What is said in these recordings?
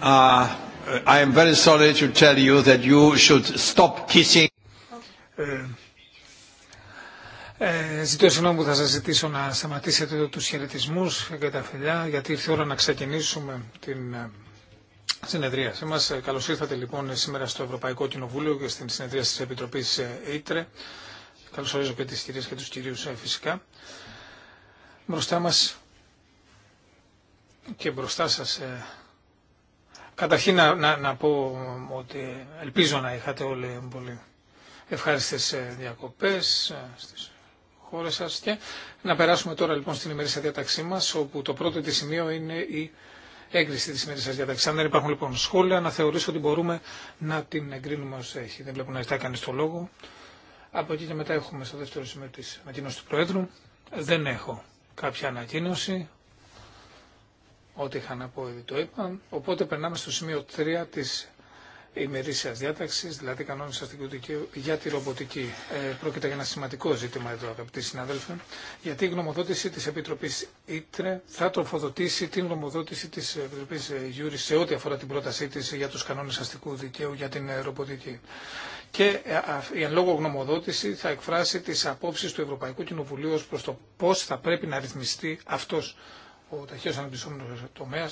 Uh, I am very sorry to tell you that you should stop kissing. Ε, ζητώ συγγνώμη που θα σας ζητήσω να σταματήσετε τους χαιρετισμού και τα φιλιά, γιατί ήρθε η ώρα να ξεκινήσουμε την ε, συνεδρία. μα. Ε, Καλώ ήρθατε λοιπόν σήμερα στο Ευρωπαϊκό Κοινοβούλιο και στην συνεδρία τη Επιτροπής ΕΙΤΡΕ. Καλώς ορίζω και τι κυρίες και τους κυρίου φυσικά. Μπροστά μας και μπροστά σας Καταρχήν να, να, πω ότι ελπίζω να είχατε όλοι πολύ ευχάριστες ε, διακοπές ε, στις χώρες σας και να περάσουμε τώρα λοιπόν στην ημερήσια διάταξή μας όπου το πρώτο τη σημείο είναι η έγκριση της ημερήσιας διάταξης. Αν δεν υπάρχουν λοιπόν σχόλια να θεωρήσω ότι μπορούμε να την εγκρίνουμε ως έχει. Δεν βλέπω να ζητάει κανείς το λόγο. Από εκεί και μετά έχουμε στο δεύτερο σημείο της ανακοίνωση του Προέδρου. Δεν έχω κάποια ανακοίνωση, Ό,τι είχα να πω ήδη το είπα. Οπότε περνάμε στο σημείο 3 της ημερήσιας διάταξης, δηλαδή κανόνες αστικού δικαίου για τη ρομποτική. Ε, πρόκειται για ένα σημαντικό ζήτημα εδώ, αγαπητοί συνάδελφοι, γιατί η γνωμοδότηση της Επιτροπής Ήτρε θα τροφοδοτήσει την γνωμοδότηση της Επιτροπής ε, Γιούρη σε ό,τι αφορά την πρότασή της για τους κανόνες αστικού δικαίου για την ε, ρομποτική. Και η εν λόγω γνωμοδότηση θα εκφράσει τις απόψεις του Ευρωπαϊκού Κοινοβουλίου ως προς το πώς θα πρέπει να ρυθμιστεί αυτός ο ταχύως αναπτυσσόμενος τομέα,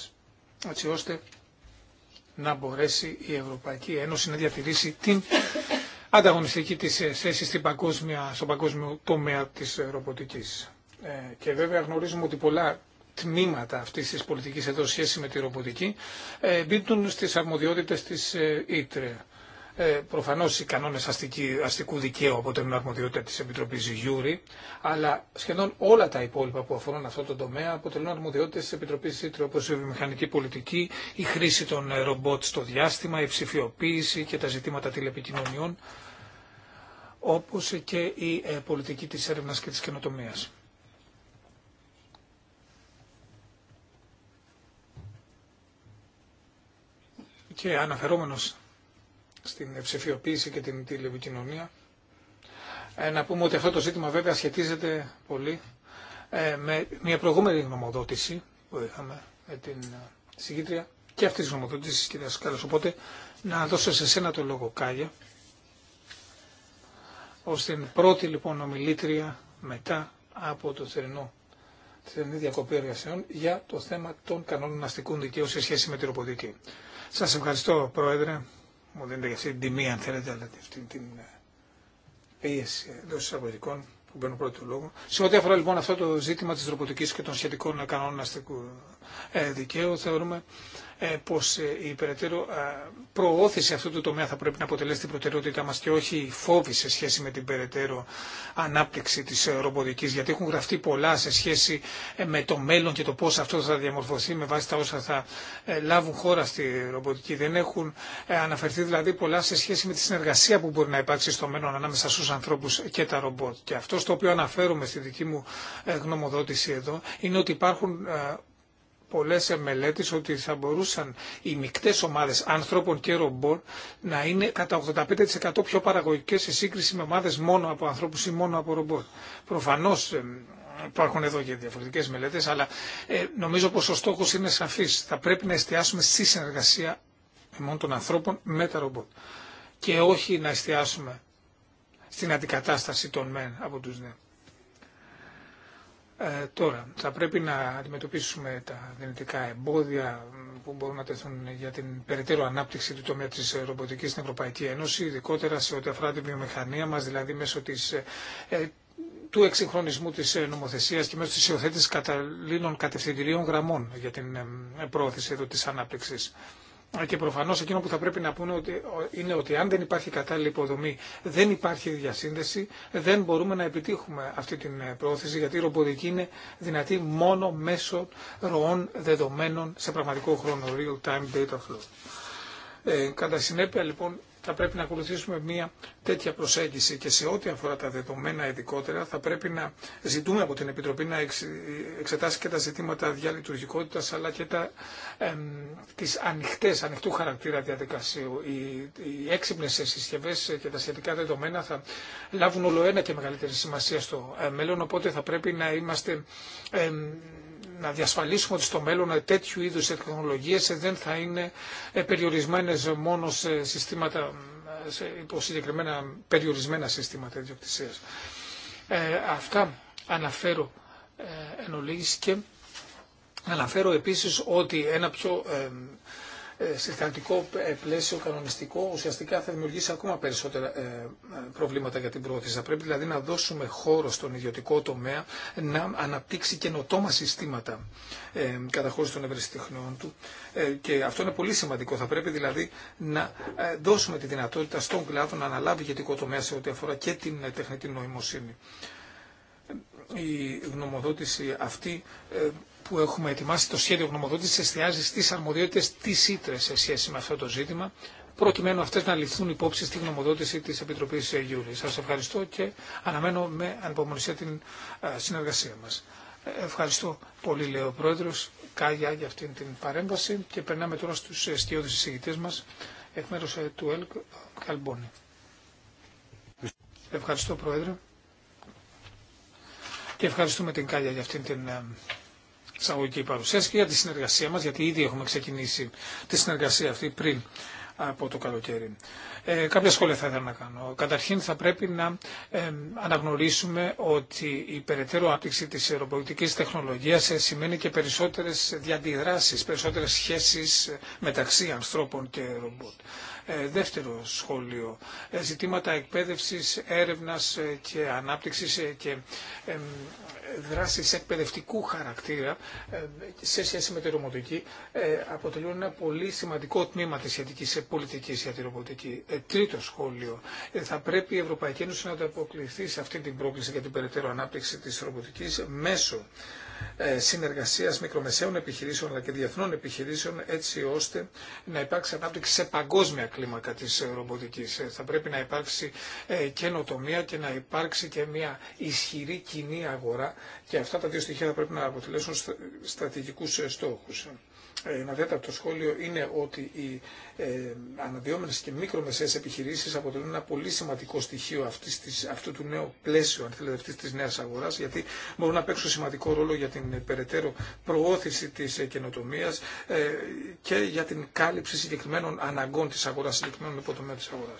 έτσι ώστε να μπορέσει η Ευρωπαϊκή Ένωση να διατηρήσει την ανταγωνιστική της θέση στην στον παγκόσμιο τομέα της ρομποτικής. Ε, και βέβαια γνωρίζουμε ότι πολλά τμήματα αυτής της πολιτικής εδώ σχέση με τη ρομποτική ε, μπήκουν στις αρμοδιότητες της ΙΤΡΕ. Ε, ε, προφανώ οι κανόνε αστικού δικαίου αποτελούν αρμοδιότητα τη Επιτροπή Γιούρη, αλλά σχεδόν όλα τα υπόλοιπα που αφορούν αυτό το τομέα αποτελούν αρμοδιότητα τη Επιτροπή Ήτρε, όπω η βιομηχανική πολιτική, η χρήση των ρομπότ στο διάστημα, η ψηφιοποίηση και τα ζητήματα τηλεπικοινωνιών, όπω και η ε, πολιτική τη έρευνα και τη καινοτομία. Και αναφερόμενος στην ψηφιοποίηση και την τηλεπικοινωνία. Ε, να πούμε ότι αυτό το ζήτημα βέβαια σχετίζεται πολύ ε, με μια προηγούμενη γνωμοδότηση που είχαμε με την ε, συγκήτρια και αυτή τη γνωμοδότηση, κυρία Σκάλα. Οπότε να δώσω σε σένα το λόγο, Κάγια, ω την πρώτη λοιπόν ομιλήτρια μετά από το θερινό τη θερινή διακοπή εργασιών για το θέμα των κανόνων αστικού δικαίου σε σχέση με τη ροποδική. Σα ευχαριστώ, Πρόεδρε μου δίνετε για αυτή την τιμή αν θέλετε, αλλά αυτή την ε, πίεση εντό εισαγωγικών που μπαίνουν πρώτο λόγου Σε ό,τι αφορά λοιπόν αυτό το ζήτημα της ροποτικής και των σχετικών κανόνων αστικού ε, δικαίου, θεωρούμε ε, πως ε, η περαιτέρω ε, προώθηση αυτού του τομέα θα πρέπει να αποτελέσει την προτεραιότητά μας και όχι η φόβη σε σχέση με την περαιτέρω ανάπτυξη της ρομποτικής γιατί έχουν γραφτεί πολλά σε σχέση με το μέλλον και το πώς αυτό θα διαμορφωθεί με βάση τα όσα θα λάβουν χώρα στη ρομποτική. Δεν έχουν αναφερθεί δηλαδή πολλά σε σχέση με τη συνεργασία που μπορεί να υπάρξει στο μέλλον ανάμεσα στους ανθρώπους και τα ρομπότ. Και αυτό στο οποίο αναφέρομαι στη δική μου γνωμοδότηση εδώ είναι ότι υπάρχουν πολλές μελέτες ότι θα μπορούσαν οι μικτές ομάδες ανθρώπων και ρομπόρ να είναι κατά 85% πιο παραγωγικές σε σύγκριση με ομάδες μόνο από ανθρώπους ή μόνο από ρομπόρ. Προφανώς ε, υπάρχουν εδώ και διαφορετικές μελέτες, αλλά ε, νομίζω πως ο στόχος είναι σαφής. Θα πρέπει να εστιάσουμε στη συνεργασία μόνο των ανθρώπων με τα ρομπόρ και όχι να εστιάσουμε στην αντικατάσταση των μεν από τους νέους. Ε, τώρα, θα πρέπει να αντιμετωπίσουμε τα δυνητικά εμπόδια που μπορούν να τεθούν για την περαιτέρω ανάπτυξη του τομέα της ρομποτικής στην Ευρωπαϊκή Ένωση, ειδικότερα σε ό,τι αφορά τη βιομηχανία μας, δηλαδή μέσω της, ε, ε, του εξυγχρονισμού της νομοθεσίας και μέσω της υιοθέτησης καταλήλων κατευθυντηρίων γραμμών για την πρόθεση εδώ της ανάπτυξης. Και προφανώ εκείνο που θα πρέπει να πούμε ότι είναι ότι αν δεν υπάρχει κατάλληλη υποδομή, δεν υπάρχει διασύνδεση, δεν μπορούμε να επιτύχουμε αυτή την ε, πρόθεση, γιατί η ρομποτική είναι δυνατή μόνο μέσω ροών δεδομένων σε πραγματικό χρόνο, real-time data flow. Ε, κατά συνέπεια λοιπόν θα πρέπει να ακολουθήσουμε μια τέτοια προσέγγιση και σε ό,τι αφορά τα δεδομένα ειδικότερα θα πρέπει να ζητούμε από την Επιτροπή να εξετάσει και τα ζητήματα διαλειτουργικότητας αλλά και τα, ε, τις ανοιχτές, ανοιχτού χαρακτήρα διαδικασίου. Οι, οι έξυπνες συσκευές και τα σχετικά δεδομένα θα λάβουν όλο ένα και μεγαλύτερη σημασία στο ε, μέλλον οπότε θα πρέπει να είμαστε ε, να διασφαλίσουμε ότι στο μέλλον τέτοιου είδους τεχνολογίες δεν θα είναι ε, περιορισμένες μόνο σε συστήματα, ε, σε υποσυγκεκριμένα περιορισμένα συστήματα ιδιοκτησίας. Ε, αυτά αναφέρω ε, εν και αναφέρω επίσης ότι ένα πιο ε, σε συστατικό ε, πλαίσιο κανονιστικό ουσιαστικά θα δημιουργήσει ακόμα περισσότερα ε, ε, προβλήματα για την πρόθεση. Θα πρέπει δηλαδή να δώσουμε χώρο στον ιδιωτικό τομέα να αναπτύξει καινοτόμα συστήματα καταχώρηση των ευρεσιτεχνών του και αυτό είναι πολύ σημαντικό. Θα πρέπει δηλαδή να δώσουμε τη δυνατότητα στον κλάδο να αναλάβει ηγετικό τομέα σε ό,τι αφορά και την τεχνητή νοημοσύνη η γνωμοδότηση αυτή που έχουμε ετοιμάσει το σχέδιο γνωμοδότηση εστιάζει στι αρμοδιότητε τη σύτρε σε σχέση με αυτό το ζήτημα, προκειμένου αυτέ να ληφθούν υπόψη στη γνωμοδότηση τη Επιτροπή ε, Γιούρη. Σα ευχαριστώ και αναμένω με ανυπομονησία την ε, συνεργασία μα. Ε, ευχαριστώ πολύ, λέει ο Πρόεδρο Κάγια, για αυτή την παρέμβαση και περνάμε τώρα στου εστιώδει συζητητέ μα εκ μέρου του ΕΛΚ Καλμπόνη. Ευχαριστώ, Πρόεδρε. Και ευχαριστούμε την Κάλια για αυτήν την εισαγωγική παρουσίαση και για τη συνεργασία μας, γιατί ήδη έχουμε ξεκινήσει τη συνεργασία αυτή πριν από το καλοκαίρι. Ε, κάποια σχόλια θα ήθελα να κάνω. Καταρχήν θα πρέπει να ε, αναγνωρίσουμε ότι η περαιτέρω άπτυξη της αεροπολιτικής τεχνολογίας ε, σημαίνει και περισσότερες διαντιδράσεις, περισσότερες σχέσεις μεταξύ ανθρώπων και ρομπότ. Ε, δεύτερο σχόλιο. Ε, ζητήματα εκπαίδευσης, έρευνας ε, και ανάπτυξης και δράσης εκπαιδευτικού χαρακτήρα σε σχέση με τη ρομποτική αποτελούν ένα πολύ σημαντικό τμήμα της σχετικής πολιτικής για τη ρομποτική. Τρίτο σχόλιο. Θα πρέπει η Ευρωπαϊκή Ένωση να ανταποκριθεί σε αυτή την πρόκληση για την περαιτέρω ανάπτυξη της ρομποτικής μέσω ε, συνεργασίας μικρομεσαίων επιχειρήσεων αλλά και διεθνών επιχειρήσεων έτσι ώστε να υπάρξει ανάπτυξη σε παγκόσμια κλίμακα της ε, ρομποτικής. Ε, θα πρέπει να υπάρξει καινοτομία και να υπάρξει και μια ισχυρή κοινή αγορά και αυτά τα δύο στοιχεία θα πρέπει να αποτελέσουν στρατηγικούς στόχους ένα τέταρτο σχόλιο είναι ότι οι ε, και μικρομεσαίες επιχειρήσεις αποτελούν ένα πολύ σημαντικό στοιχείο αυτής της, αυτού του νέου πλαίσιου, αν θέλετε, αυτή της νέας αγοράς, γιατί μπορούν να παίξουν σημαντικό ρόλο για την ε, περαιτέρω προώθηση της ε, ε, και για την κάλυψη συγκεκριμένων αναγκών της αγορά, συγκεκριμένων υποτομέων τη αγορά.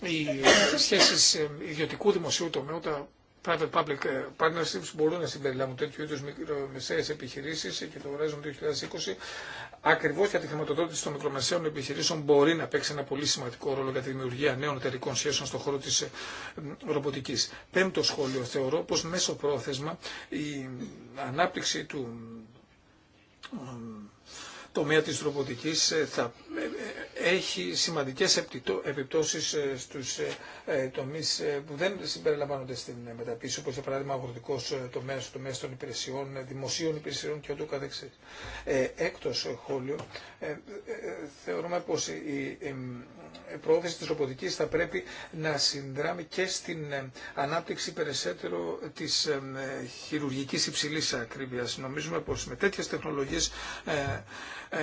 Οι ε, σχέσει ιδιωτικού δημοσίου τομέα, private public ε, partnerships μπορούν να συμπεριλάβουν τέτοιου είδου μικρομεσαίε επιχειρήσει και το Horizon 2020 ακριβώ για τη χρηματοδότηση των μικρομεσαίων επιχειρήσεων μπορεί να παίξει ένα πολύ σημαντικό ρόλο για τη δημιουργία νέων εταιρικών σχέσεων στον χώρο τη ε, ρομποτική. Πέμπτο σχόλιο θεωρώ πω μέσω πρόθεσμα η ανάπτυξη του τομέα της ρομποτικής ε, θα έχει σημαντικές επιπτώσεις ε, στους ε, ε, τομείς που δεν συμπεριλαμβάνονται στην μεταπίση, όπως για παράδειγμα τομέα, τομέας, τομέας των υπηρεσιών, δημοσίων υπηρεσιών και ούτω καθεξής. Έκτος χώλιο, θεωρούμε πως η προώθηση της ρομποτικής θα πρέπει να συνδράμει και στην ανάπτυξη περισσότερο της χειρουργικής υψηλής ακρίβειας. Νομίζουμε πως με τέτοιες τεχνολογίες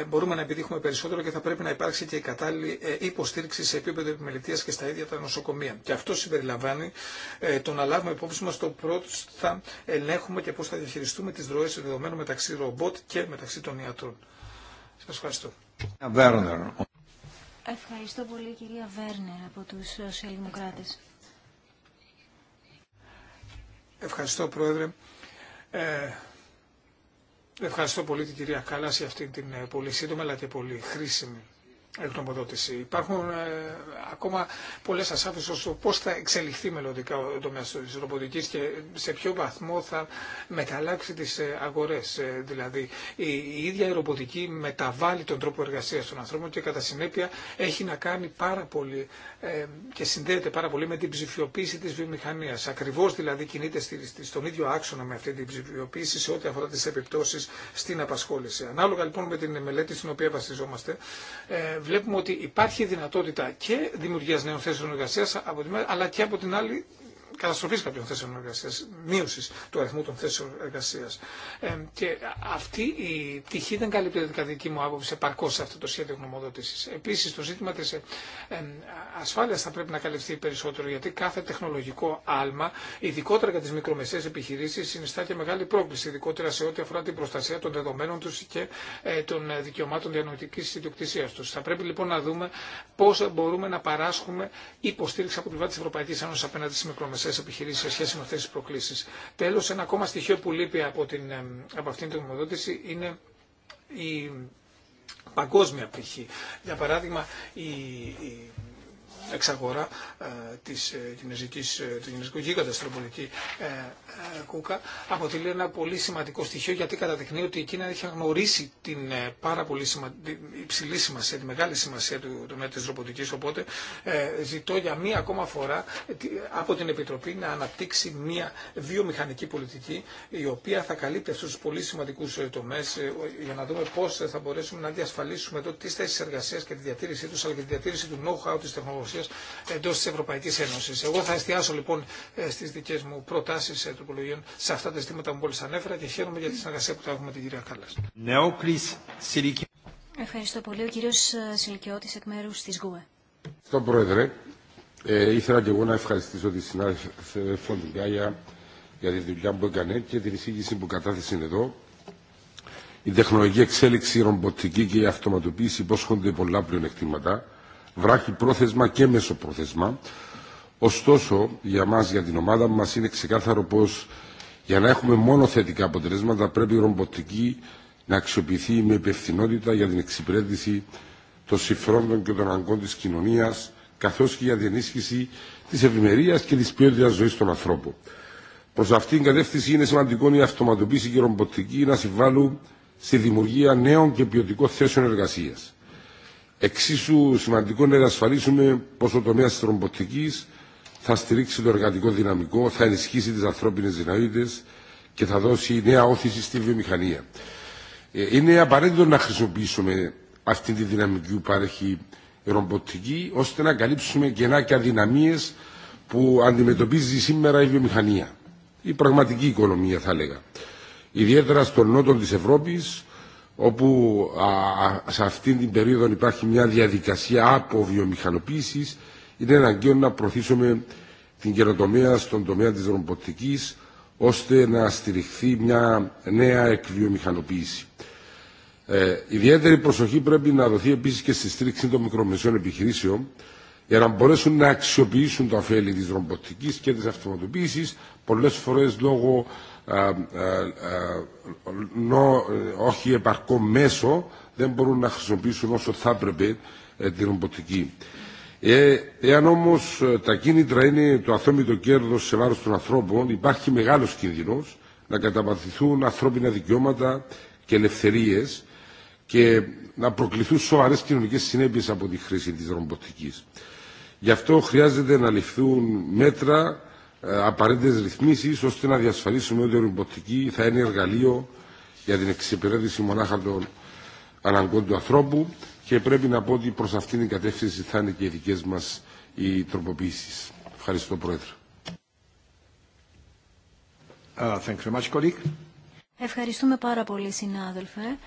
μπορούμε να επιτύχουμε περισσότερο και θα πρέπει να υπάρξει και η κατάλληλη ε, υποστήριξη σε επίπεδο επιμελητία και στα ίδια τα νοσοκομεία. Και αυτό συμπεριλαμβάνει ε, το να λάβουμε υπόψη μα το πρώτο θα ελέγχουμε και πώ θα διαχειριστούμε τι ροέ δεδομένων μεταξύ ρομπότ και μεταξύ των ιατρών. Σα ευχαριστώ. Ευχαριστώ πολύ κυρία Βέρνερ από τους Σοσιαλδημοκράτες. Ευχαριστώ Πρόεδρε. Ε, ευχαριστώ πολύ την κυρία Κάλλας για αυτή την ε, πολύ σύντομη αλλά και πολύ χρήσιμη Υπάρχουν ε, ακόμα πολλές ασάφειες ως το πώς θα εξελιχθεί μελλοντικά ο τομέας της ρομποτικής και σε ποιο βαθμό θα μεταλλάξει τις ε, αγορές. Ε, δηλαδή η, η ίδια η ρομποτική μεταβάλλει τον τρόπο εργασίας των ανθρώπων και κατά συνέπεια έχει να κάνει πάρα πολύ και συνδέεται πάρα πολύ με την ψηφιοποίηση της βιομηχανίας. Ακριβώς δηλαδή κινείται στη, στον ίδιο άξονα με αυτή την ψηφιοποίηση σε ό,τι αφορά τις επιπτώσεις στην απασχόληση. Ανάλογα λοιπόν με την μελέτη στην οποία βασιζόμαστε, βλέπουμε ότι υπάρχει δυνατότητα και δημιουργία νέων θέσεων εργασία, αλλά και από την άλλη καταστροφή κάποιων θέσεων εργασία, μείωση του αριθμού των θέσεων εργασία. Και αυτή η τυχή δεν καλύπτει, κατά δική μου άποψη επαρκώ σε αυτό το σχέδιο γνωμοδότηση. Επίση, το ζήτημα τη ασφάλεια θα πρέπει να καλυφθεί περισσότερο, γιατί κάθε τεχνολογικό άλμα, ειδικότερα για τι μικρομεσαίε επιχειρήσει, συνιστά και μεγάλη πρόκληση, ειδικότερα σε ό,τι αφορά την προστασία των δεδομένων του και ε, των δικαιωμάτων διανοητική ιδιοκτησία του. Θα πρέπει λοιπόν να δούμε πώ μπορούμε να παράσχουμε υποστήριξη από πλευρά τη Ευρωπαϊκή Ένωση απέναντι στι μικρομεσαίε Επιχειρήσει, επιχειρήσεις σε σχέση με αυτές τις προκλήσεις. Τέλος, ένα ακόμα στοιχείο που λείπει από, την, από αυτήν την γνωμοδότηση είναι η παγκόσμια πτυχή. Για παράδειγμα, η εξαγορά ε, της ε, κινέζικης, ε, του κινέζικου γίγαντα στην κούκα αποτελεί ένα πολύ σημαντικό στοιχείο γιατί καταδεικνύει ότι η Κίνα έχει γνωρίσει την πάρα πολύ σημα... υψηλή σημασία, τη μεγάλη σημασία του τομέα της ρομποτικής οπότε ζητώ για μία ακόμα φορά από την Επιτροπή να αναπτύξει μία βιομηχανική πολιτική η οποία θα καλύπτει αυτούς τους πολύ σημαντικούς τομές για να δούμε πώς θα μπορέσουμε να διασφαλίσουμε εδώ τις θέσεις εργασίας και τη διατήρησή του αλλά και τη διατήρηση του know-how της τεχνολογία εντό τη Ευρωπαϊκή Ένωση. Εγώ θα εστιάσω λοιπόν ε, στι δικέ μου προτάσει ε, τροπολογιών σε αυτά τα ζητήματα που μόλι ανέφερα και χαίρομαι για τη συνεργασία που θα έχουμε την κυρία Κάλλα. Ευχαριστώ πολύ. Ο κύριο ε, Σιλικιώτη εκ μέρου τη ΓΟΕ. Στον Πρόεδρε, ε, ήθελα και εγώ να ευχαριστήσω τη συνάδελφο Φοντιγιά για τη δουλειά που έκανε και την εισήγηση που κατάθεσε εδώ. Η τεχνολογική εξέλιξη, η ρομποτική και η αυτοματοποίηση υπόσχονται πολλά πλεονεκτήματα, Βράχει πρόθεσμα και μεσοπρόθεσμα. Ωστόσο, για μας, για την ομάδα μας, είναι ξεκάθαρο πως για να έχουμε μόνο θετικά αποτελέσματα πρέπει η ρομποτική να αξιοποιηθεί με υπευθυνότητα για την εξυπηρέτηση των συμφρόντων και των αγκών της κοινωνίας, καθώς και για την ενίσχυση της ευημερίας και της ποιότητας ζωής των ανθρώπων. Προς αυτήν την κατεύθυνση είναι σημαντικό η αυτοματοποίηση και η ρομποτική να συμβάλλουν στη δημιουργία νέων και ποιοτικών θέσεων εργασίας. Εξίσου σημαντικό είναι να ασφαλίσουμε πω ο τομέα τη ρομποτική θα στηρίξει το εργατικό δυναμικό, θα ενισχύσει τι ανθρώπινε δυνατότητε και θα δώσει νέα όθηση στη βιομηχανία. Ε, είναι απαραίτητο να χρησιμοποιήσουμε αυτή τη δυναμική που παρέχει η ρομποτική, ώστε να καλύψουμε κενά και αδυναμίε που αντιμετωπίζει σήμερα η βιομηχανία. Η πραγματική οικονομία, θα έλεγα. Ιδιαίτερα στον νότο τη Ευρώπη, όπου α, σε αυτήν την περίοδο υπάρχει μια διαδικασία από βιομηχανοποίησης, είναι αναγκαίο να προωθήσουμε την καινοτομία στον τομέα της ρομποτικής, ώστε να στηριχθεί μια νέα εκβιομηχανοποίηση. Ε, ιδιαίτερη προσοχή πρέπει να δοθεί επίσης και στη στήριξη των μικρομεσαίων επιχειρήσεων, για να μπορέσουν να αξιοποιήσουν τα ωφέλη της ρομποτικής και της αυτοματοποίησης, πολλές φορές λόγω όχι επαρκό μέσο δεν μπορούν να χρησιμοποιήσουν όσο θα έπρεπε ε, την ρομποτική. Ε, εάν όμω ε, τα κίνητρα είναι το αθόμητο κέρδο σε βάρο των ανθρώπων, υπάρχει μεγάλο κίνδυνο να καταπατηθούν ανθρώπινα δικαιώματα και ελευθερίε και να προκληθούν σοβαρέ κοινωνικέ συνέπειε από τη χρήση τη ρομποτική. Γι' αυτό χρειάζεται να ληφθούν μέτρα ε, απαραίτητες ρυθμίσεις ώστε να διασφαλίσουμε ότι η ρομποτική θα είναι εργαλείο για την εξυπηρέτηση μονάχα των αναγκών του ανθρώπου και πρέπει να πω ότι προς αυτήν την κατεύθυνση θα είναι και οι δικές μας οι τροποποίησεις. Ευχαριστώ Πρόεδρε. thank you much, Ευχαριστούμε πάρα πολύ συνάδελφε.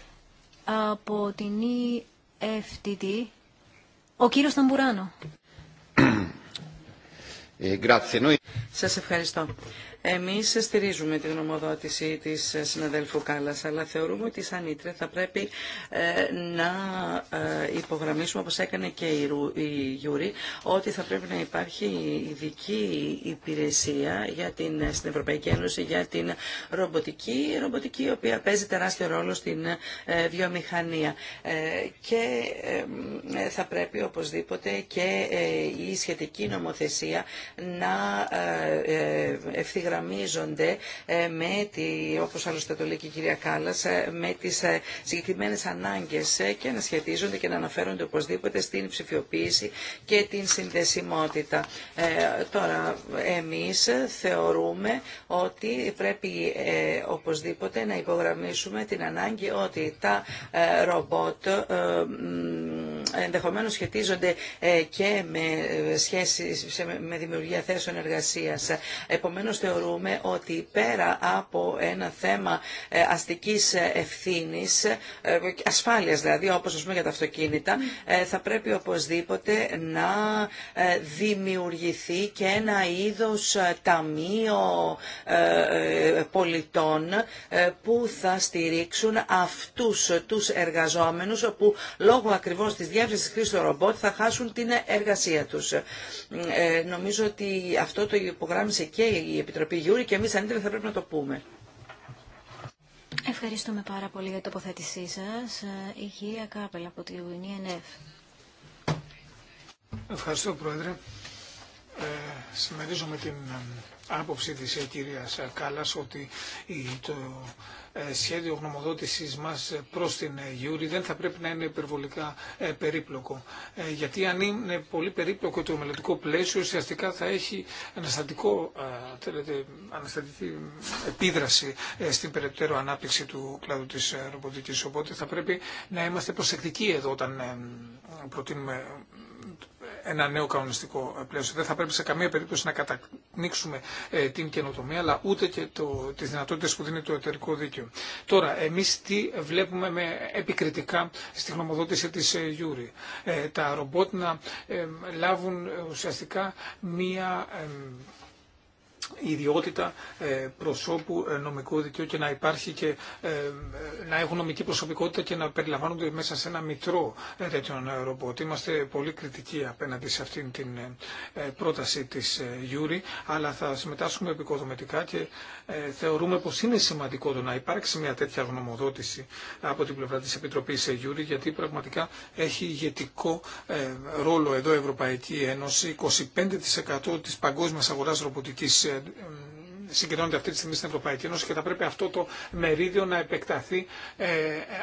Από την EFTD, ο κύριος Ταμπουράνο. Ε, Σας ευχαριστώ. Εμείς στηρίζουμε την γνωμοδότηση της συναδέλφου Κάλλας, αλλά θεωρούμε ότι σαν Ήτρε θα πρέπει ε, να ε, υπογραμμίσουμε, όπως έκανε και η Γιούρη, ότι θα πρέπει να υπάρχει ειδική υπηρεσία για την, στην Ευρωπαϊκή Ένωση για την ρομποτική, ρομποτική η οποία παίζει τεράστιο ρόλο στην ε, βιομηχανία. Και θα πρέπει οπωσδήποτε και η σχετική νομοθεσία να ευθυγραμμίσει ε, με τη, όπως άλλωστε το λέει και η κυρία ε, με τις ε, συγκεκριμένες ανάγκες και να σχετίζονται και να αναφέρονται οπωσδήποτε στην ψηφιοποίηση και την συνδεσιμότητα. Τώρα, εμείς θεωρούμε ότι πρέπει οπωσδήποτε να υπογραμμίσουμε την ανάγκη ότι τα ρομπότ ενδεχομένως σχετίζονται και με σχέσεις με δημιουργία θέσεων εργασίας. Επομένως, θεωρούμε θεωρούμε ότι πέρα από ένα θέμα ε, αστικής ε, ευθύνης, ε, ασφάλειας δηλαδή, όπως ας πούμε για τα αυτοκίνητα, θα πρέπει οπωσδήποτε να δημιουργηθεί και ένα είδος ταμείο πολιτών που θα στηρίξουν αυτούς τους εργαζόμενους που λόγω ακριβώς της διεύθυνσης χρήσης του ρομπότ θα χάσουν την εργασία τους. Νομίζω ότι αυτό το υπογράμμισε και η Επιτροπή Επιτροπή Γιούρη και εμείς αν θα πρέπει να το πούμε. Ευχαριστούμε πάρα πολύ για την τοποθέτησή σα. Ε, η κυρία Κάπελ από την ΕΝΕΦ. Ευχαριστώ Πρόεδρε. Ε, συμμερίζομαι την ε, άποψη της ε, κυρίας Κάλλας ότι το ε, σχέδιο γνωμοδότησης μας προς την ε, Γιούρη δεν θα πρέπει να είναι υπερβολικά περίπλοκο. Γιατί αν είναι πολύ περίπλοκο το μελλοντικό πλαίσιο ουσιαστικά θα έχει αναστατικό, θέλετε, αναστατική επίδραση στην περαιτέρω ανάπτυξη του κλάδου της ρομποτικής. Οπότε θα πρέπει να είμαστε προσεκτικοί εδώ όταν προτείνουμε ένα νέο κανονιστικό πλαίσιο. Δεν θα πρέπει σε καμία περίπτωση να κατακνίξουμε ε, την καινοτομία, αλλά ούτε και τι δυνατότητε που δίνει το εταιρικό δίκαιο. Τώρα, εμείς τι βλέπουμε με επικριτικά στη γνωμοδότηση της ε, Γιούρη. Ε, τα ρομπότ να λάβουν ουσιαστικά μία ιδιότητα ε, προσώπου ε, νομικού δικαίου και να υπάρχει και ε, να έχουν νομική προσωπικότητα και να περιλαμβάνονται μέσα σε ένα μητρό τέτοιων ρομπότ. Είμαστε πολύ κριτικοί απέναντι σε αυτήν την πρόταση της Γιούρη, αλλά θα συμμετάσχουμε επικοδομητικά και θεωρούμε πως είναι σημαντικό το να υπάρξει μια τέτοια γνωμοδότηση από την πλευρά της Επιτροπής Γιούρη, γιατί πραγματικά έχει ηγετικό ρόλο εδώ η Ευρωπαϊκή Ένωση, 25% της παγκόσμιας αγοράς ρομποτικής ε, συγκεντρώνεται αυτή τη στιγμή στην Ευρωπαϊκή Ένωση και θα πρέπει αυτό το μερίδιο να επεκταθεί ε,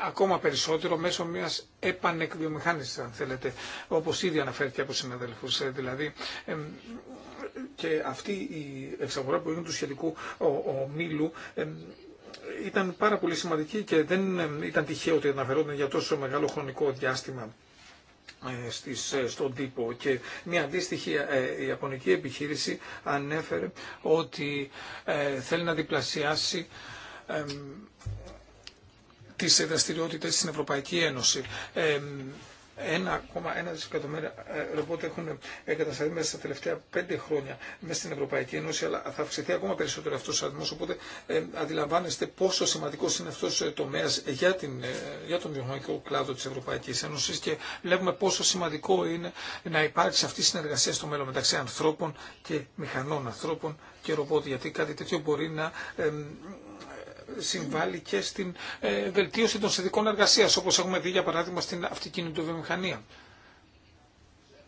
ακόμα περισσότερο μέσω μια επανεκβιομηχάνηση, αν θέλετε, όπω ήδη αναφέρθηκε από συναδέλφου. Ε, δηλαδή, ε, και αυτή η εξαγορά που έγινε του σχετικού ομίλου ήταν πάρα πολύ σημαντική και δεν ήταν τυχαίο ότι αναφερόταν για τόσο μεγάλο χρονικό διάστημα ε, στις, ε, στον τύπο και μια αντίστοιχη ε, ιαπωνική επιχείρηση ανέφερε ότι ε, θέλει να διπλασιάσει ε, τις δραστηριότητε στην Ευρωπαϊκή Ένωση. 1,1 δισεκατομμύρια ε, ρομπότ έχουν εγκατασταθεί μέσα στα τελευταία πέντε χρόνια μέσα στην Ευρωπαϊκή Ένωση, αλλά θα αυξηθεί ακόμα περισσότερο αυτό ο αριθμό. Οπότε ε, αντιλαμβάνεστε πόσο σημαντικό είναι αυτό ο ε, τομέα για, την, για τον βιομηχανικό κλάδο τη Ευρωπαϊκή Ένωση και βλέπουμε πόσο σημαντικό είναι να υπάρξει αυτή η συνεργασία στο μέλλον μεταξύ ανθρώπων και μηχανών, ανθρώπων και ρομπότ, γιατί κάτι τέτοιο μπορεί να συμβάλλει και στην ε, βελτίωση των συνδικών εργασία, όπω έχουμε δει για παράδειγμα στην αυτοκινητοβιομηχανία.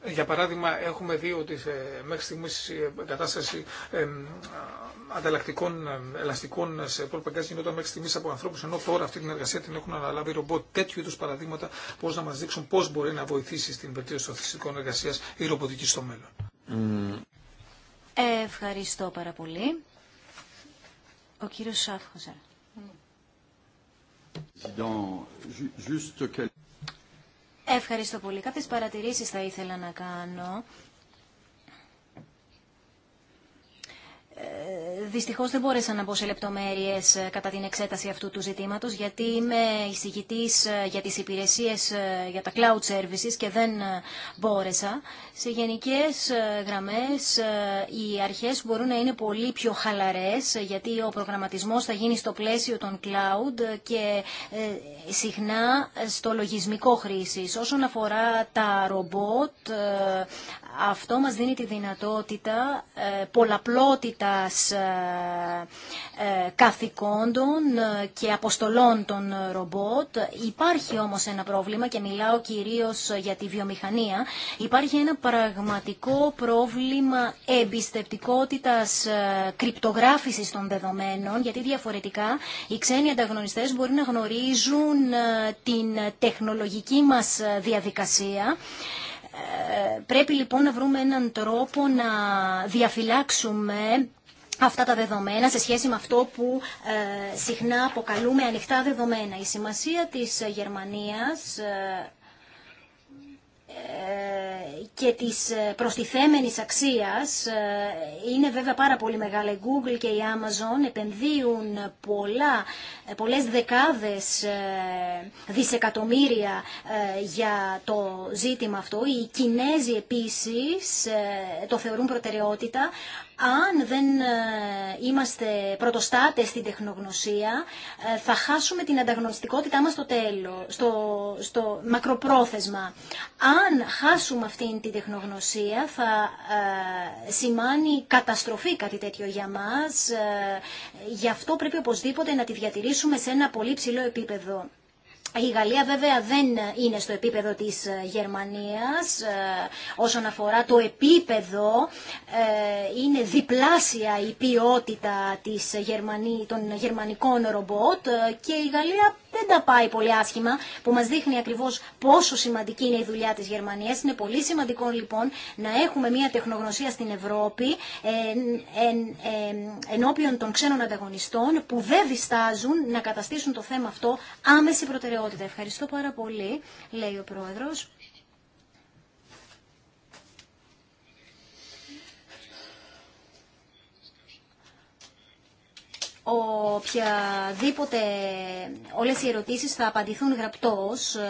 Για παράδειγμα, έχουμε δει ότι μέχρι στιγμή η κατάσταση ανταλλακτικών ελαστικών σε πολυπαγκέ γινόταν μέχρι στιγμή από ανθρώπου, ενώ τώρα αυτή την εργασία την έχουν αναλάβει ρομπότ. Τέτοιου είδου παραδείγματα πώ να μα δείξουν πώ μπορεί να βοηθήσει στην βελτίωση των συνδικών εργασία η ρομποτική στο μέλλον. Ε, ευχαριστώ πάρα πολύ. Ο κύριος Σάφχοζερ. Ευχαριστώ πολύ. Κάποιες παρατηρήσεις θα ήθελα να κάνω Ε, δυστυχώς δεν μπόρεσα να μπω σε λεπτομέρειες ε, κατά την εξέταση αυτού του ζητήματος γιατί είμαι εισηγητής ε, για τις υπηρεσίες για τα cloud services και δεν μπόρεσα. Σε γενικές γραμμές οι αρχές μπορούν να είναι πολύ πιο χαλαρές γιατί ο προγραμματισμός θα γίνει στο πλαίσιο των cloud και συχνά στο λογισμικό χρήσης. Όσον αφορά τα ρομπότ, αυτό μας δίνει τη δυνατότητα ε, πολλαπλότητας ε, ε, καθηκόντων και αποστολών των ρομπότ. Υπάρχει όμως ένα πρόβλημα και μιλάω κυρίως για τη βιομηχανία. Υπάρχει ένα πραγματικό πρόβλημα εμπιστευτικότητας κρυπτογράφησης των δεδομένων γιατί διαφορετικά οι ξένοι ανταγωνιστές μπορεί να γνωρίζουν την τεχνολογική μας διαδικασία ε, πρέπει λοιπόν να βρούμε έναν τρόπο να διαφυλάξουμε αυτά τα δεδομένα σε σχέση με αυτό που ε, συχνά αποκαλούμε ανοιχτά δεδομένα. Η σημασία της Γερμανίας ε, ε, και της ε, προστιθέμενης αξίας ε, είναι βέβαια πάρα πολύ μεγάλη. Η Google και η Amazon επενδύουν πολλά, πολλές δεκάδες δισεκατομμύρια για το ζήτημα αυτό. Οι Κινέζοι επίσης το θεωρούν προτεραιότητα, αν δεν ε, είμαστε πρωτοστάτες στην τεχνογνωσία, ε, θα χάσουμε την ανταγνωστικότητά μας στο τέλο, στο, στο μακροπρόθεσμα. Αν χάσουμε αυτήν την τεχνογνωσία, θα ε, σημάνει καταστροφή κάτι τέτοιο για μας. γι' αυτό πρέπει οπωσδήποτε να τη διατηρήσουμε σε ένα πολύ ψηλό επίπεδο. Η Γαλλία βέβαια δεν είναι στο επίπεδο της ε, Γερμανίας ε, όσον αφορά το επίπεδο ε, είναι διπλάσια η ποιότητα της των γερμανικών ρομπότ και η Γαλλία δεν τα πάει πολύ άσχημα, που μας δείχνει ακριβώς πόσο σημαντική είναι η δουλειά της Γερμανίας. Είναι πολύ σημαντικό λοιπόν να έχουμε μια τεχνογνωσία στην Ευρώπη εν, εν, εν, ενώπιον των ξένων ανταγωνιστών που δεν διστάζουν να καταστήσουν το θέμα αυτό άμεση προτεραιότητα. Ευχαριστώ πάρα πολύ, λέει ο Πρόεδρος. οποιαδήποτε όλες οι ερωτήσεις θα απαντηθούν γραπτώς ε,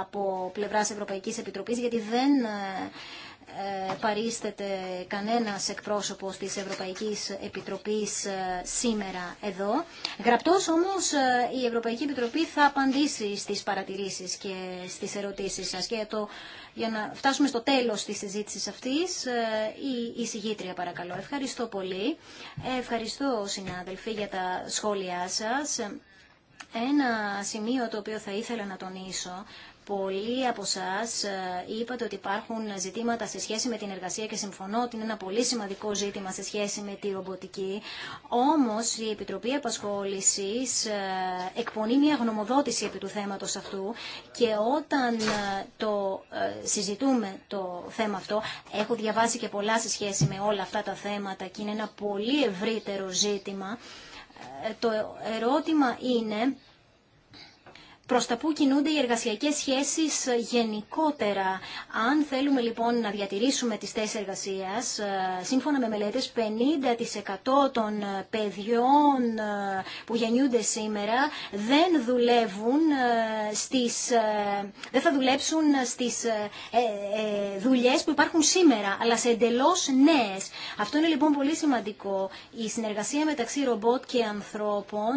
από πλευράς Ευρωπαϊκής Επιτροπής γιατί δεν ε, ε, παρίστεται κανένας εκπρόσωπος της Ευρωπαϊκής Επιτροπής ε, σήμερα εδώ. Γραπτός όμως ε, η Ευρωπαϊκή Επιτροπή θα απαντήσει στις παρατηρήσεις και στις ερωτήσεις σας. Και το, για να φτάσουμε στο τέλος της συζήτηση αυτής, η εισηγήτρια παρακαλώ. Ευχαριστώ πολύ. Ευχαριστώ συνάδελφοι για τα σχόλιά σας. Ένα σημείο το οποίο θα ήθελα να τονίσω Πολλοί από εσά είπατε ότι υπάρχουν ζητήματα σε σχέση με την εργασία και συμφωνώ ότι είναι ένα πολύ σημαντικό ζήτημα σε σχέση με τη ρομποτική. Όμω η Επιτροπή Απασχόληση ε, εκπονεί μια γνωμοδότηση επί του θέματο αυτού και όταν ε, το ε, συζητούμε το θέμα αυτό, έχω διαβάσει και πολλά σε σχέση με όλα αυτά τα θέματα και είναι ένα πολύ ευρύτερο ζήτημα. Το ερώτημα είναι προς τα που κινούνται οι εργασιακές σχέσεις γενικότερα. Αν θέλουμε λοιπόν να διατηρήσουμε τις θέσεις εργασίας, ε, σύμφωνα με μελέτες, 50% των ε, παιδιών ε, που γεννιούνται σήμερα δεν δουλεύουν στις, δεν θα δουλέψουν στις δουλειές που υπάρχουν σήμερα, αλλά σε εντελώς νέες. Αυτό είναι λοιπόν πολύ σημαντικό. Η συνεργασία μεταξύ ρομπότ και ανθρώπων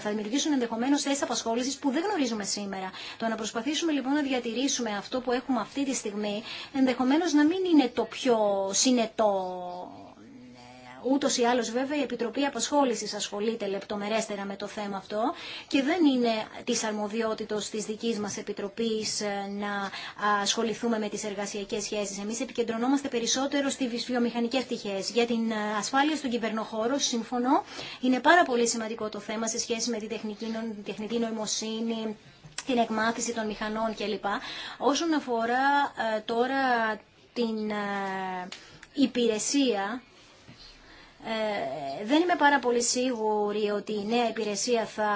θα δημιουργήσουν ενδεχομένως θέσεις απασχόληση που δεν γνωρίζουμε σήμερα. Το να προσπαθήσουμε λοιπόν να διατηρήσουμε αυτό που έχουμε αυτή τη στιγμή ενδεχομένως να μην είναι το πιο συνετό Ούτως ή άλλως βέβαια η Επιτροπή Απασχόλησης απασχοληση ασχολειται λεπτομερέστερα με το θέμα αυτό και δεν είναι τη αρμοδιότητα τη δική μα επιτροπή ε, να ασχοληθούμε με τι εργασιακέ σχέσει. Εμεί επικεντρωνόμαστε περισσότερο στι βιομηχανικέ πτυχέ. Για την ε, ασφάλεια στον κυβερνοχώρο, συμφωνώ, είναι πάρα πολύ σημαντικό το θέμα σε σχέση με την τεχνητή νοημοσύνη, την εκμάθηση των μηχανών κλπ. Όσον αφορά ε, τώρα την υπηρεσία ε, δεν είμαι πάρα πολύ σίγουρη ότι η νέα υπηρεσία θα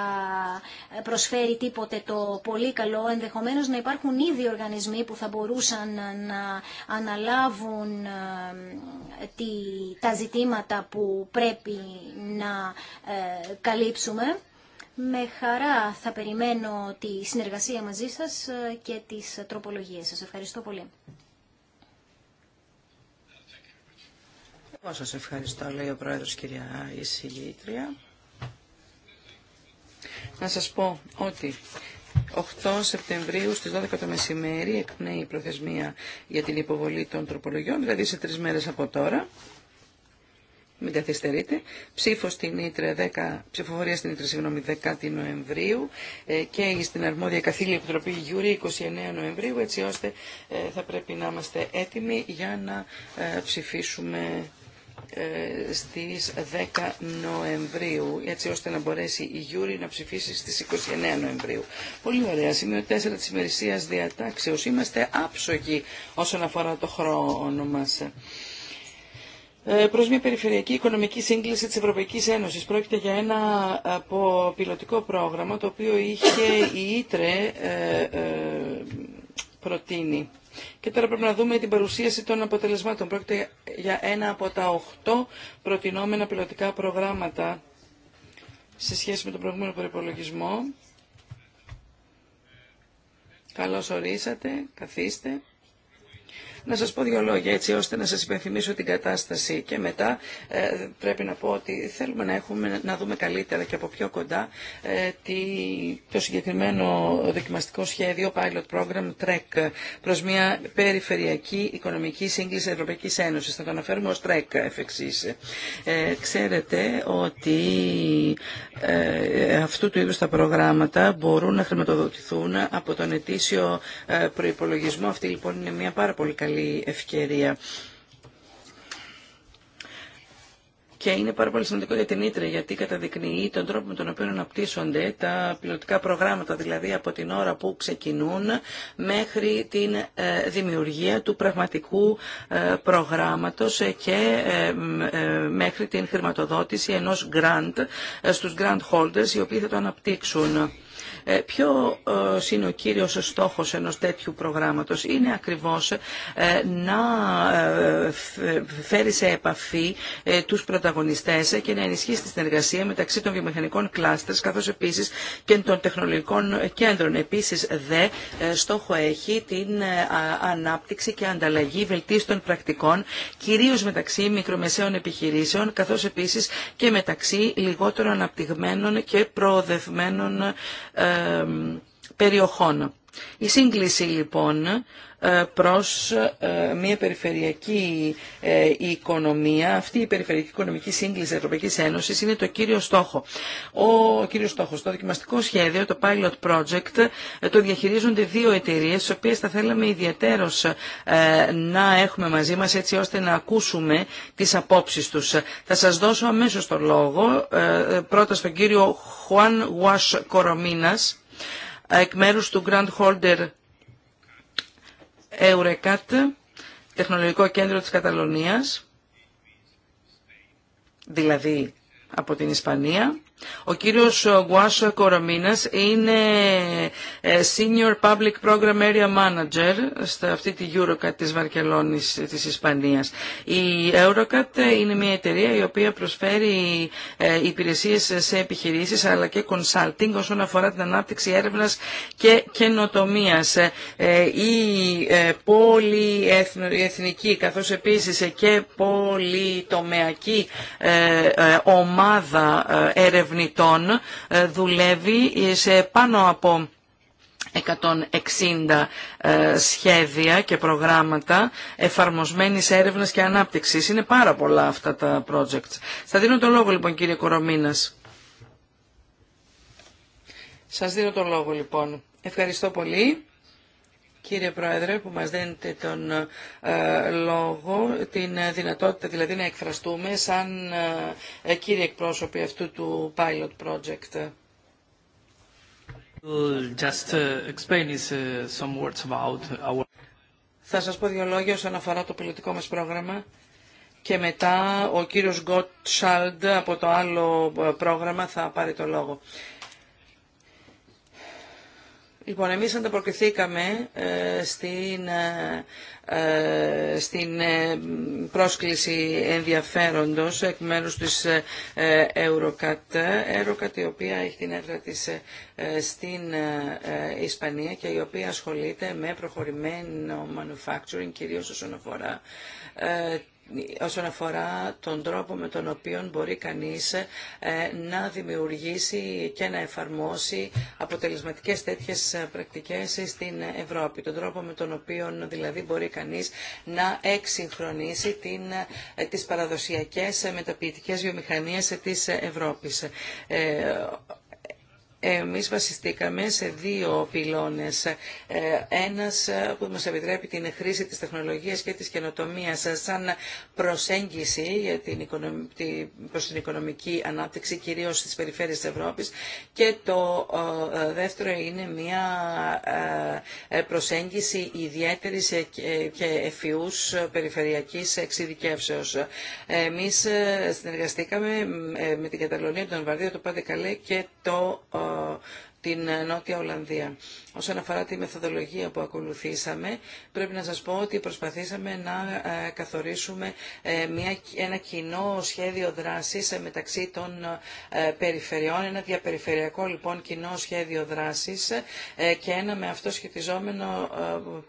προσφέρει τίποτε το πολύ καλό. Ενδεχομένως να υπάρχουν ήδη οργανισμοί που θα μπορούσαν να αναλάβουν ε, τη, τα ζητήματα που πρέπει να ε, καλύψουμε. Με χαρά θα περιμένω τη συνεργασία μαζί σας και τις τροπολογίες σας. Ευχαριστώ πολύ. Εγώ σας ευχαριστώ, λέει ο Πρόεδρος, κυρία Ισηλήτρια. Να σας πω ότι 8 Σεπτεμβρίου στις 12 το μεσημέρι εκπνέει η προθεσμία για την υποβολή των τροπολογιών, δηλαδή σε τρεις μέρες από τώρα. Μην καθυστερείτε. Ψήφο στην Ήτρε 10, ψηφοφορία στην Ήτρε, συγγνώμη, 10 Νοεμβρίου ε, και στην αρμόδια καθήλια επιτροπή Γιούρι 29 Νοεμβρίου, έτσι ώστε ε, θα πρέπει να είμαστε έτοιμοι για να ε, ψηφίσουμε ε, στις 10 Νοεμβρίου, έτσι ώστε να μπορέσει η Γιούρη να ψηφίσει στις 29 Νοεμβρίου. Πολύ ωραία. Σημείο 4 της ημερησίας διατάξεως. Είμαστε άψογοι όσον αφορά το χρόνο μας. Ε, Προ μια περιφερειακή οικονομική σύγκληση τη Ευρωπαϊκή Ένωση. Πρόκειται για ένα από πιλωτικό πρόγραμμα το οποίο είχε η Ήτρε ε, προτείνει. Και τώρα πρέπει να δούμε την παρουσίαση των αποτελεσμάτων. Πρόκειται για ένα από τα οχτώ προτινόμενα πιλωτικά προγράμματα σε σχέση με τον προηγούμενο προπολογισμό. Καλώς ορίσατε, καθίστε να σας πω δύο λόγια έτσι ώστε να σας υπενθυμίσω την κατάσταση και μετά ε, πρέπει να πω ότι θέλουμε να, έχουμε, να δούμε καλύτερα και από πιο κοντά ε, το συγκεκριμένο δοκιμαστικό σχέδιο Pilot Program TREC προς μια περιφερειακή οικονομική σύγκληση Ευρωπαϊκής Ένωσης. Θα το αναφέρουμε ως TREC εφ' ε, ξέρετε ότι ε, αυτού του είδους τα προγράμματα μπορούν να χρηματοδοτηθούν από τον ετήσιο προϋπολογισμό. Αυτή λοιπόν είναι μια πάρα πολύ καλή καλή ευκαιρία. Και είναι πάρα πολύ σημαντικό για την Ήτρε γιατί καταδεικνύει τον τρόπο με τον οποίο αναπτύσσονται τα πιλωτικά προγράμματα, δηλαδή από την ώρα που ξεκινούν μέχρι την ε, δημιουργία του πραγματικού ε, προγράμματος και ε, μέχρι την χρηματοδότηση ενός grant στους grant holders οι οποίοι θα το αναπτύξουν. Ε, ποιο ε, είναι ο κύριος στόχος ενός τέτοιου προγράμματος. Είναι ακριβώς ε, να φέρει σε επαφή τους πρωταγωνιστές και να ενισχύσει τη συνεργασία μεταξύ των βιομηχανικών κλάστερ, καθώς επίσης και των τεχνολογικών κέντρων. Επίσης δε στόχο έχει την ανάπτυξη και ανταλλαγή βελτίστων πρακτικών κυρίως μεταξύ μικρομεσαίων επιχειρήσεων καθώς επίσης και μεταξύ λιγότερο αναπτυγμένων και προοδευμένων περιοχών. Η σύγκληση λοιπόν ε, προς ε, μια περιφερειακή ε, οικονομία. Αυτή η περιφερειακή οικονομική σύγκληση της Ευρωπαϊκής Ένωσης είναι το κύριο στόχο. Ο κύριος στόχος, το δοκιμαστικό σχέδιο, το pilot project, το διαχειρίζονται δύο εταιρείες, τις οποίες θα θέλαμε ιδιαίτερως να έχουμε μαζί μας έτσι ώστε να ακούσουμε τις απόψεις τους. Θα σας δώσω αμέσως το λόγο, πρώτα στον κύριο Χουάν Γουάς Κορομίνας, εκ μέρους του Grand Holder Eurecat, Τεχνολογικό Κέντρο της Καταλωνίας, δηλαδή από την Ισπανία, ο κύριος ε, Γουάσο Κοραμίνας είναι ε, Senior Public Program Area Manager στα αυτή τη Eurocat της Βαρκελόνης ε, της Ισπανίας. Η Eurocat είναι μια εταιρεία η οποία προσφέρει υπηρεσίες σε επιχειρήσεις αλλά και consulting όσον αφορά την ανάπτυξη έρευνας και καινοτομίας. Η πολυεθνική καθώς επίσης και πολυτομεακή ομάδα έρευνα ερευνητών ε, δουλεύει ε, σε πάνω από 160 ε, σχέδια και προγράμματα εφαρμοσμένης έρευνας και ανάπτυξης. Είναι πάρα πολλά αυτά τα projects. Θα δίνω το λόγο λοιπόν κύριε Κορομίνας. Σας δίνω το λόγο λοιπόν. Ευχαριστώ πολύ. Κύριε Πρόεδρε, που μας δίνετε τον ε, λόγο, την ε, δυνατότητα δηλαδή να εκφραστούμε σαν ε, ε, κύριοι εκπρόσωποι αυτού του pilot project. Uh, uh, θα σας πω δύο λόγια όσον αφορά το πολιτικό μας πρόγραμμα και μετά ο κύριος Γκοτσάλντ από το άλλο πρόγραμμα θα πάρει το λόγο. Λοιπόν, εμείς ανταποκριθήκαμε ε, στην, ε, ε, στην πρόσκληση ενδιαφέροντος εκ μέρους της Eurocat, Eurocat η οποία έχει την έδρα της στην Ισπανία και η οποία ασχολείται με προχωρημένο manufacturing, κυρίως όσον αφορά όσον αφορά τον τρόπο με τον οποίο μπορεί κανείς ε, να δημιουργήσει και να εφαρμόσει αποτελεσματικές τέτοιες ε, πρακτικές στην Ευρώπη. Τον τρόπο με τον οποίο δηλαδή μπορεί κανείς να εξυγχρονίσει την, ε, τις παραδοσιακές μεταποιητικές βιομηχανίες της Ευρώπης. Εμείς βασιστήκαμε σε δύο πυλώνες. Ε, ένας που μας επιτρέπει την χρήση της τεχνολογίας και της καινοτομίας σαν προσέγγιση για την προς την οικονομική ανάπτυξη κυρίως στις περιφέρειες της Ευρώπης και το ε, δεύτερο είναι μια ε, προσέγγιση ιδιαίτερης και εφιούς περιφερειακής εξειδικεύσεως. Εμείς συνεργαστήκαμε με την Καταλωνία, τον Βαρδίο, το Πάντε Καλέ και το α την ε, Νότια Ολλανδία. Όσον αφορά τη μεθοδολογία που ακολουθήσαμε, πρέπει να σας πω ότι προσπαθήσαμε να ε, καθορίσουμε ε, μια, ένα κοινό σχέδιο δράσης μεταξύ των περιφερειών, ένα διαπεριφερειακό λοιπόν κοινό σχέδιο δράσης και ένα με αυτό σχετιζόμενο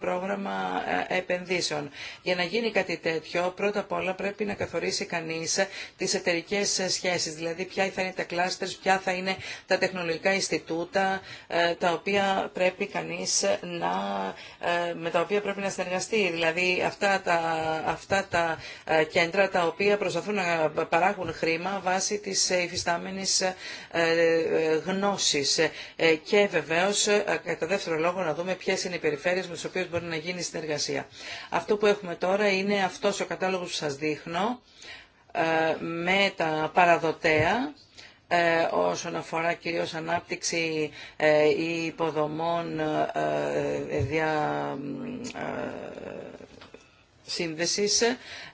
πρόγραμμα επενδύσεων. Για να γίνει κάτι τέτοιο, πρώτα απ' όλα πρέπει να καθορίσει κανείς τις εταιρικές σχέσεις, δηλαδή ποια θα είναι τα κλάστερς, ποια θα είναι τα τεχνολογικά ιστιτούτα, ε, τα οποία πρέπει κανείς να, ε, με τα οποία πρέπει να συνεργαστεί. Δηλαδή αυτά τα, αυτά τα ε, κέντρα τα οποία προσπαθούν να παράγουν χρήμα βάσει της υφιστάμενης γνώσης. Και βεβαίως, κατά δεύτερο λόγο, να δούμε ποιες είναι οι περιφέρειες με τις οποίες μπορεί να γίνει συνεργασία. Αυτό που έχουμε τώρα είναι αυτός ο κατάλογος που σας δείχνω με τα παραδοτέα ε, όσον αφορά κυρίως ανάπτυξη ε, υποδομών ε, δια σύνδεσης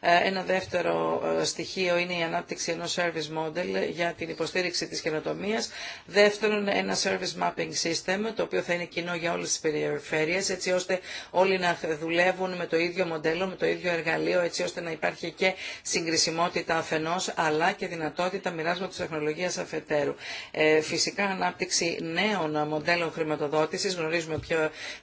ε, ένα δεύτερο ε, στοιχείο είναι η ανάπτυξη ενός service model για την υποστήριξη της καινοτομία, Δεύτερον, ένα service mapping system, το οποίο θα είναι κοινό για όλες τις περιφέρειες, έτσι ώστε όλοι να δουλεύουν με το ίδιο μοντέλο, με το ίδιο εργαλείο, έτσι ώστε να υπάρχει και συγκρισιμότητα αφενός, αλλά και δυνατότητα μοιράσματος τεχνολογίας αφετέρου. Ε, φυσικά, ανάπτυξη νέων μοντέλων χρηματοδότησης. Γνωρίζουμε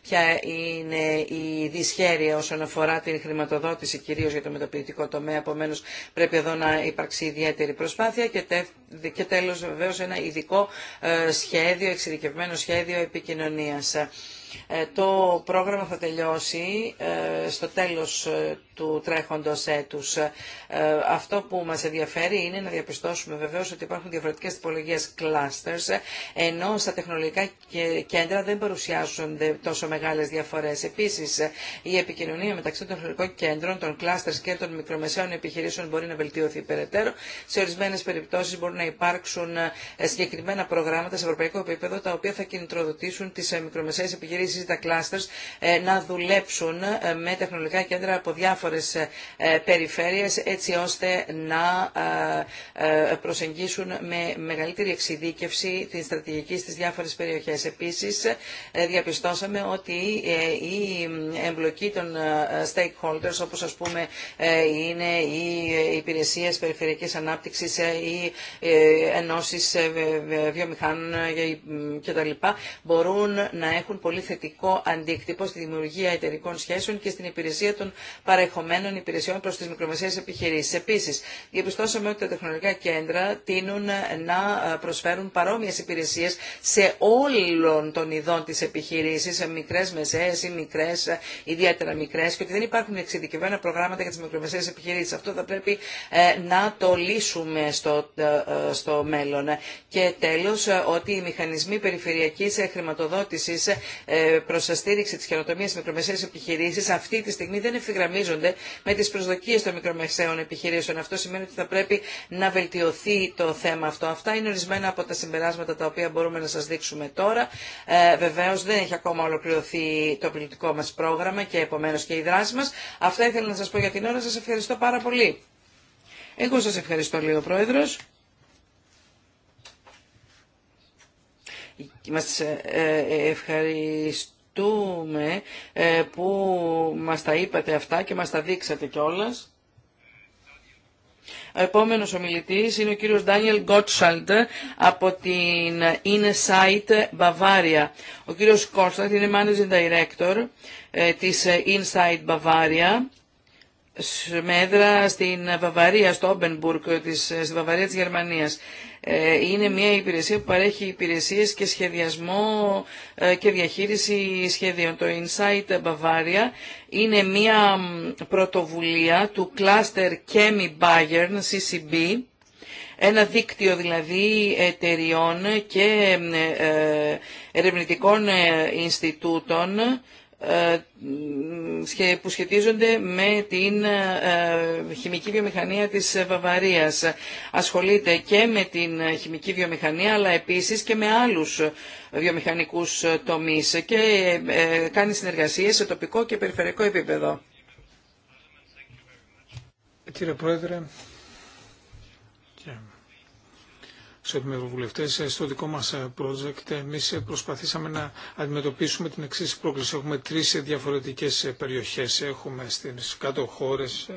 ποια είναι η δυσχέρεια όσον αφορά την χρηματοδότηση, κυρίως για το μεταποιητικό ιδιωτικό τομέα. Επομένω, πρέπει εδώ να υπάρξει ιδιαίτερη προσπάθεια και, τέ, και τέλος βεβαίως ένα ειδικό ε, σχέδιο, εξειδικευμένο σχέδιο επικοινωνίας. Ε, το πρόγραμμα θα τελειώσει ε, στο τέλος του τρέχοντος έτους. Ε, αυτό που μας ενδιαφέρει είναι να διαπιστώσουμε βεβαίως ότι υπάρχουν διαφορετικές τυπολογίες clusters, ενώ στα τεχνολογικά κέντρα δεν παρουσιάζονται τόσο μεγάλες διαφορές. Επίσης, η επικοινωνία μεταξύ των τεχνολογικών κέντρων, των clusters και των μικρομεσαίων επιχειρήσεων μπορεί να βελτιωθεί περαιτέρω. Σε ορισμένε περιπτώσεις μπορούν να υπάρξουν ε, συγκεκριμένα προγράμματα σε ευρωπαϊκό επίπεδο, τα οποία θα κινητροδοτήσουν τις ε, μικρομεσαίες επιχειρήσεις, τα clusters, να δουλέψουν με τεχνολογικά κέντρα από διάφορα διάφορες ε, ε, περιφέρειες έτσι ώστε να ε, προσεγγίσουν με μεγαλύτερη εξειδίκευση τη στρατηγική στις διάφορες περιοχές. Επίσης, διαπιστώσαμε ότι η εμπλοκή των stakeholders, όπως ας πούμε είναι οι υπηρεσίες περιφερειακής ανάπτυξης, ή ενώσεις βιομηχάνων λοιπά μπορούν να έχουν πολύ θετικό αντίκτυπο στη δημιουργία εταιρικών σχέσεων και στην υπηρεσία των παρεχομένων περιεχομένων υπηρεσιών προ τι μικρομεσαίες επιχειρήσεις. Επίσης, διαπιστώσαμε ότι τα τεχνολογικά κέντρα τείνουν να προσφέρουν παρόμοιε υπηρεσίε σε όλων των ειδών τη επιχειρήση, σε μικρέ μεσαίε ή μικρέ, ιδιαίτερα μικρέ, και ότι δεν υπάρχουν εξειδικευμένα προγράμματα για τι μικρομεσαίες επιχειρήσει. Αυτό θα πρέπει ε, να το λύσουμε στο, ε, ε, στο μέλλον. Και τέλο, ότι οι μηχανισμοί περιφερειακής χρηματοδότησης τα στήριξη τη καινοτομία στι μικρομεσαίες αυτή τη στιγμή δεν ευθυγραμμίζονται με τις προσδοκίε των μικρομεσαίων επιχειρήσεων. Αυτό σημαίνει ότι θα πρέπει να βελτιωθεί το θέμα αυτό. Αυτά είναι ορισμένα από τα συμπεράσματα τα οποία μπορούμε να σας δείξουμε τώρα. Ε, βεβαίως δεν έχει ακόμα ολοκληρωθεί το πολιτικό μας πρόγραμμα και επομένως και η δράση μας. Αυτά ήθελα να σας πω για την ώρα. Σα ευχαριστώ πάρα πολύ. Εγώ σα ευχαριστώ λίγο Πρόεδρο. Μας ε, ε, ευχαριστώ ευχαριστούμε ε, που μας τα είπατε αυτά και μας τα δείξατε κιόλας. Ο επόμενος ομιλητής είναι ο κύριος Ντάνιελ Γκότσαλντ από την Insight Bavaria. Ο κύριος Κόρσταντ είναι Managing Director ε, της Insight Bavaria Σμέδρα στην Βαβαρία, στο Όμπενμπουργκ, της, στη Βαβαρία της Γερμανίας. Ε, είναι μια υπηρεσία που παρέχει υπηρεσίες και σχεδιασμό ε, και διαχείριση σχεδίων. Το Insight Bavaria είναι μια πρωτοβουλία του Cluster Chemi Bayern, CCB, ένα δίκτυο δηλαδή εταιριών και ε, ερευνητικών Ινστιτούτων ε, που σχετίζονται με την ε, χημική βιομηχανία της Βαβαρίας. Ασχολείται και με την χημική βιομηχανία αλλά επίσης και με άλλους βιομηχανικούς τομείς και ε, κάνει συνεργασίες σε τοπικό και περιφερειακό επίπεδο. Κύριε Πρόεδρε, σε ε, στο δικό μας ε, project εμείς ε, προσπαθήσαμε να αντιμετωπίσουμε την εξή πρόκληση. Έχουμε τρεις διαφορετικές περιοχές. Έχουμε στις κάτω χώρες,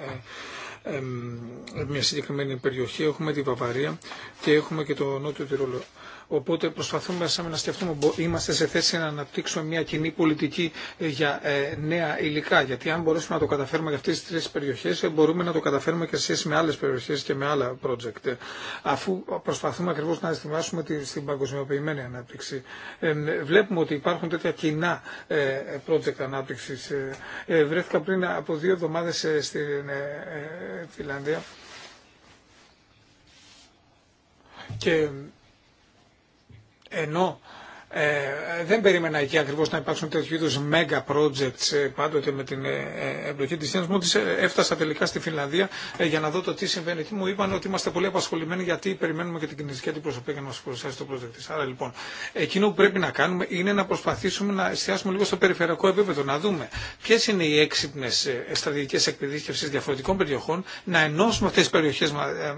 μια συγκεκριμένη περιοχή, έχουμε τη Βαβαρία και έχουμε και το Νότιο Τυρόλο. Οπότε προσπαθούμε να σκεφτούμε, είμαστε σε θέση να αναπτύξουμε μια κοινή πολιτική ε, για ε, νέα υλικά. Γιατί αν μπορέσουμε να το καταφέρουμε για αυτέ τι τρει περιοχέ, ε, μπορούμε να το καταφέρουμε και σε σχέση με άλλε περιοχέ και με άλλα project. Αφού προσπαθούμε ακριβώ να αισθημάσουμε στην παγκοσμιοποιημένη ανάπτυξη. Βλέπουμε ότι υπάρχουν τέτοια κοινά project ανάπτυξη. Βρέθηκα πριν από δύο εβδομάδε στην Φιλανδία. Και ενώ ε, δεν περίμενα εκεί ακριβώ να υπάρξουν τέτοιου είδου mega projects ε, πάντοτε με την ε, ε, εμπλοκή τη Κίνα. Μόλι έφτασα τελικά στη Φιλανδία για να δω το τι συμβαίνει εκεί, μου είπαν ότι είμαστε πολύ απασχολημένοι γιατί περιμένουμε και την κινητική αντιπροσωπή για να μα παρουσιάσει το project τη. Άρα λοιπόν, εκείνο που πρέπει να κάνουμε είναι να προσπαθήσουμε να εστιάσουμε λίγο στο περιφερειακό επίπεδο, να δούμε ποιε είναι οι έξυπνε στρατηγικέ εκπαιδεύσει διαφορετικών περιοχών, να ενώσουμε αυτέ τι περιοχέ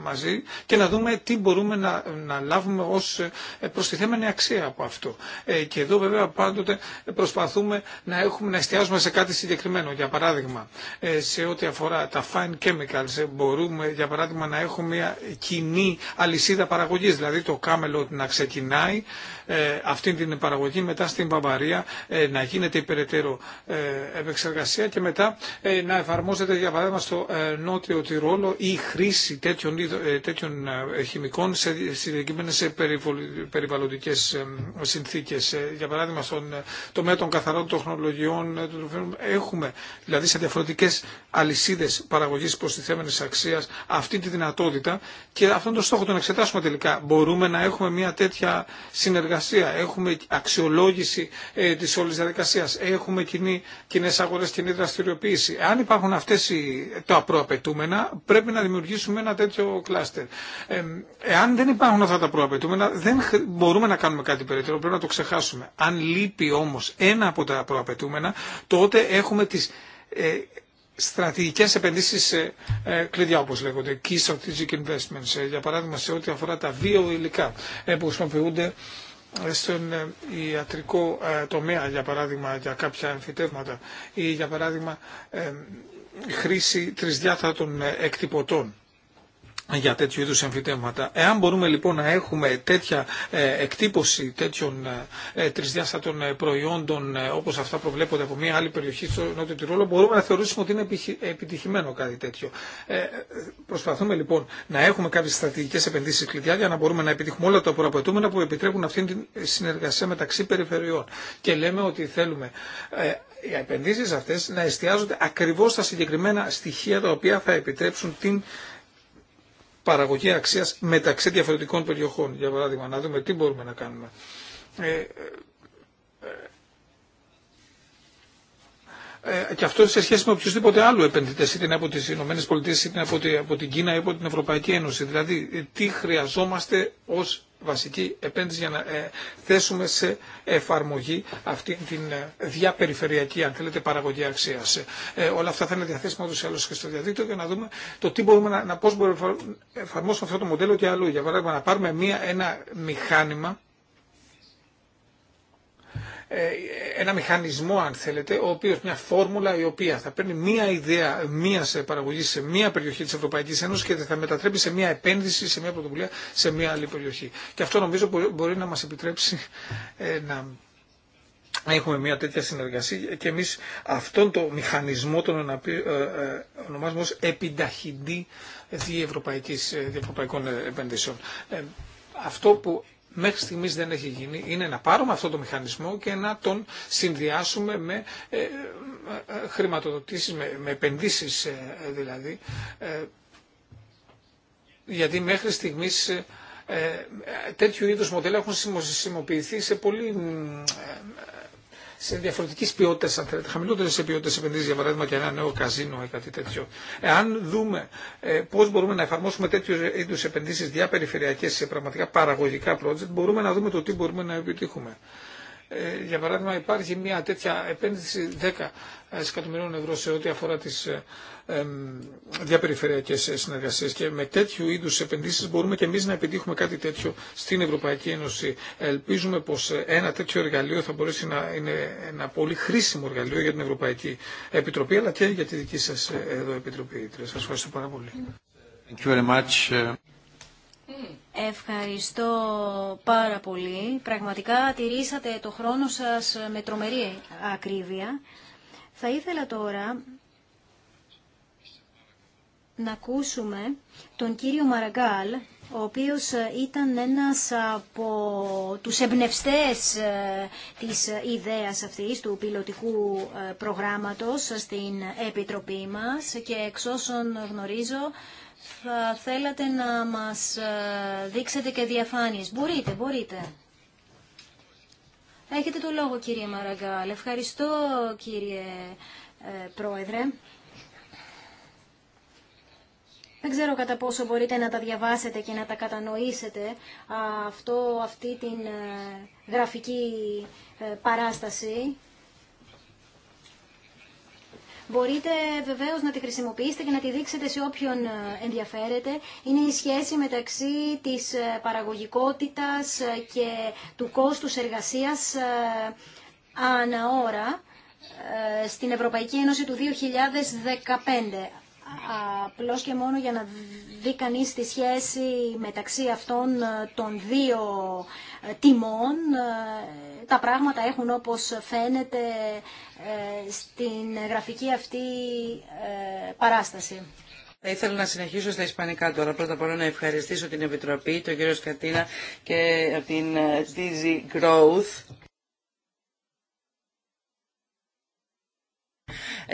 μαζί και να δούμε τι μπορούμε να, να λάβουμε ω προστιθέμενη αξία από αυτό. Ε, και εδώ βέβαια πάντοτε προσπαθούμε να, έχουμε, να εστιάζουμε σε κάτι συγκεκριμένο. Για παράδειγμα, ε, σε ό,τι αφορά τα fine chemicals ε, μπορούμε για παράδειγμα να έχουμε μια κοινή αλυσίδα παραγωγής, δηλαδή το κάμελο να ξεκινάει αυτή την παραγωγή μετά στην Βαυαρία να γίνεται υπεραιτέρω επεξεργασία και μετά να εφαρμόζεται για παράδειγμα στο νότιο Τυρόλο η χρήση τέτοιων, τέτοιων χημικών σε συγκεκριμένε περιβαλλοντικέ συνθήκε. Ε, για παράδειγμα, στον ε, τομέα των καθαρών τεχνολογιών, ε, έχουμε δηλαδή σε διαφορετικέ αλυσίδε παραγωγή προστιθέμενη αξία αυτή τη δυνατότητα και αυτόν τον στόχο τον εξετάσουμε τελικά. Μπορούμε να έχουμε μια τέτοια συνεργασία. Έχουμε αξιολόγηση ε, τη όλη διαδικασία. Έχουμε κοινέ αγορέ, κοινή δραστηριοποίηση. Αν υπάρχουν αυτέ τα προαπαιτούμενα, πρέπει να δημιουργήσουμε ένα τέτοιο κλάστερ. Ε, εάν δεν υπάρχουν αυτά τα προαπαιτούμενα, δεν μπορούμε να κάνουμε κάτι περαιτέρω να το ξεχάσουμε. Αν λείπει όμως ένα από τα προαπαιτούμενα, τότε έχουμε τις ε, στρατηγικές επενδύσεις ε, κλειδιά όπως λέγονται, key strategic investments, ε, για παράδειγμα σε ό,τι αφορά τα βιοηλικά ε, που χρησιμοποιούνται ε, στον ιατρικό τομέα, για παράδειγμα για κάποια εμφυτεύματα ή για παράδειγμα χρήση τρισδιάθατων εκτυπωτών για τέτοιου είδους εμφυτεύματα. Εάν μπορούμε λοιπόν να έχουμε τέτοια ε, εκτύπωση τέτοιων ε, τρισδιάστατων ε, προϊόντων όπως αυτά προβλέπονται από μια άλλη περιοχή στο Νότιο Τυρόλο μπορούμε να θεωρήσουμε ότι είναι επιτυχημένο κάτι τέτοιο. Προσπαθούμε λοιπόν να έχουμε κάποιες στρατηγικές επενδύσεις κλειδιά για να μπορούμε να επιτύχουμε όλα τα προαπαιτούμενα που επιτρέπουν αυτήν την συνεργασία μεταξύ περιφερειών. Και λέμε ότι θέλουμε οι επενδύσεις αυτές να εστιάζονται ακριβώς στα συγκεκριμένα στοιχεία τα οποία θα επιτρέψουν την παραγωγή αξίας μεταξύ διαφορετικών περιοχών. Για παράδειγμα, να δούμε τι μπορούμε να κάνουμε. Ε, ε, ε, και αυτό σε σχέση με οποιοδήποτε άλλο επενδυτέ, είτε είναι από τι ΗΠΑ, Πολιτείε, είτε από, από την Κίνα ή από την Ευρωπαϊκή Ένωση. Δηλαδή, τι χρειαζόμαστε ω βασική επένδυση για να ε, θέσουμε σε εφαρμογή αυτή την ε, διαπεριφερειακή αν θέλετε παραγωγή αξίας. Ε, όλα αυτά θα είναι διαθέσιμα ούτω ή και στο διαδίκτυο για να δούμε το τι μπορούμε να, να πώς μπορούμε να εφαρμόσουμε αυτό το μοντέλο και αλλού. Για παράδειγμα να πάρουμε μία, ένα μηχάνημα ε, ένα μηχανισμό αν θέλετε, ο οποίος, μια φόρμουλα η οποία θα παίρνει μια ιδέα μια παραγωγή σε μια περιοχή της Ευρωπαϊκής Ένωση και θα μετατρέπει σε μια επένδυση, σε μια πρωτοβουλία, σε μια άλλη περιοχή. Και αυτό νομίζω μπορεί να μας επιτρέψει ε, να έχουμε μια τέτοια συνεργασία και εμείς αυτόν τον μηχανισμό τον ε, ονομάζουμε ω επιταχυντή διευρωπαϊκών επενδύσεων. Αυτό που μέχρι στιγμής δεν έχει γίνει είναι να πάρουμε αυτό το μηχανισμό και να τον συνδυάσουμε με ε, ε, χρηματοδοτήσεις, με επενδύσεις ε, δηλαδή. Γιατί μέχρι στιγμής τέτοιου είδους μοντέλα έχουν συμμοσιμοποιηθεί σε πολύ σε διαφορετική ποιότητα, αν θέλετε, χαμηλότερε σε ποιότητε επενδύσει, για παράδειγμα, και ένα νέο καζίνο ή κάτι τέτοιο. Εάν δούμε ε, πώ μπορούμε να εφαρμόσουμε τέτοιου είδου επενδύσει διαπεριφερειακέ σε πραγματικά παραγωγικά project, μπορούμε να δούμε το τι μπορούμε να επιτύχουμε. Ε, για παράδειγμα, υπάρχει μια τέτοια επένδυση 10 δισεκατομμυρίων ευρώ σε ό,τι αφορά τι ε, διαπεριφερειακέ συνεργασίε. Και με τέτοιου είδου επενδύσει μπορούμε και εμεί να επιτύχουμε κάτι τέτοιο στην Ευρωπαϊκή Ένωση. Ελπίζουμε πω ε, ένα τέτοιο εργαλείο θα μπορέσει να είναι ένα πολύ χρήσιμο εργαλείο για την Ευρωπαϊκή Επιτροπή αλλά και για τη δική σα ε, εδώ Επιτροπή. Σα ευχαριστώ πάρα πολύ. Ευχαριστώ πάρα πολύ. Πραγματικά τηρήσατε το χρόνο σας με τρομερή ακρίβεια. Θα ήθελα τώρα να ακούσουμε τον κύριο Μαραγκάλ, ο οποίος ε, ήταν ένας από τους εμπνευστές ε, της ιδέας αυτής, του πιλωτικού ε, προγράμματος στην Επιτροπή μας και εξ όσων γνωρίζω θα θέλατε να μας δείξετε και διαφάνειες. Μπορείτε, μπορείτε. Έχετε το λόγο κύριε Μαραγκάλ. Ευχαριστώ κύριε ε, Πρόεδρε. Δεν ξέρω κατά πόσο μπορείτε να τα διαβάσετε και να τα κατανοήσετε αυτό, αυτή την ε, γραφική ε, παράσταση Μπορείτε βεβαίω να τη χρησιμοποιήσετε και να τη δείξετε σε όποιον ε, ενδιαφέρεται. Είναι η σχέση μεταξύ της ε, παραγωγικότητας ε, και του κόστους εργασίας αναώρα στην Ευρωπαϊκή Ένωση του 2015. Απλώ και μόνο για να δει κανεί τη σχέση μεταξύ αυτών ε, των δύο ε, τιμών. Ε, τα πράγματα έχουν όπως φαίνεται στην γραφική αυτή παράσταση. Θα ήθελα να συνεχίσω στα ισπανικά τώρα. Πρώτα απ' όλα να ευχαριστήσω την Επιτροπή, τον κύριο Σκατίνα και την Dizzy Growth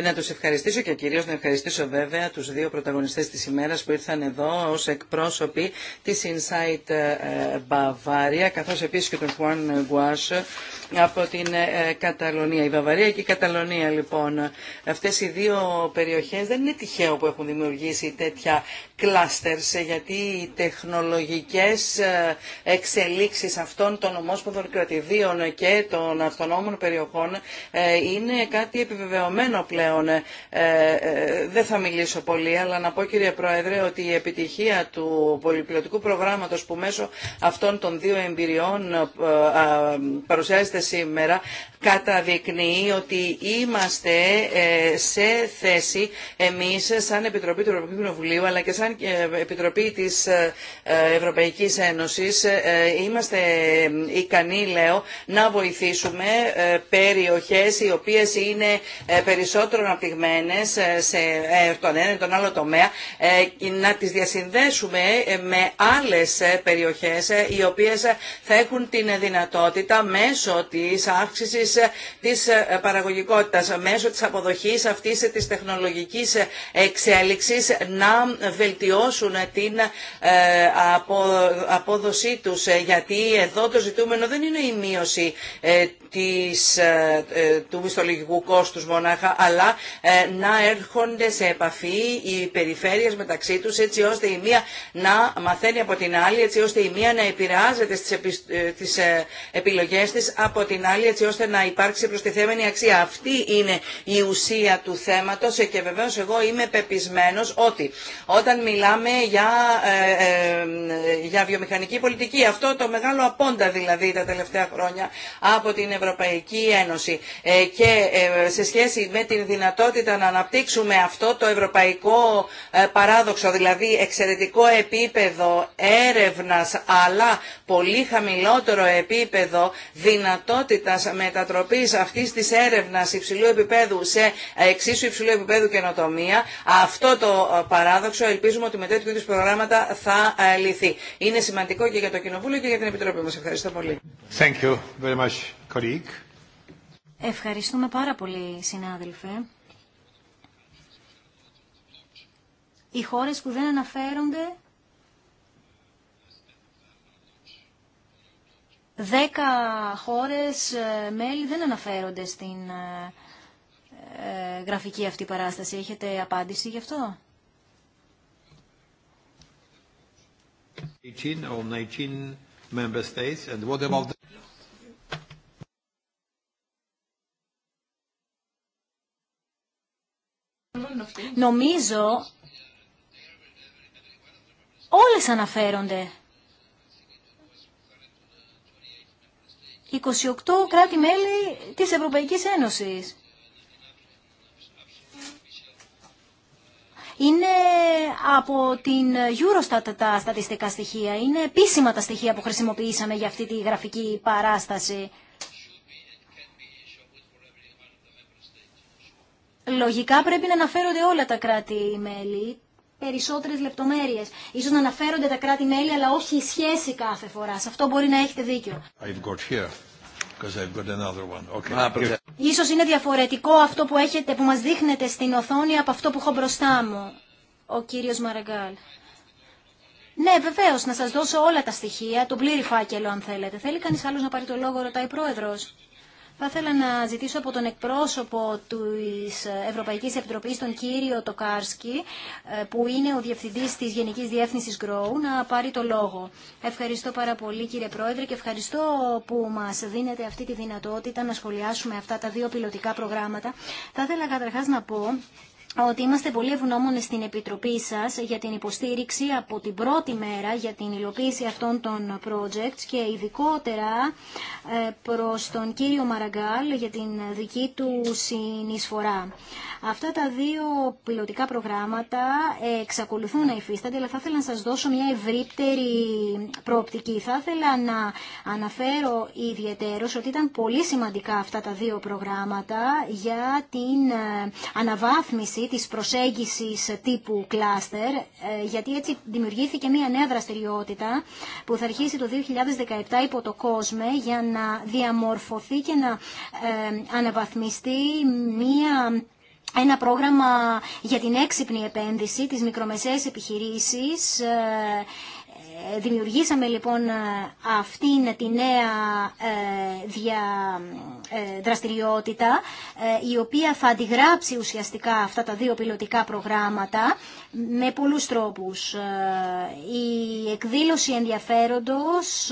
Να τους ευχαριστήσω και κυρίως να ευχαριστήσω βέβαια τους δύο πρωταγωνιστές της ημέρας που ήρθαν εδώ ως εκπρόσωποι της Insight ε, Bavaria καθώς επίσης και τον Juan Guas από την ε, Καταλωνία. Η Βαβαρία και η Καταλωνία λοιπόν. Αυτές οι δύο περιοχές δεν είναι τυχαίο που έχουν δημιουργήσει τέτοια κλάστερς ε, γιατί οι τεχνολογικές ε, εξελίξεις αυτών των ομόσπονδων κρατηδίων και των αυτονόμων περιοχών είναι κάτι επιβεβαιωμένο πλέον. Δεν θα μιλήσω πολύ αλλά να πω κύριε Πρόεδρε ότι η επιτυχία του πολυπλωτικού προγράμματος που μέσω αυτών των δύο εμπειριών παρουσιάζεται σήμερα καταδεικνύει ότι είμαστε ε, σε θέση εμείς σαν Επιτροπή του Ευρωπαϊκού Κοινοβουλίου αλλά και σαν ε, Επιτροπή της ε, Ευρωπαϊκής Ένωσης είμαστε ικανοί λέω να βοηθήσουμε περιοχές οι οποίες είναι περισσότερο αναπτυγμένες σε τον ένα ή τον άλλο τομέα να τις διασυνδέσουμε με άλλες περιοχές οι οποίες θα έχουν την δυνατότητα μέσω της αύξησης της ε, παραγωγικότητας μέσω της αποδοχής αυτής της τεχνολογικής εξέλιξης να βελτιώσουν την ε, απόδοσή τους γιατί εδώ το ζητούμενο δεν είναι η μείωση ε, του μισθολογικού κόστους μονάχα αλλά να έρχονται σε επαφή οι περιφέρειες μεταξύ τους έτσι ώστε η μία να μαθαίνει από την άλλη έτσι ώστε η μία να επηρεάζεται στις επιλογές της από την άλλη έτσι ώστε να υπάρξει προστιθέμενη αξία. Αυτή είναι η ουσία του θέματος και βεβαίως εγώ είμαι πεπισμένος ότι όταν μιλάμε για, ε, ε, ε, για βιομηχανική πολιτική, αυτό το μεγάλο απόντα δηλαδή τα τελευταία χρόνια από την Ευρωπαϊκή Ένωση και σε σχέση με την δυνατότητα να αναπτύξουμε αυτό το ευρωπαϊκό παράδοξο, δηλαδή εξαιρετικό επίπεδο έρευνας αλλά πολύ χαμηλότερο επίπεδο δυνατότητα δυνατότητας μετατροπής αυτής της έρευνας υψηλού επίπεδου σε εξίσου υψηλού επίπεδου καινοτομία, αυτό το ε, παράδοξο ελπίζουμε ότι με τέτοιου είδους προγράμματα θα ε, λυθεί. Είναι σημαντικό και για το Κοινοβούλιο και για την Επιτροπή μας. Ευχαριστώ πολύ. Thank you very much, Ευχαριστούμε πάρα πολύ, συνάδελφε. Οι χώρες που δεν αναφέρονται Δέκα χώρες ε, μέλη δεν αναφέρονται στην ε, ε, γραφική αυτή παράσταση. Έχετε απάντηση γι' αυτό. Νομίζω όλες αναφέρονται 28 κράτη-μέλη της Ευρωπαϊκής Ένωσης. Είναι από την Eurostat τα στατιστικά στοιχεία. Είναι επίσημα τα στοιχεία που χρησιμοποιήσαμε για αυτή τη γραφική παράσταση. Λογικά πρέπει να αναφέρονται όλα τα κράτη-μέλη περισσότερες λεπτομέρειες. Ίσως να αναφέρονται τα κράτη-μέλη, αλλά όχι η σχέση κάθε φορά. Σε αυτό μπορεί να έχετε δίκιο. I've got here, Okay. Ίσως είναι διαφορετικό αυτό που, έχετε, που μας δείχνετε στην οθόνη από αυτό που έχω μπροστά μου. Ο κύριος Μαραγκάλ. Ναι, βεβαίω, να σα δώσω όλα τα στοιχεία, τον πλήρη φάκελο, αν θέλετε. Θέλει κανεί άλλο να πάρει το λόγο, ρωτάει πρόεδρο. Θα ήθελα να ζητήσω από τον εκπρόσωπο της Ευρωπαϊκής Επιτροπής, τον κύριο Τοκάρσκι, ε, που είναι ο Διευθυντής της Γενικής Διεύθυνσης Grow, να πάρει το λόγο. Ευχαριστώ πάρα πολύ κύριε Πρόεδρε και ευχαριστώ που μας δίνετε αυτή τη δυνατότητα να σχολιάσουμε αυτά τα δύο πιλωτικά προγράμματα. Θα ήθελα καταρχάς να πω ότι είμαστε πολύ ευγνώμονε στην Επιτροπή σας για την υποστήριξη από την πρώτη μέρα για την υλοποίηση αυτών των projects και ειδικότερα ε, προς τον κύριο Μαραγκάλ για την δική του συνεισφορά. Αυτά τα δύο πιλωτικά προγράμματα εξακολουθούν να υφίστανται, αλλά θα ήθελα να σας δώσω μια ευρύτερη προοπτική. Θα ήθελα να αναφέρω ιδιαίτερω ότι ήταν πολύ σημαντικά αυτά τα δύο προγράμματα για την ε, αναβάθμιση της προσέγγισης τύπου κλάστερ, ε, γιατί έτσι δημιουργήθηκε μια νέα δραστηριότητα που θα αρχίσει το 2017 υπό το κόσμο για να διαμορφωθεί και να ε, αναβαθμιστεί μια ένα πρόγραμμα για την έξυπνη επένδυση, της μικρομεσαίες επιχειρήσεις ε, ε, δημιουργήσαμε λοιπόν ε, αυτήν τη νέα ε, δια, δραστηριότητα η οποία θα αντιγράψει ουσιαστικά αυτά τα δύο πιλωτικά προγράμματα με πολλούς τρόπους. Η εκδήλωση ενδιαφέροντος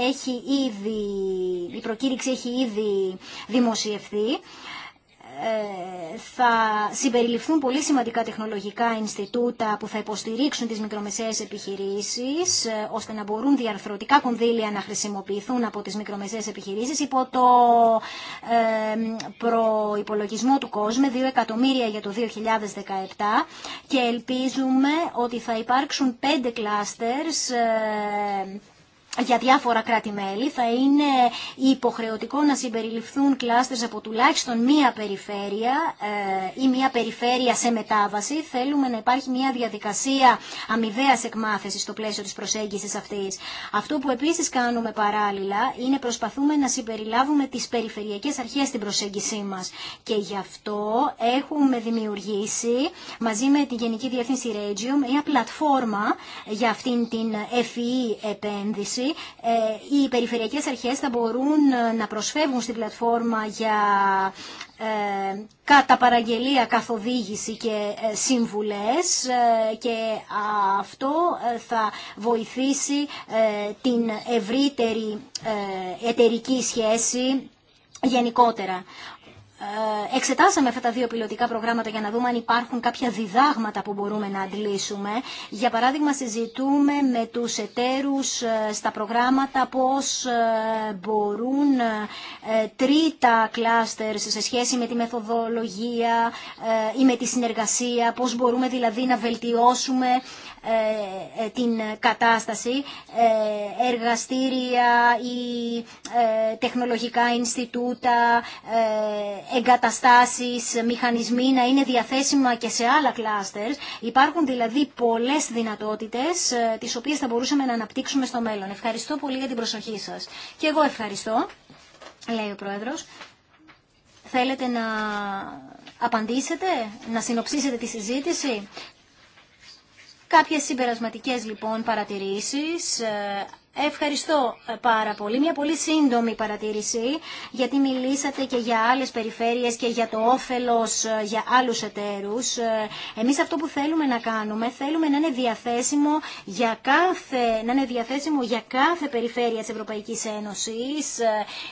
έχει ήδη, η προκήρυξη έχει ήδη δημοσιευθεί ε, θα συμπεριληφθούν πολύ σημαντικά τεχνολογικά Ινστιτούτα που θα υποστηρίξουν τις μικρομεσαίες επιχειρήσεις ε, ώστε να μπορούν διαρθρωτικά κονδύλια να χρησιμοποιηθούν από τις μικρομεσαίες επιχειρήσεις υπό το ε, προϋπολογισμό του κόσμου 2 εκατομμύρια για το 2017 και ελπίζουμε ότι θα υπάρξουν 5 κλάστερς για διάφορα κράτη-μέλη θα είναι υποχρεωτικό να συμπεριληφθούν κλάστερς από τουλάχιστον μία περιφέρεια ε, ή μία περιφέρεια σε μετάβαση. Θέλουμε να υπάρχει μία διαδικασία αμοιβαία εκμάθηση στο πλαίσιο τη προσεγγιση αυτη Αυτό που επιση κάνουμε παράλληλα είναι προσπαθούμε να συμπεριλάβουμε τι περιφερειακέ αρχέ στην προσέγγισή μα. Και γι' αυτό έχουμε δημιουργήσει μαζί με την Γενική Διεύθυνση Regium μία πλατφόρμα για αυτήν την FEE e επένδυση ε, οι περιφερειακές αρχές θα μπορούν ε, να προσφεύγουν στην πλατφόρμα για ε, κατά παραγγελία καθοδήγηση και συμβουλές και αυτό θα βοηθήσει την ευρύτερη εταιρική σχέση γενικότερα. Ε, εξετάσαμε αυτά τα δύο πιλωτικά προγράμματα για να δούμε αν υπάρχουν κάποια διδάγματα που μπορούμε να αντλήσουμε. Για παράδειγμα, συζητούμε με τους εταίρους ε, στα προγράμματα πώς ε, μπορούν τρίτα κλάστερ σε σχέση με τη μεθοδολογία ή με τη συνεργασία, πώς μπορούμε δηλαδή να βελτιώσουμε ε, ε, την κατάσταση, ε, εργαστήρια ή τεχνολογικά Ινστιτούτα, εγκαταστάσεις, μηχανισμοί να είναι διαθέσιμα και σε άλλα κλάστερς. Υπάρχουν δηλαδή πολλές δυνατότητες τις οποίες θα μπορούσαμε να αναπτύξουμε στο μέλλον. Ευχαριστώ πολύ για την προσοχή σας. Και εγώ ευχαριστώ, λέει ο Πρόεδρος. Θέλετε να απαντήσετε, να συνοψίσετε τη συζήτηση. Κάποιες συμπερασματικές λοιπόν παρατηρήσεις. Ε, ευχαριστώ ε, πάρα πολύ. Μια πολύ σύντομη παρατήρηση, γιατί μιλήσατε και για άλλες περιφέρειες και για το όφελος ε, για άλλους εταίρους. Εμείς αυτό που θέλουμε να κάνουμε, θέλουμε να είναι διαθέσιμο για κάθε, να είναι διαθέσιμο για κάθε περιφέρεια της Ευρωπαϊκής Ένωσης,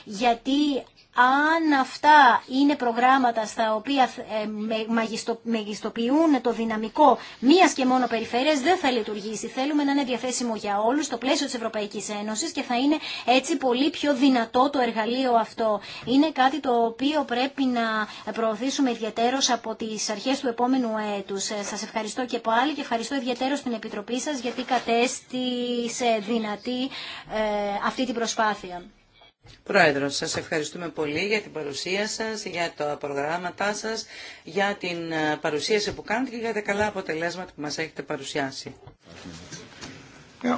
γιατί αν αυτά είναι προγράμματα στα οποία ε, μεγιστοποιούν το δυναμικό μία και μόνο περιφέρειας, δεν θα λειτουργήσει. Θέλουμε να είναι διαθέσιμο για όλους στο πλαίσιο της Ευρωπαϊκής Ένωση και θα είναι έτσι πολύ πιο δυνατό το εργαλείο αυτό. Είναι κάτι το οποίο πρέπει να προωθήσουμε ιδιαίτερω από τις αρχές του επόμενου έτους. Ε, σα ευχαριστώ και πάλι και ευχαριστώ ιδιαίτερω την Επιτροπή σα γιατί κατέστησε δυνατή ε, αυτή την προσπάθεια. Πρόεδρο, σα ευχαριστούμε πολύ για την παρουσία σα, για τα προγράμματά σα, για την ε, παρουσίαση που κάνετε και για τα καλά αποτελέσματα που μα έχετε παρουσιάσει. Uh,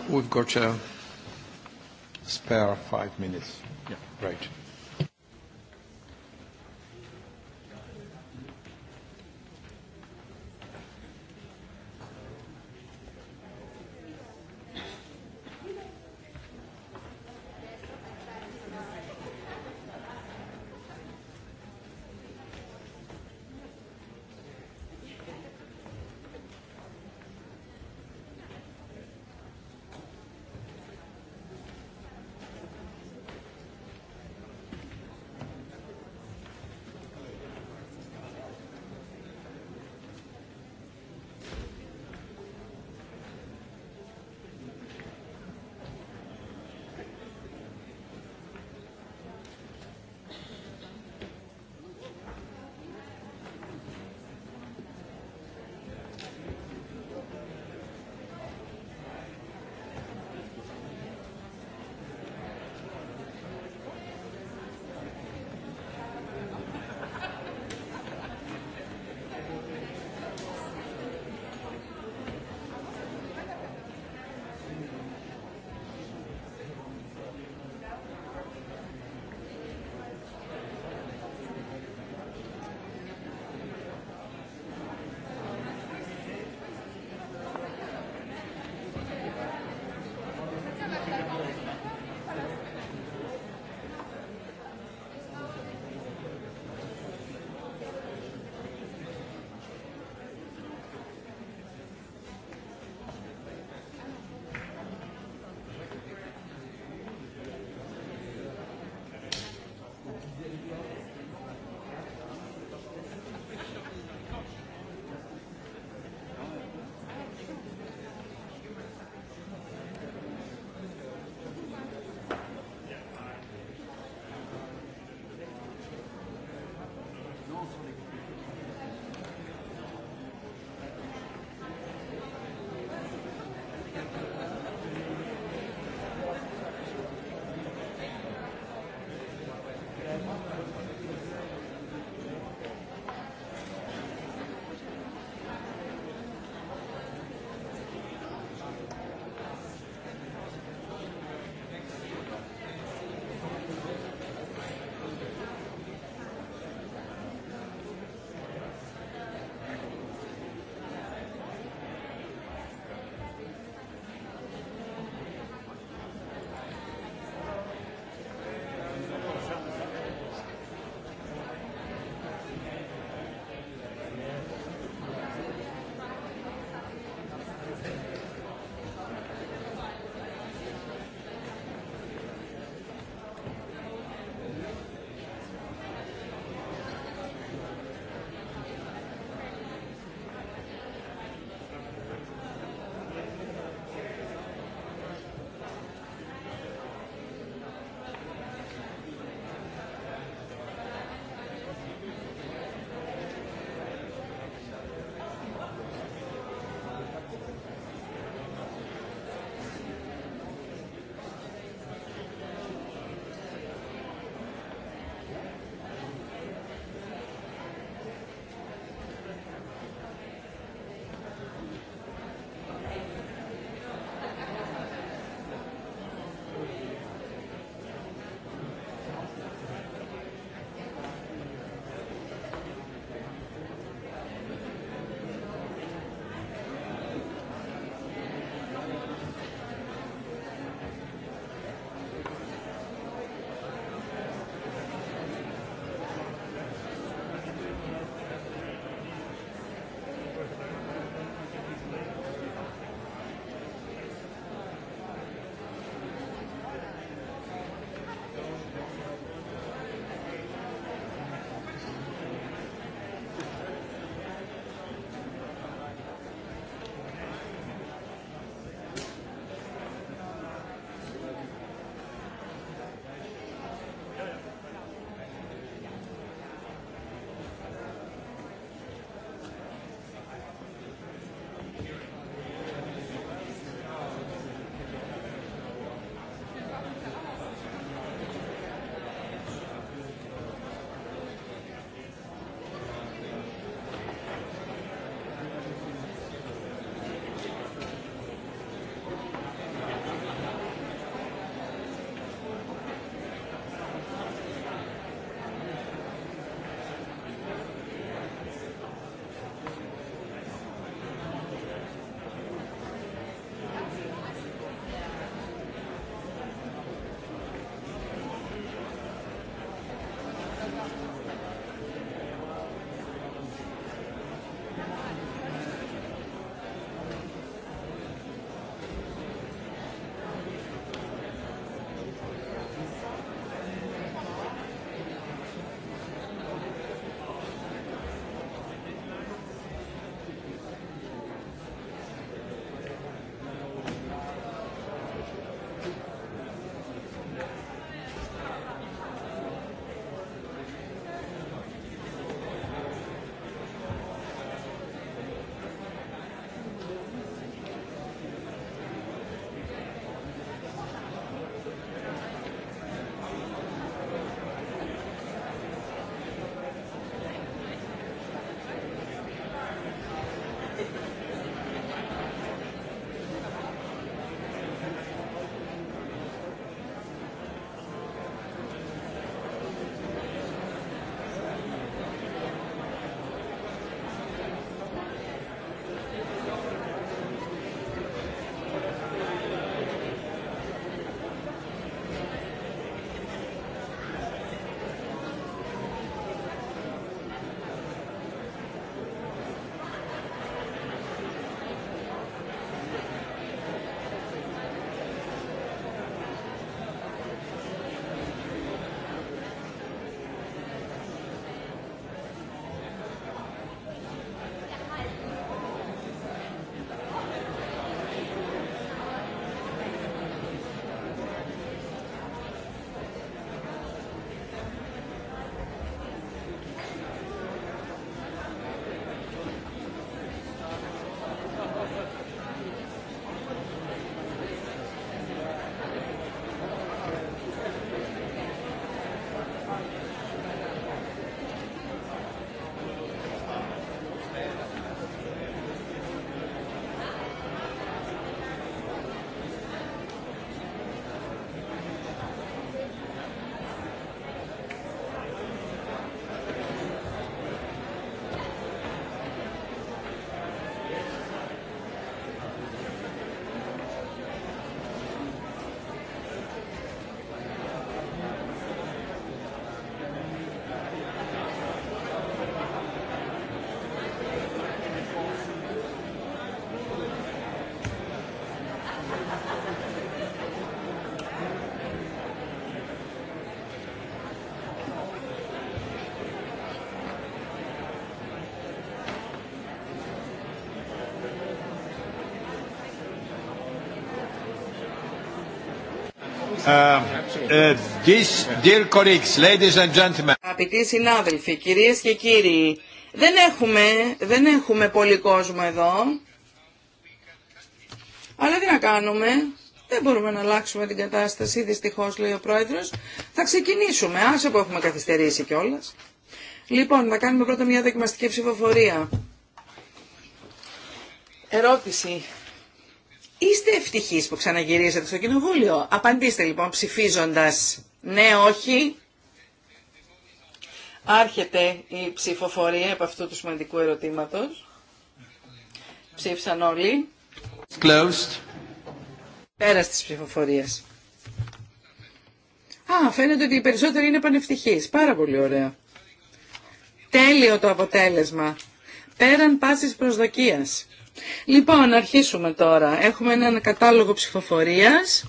Ε, ε, Αγαπητοί συνάδελφοι, κυρίες και κύριοι, δεν έχουμε, δεν έχουμε πολύ κόσμο εδώ, αλλά τι να κάνουμε, δεν μπορούμε να αλλάξουμε την κατάσταση, δυστυχώς λέει ο Πρόεδρος. Θα ξεκινήσουμε, άσε που έχουμε καθυστερήσει κιόλα. Λοιπόν, θα κάνουμε πρώτα μια δοκιμαστική ψηφοφορία. Ερώτηση Είστε ευτυχεί που ξαναγυρίζετε στο κοινοβούλιο. Απαντήστε λοιπόν ψηφίζοντας ναι, όχι. Άρχεται η ψηφοφορία από αυτού του σημαντικού ερωτήματος. Ψήφισαν όλοι. Closed. Πέρας της ψηφοφορίας. Α, φαίνεται ότι οι περισσότεροι είναι πανευτυχεί. Πάρα πολύ ωραία. Τέλειο το αποτέλεσμα. Πέραν πάση προσδοκίας. Λοιπόν, αρχίσουμε τώρα. Έχουμε έναν κατάλογο ψηφοφορίας.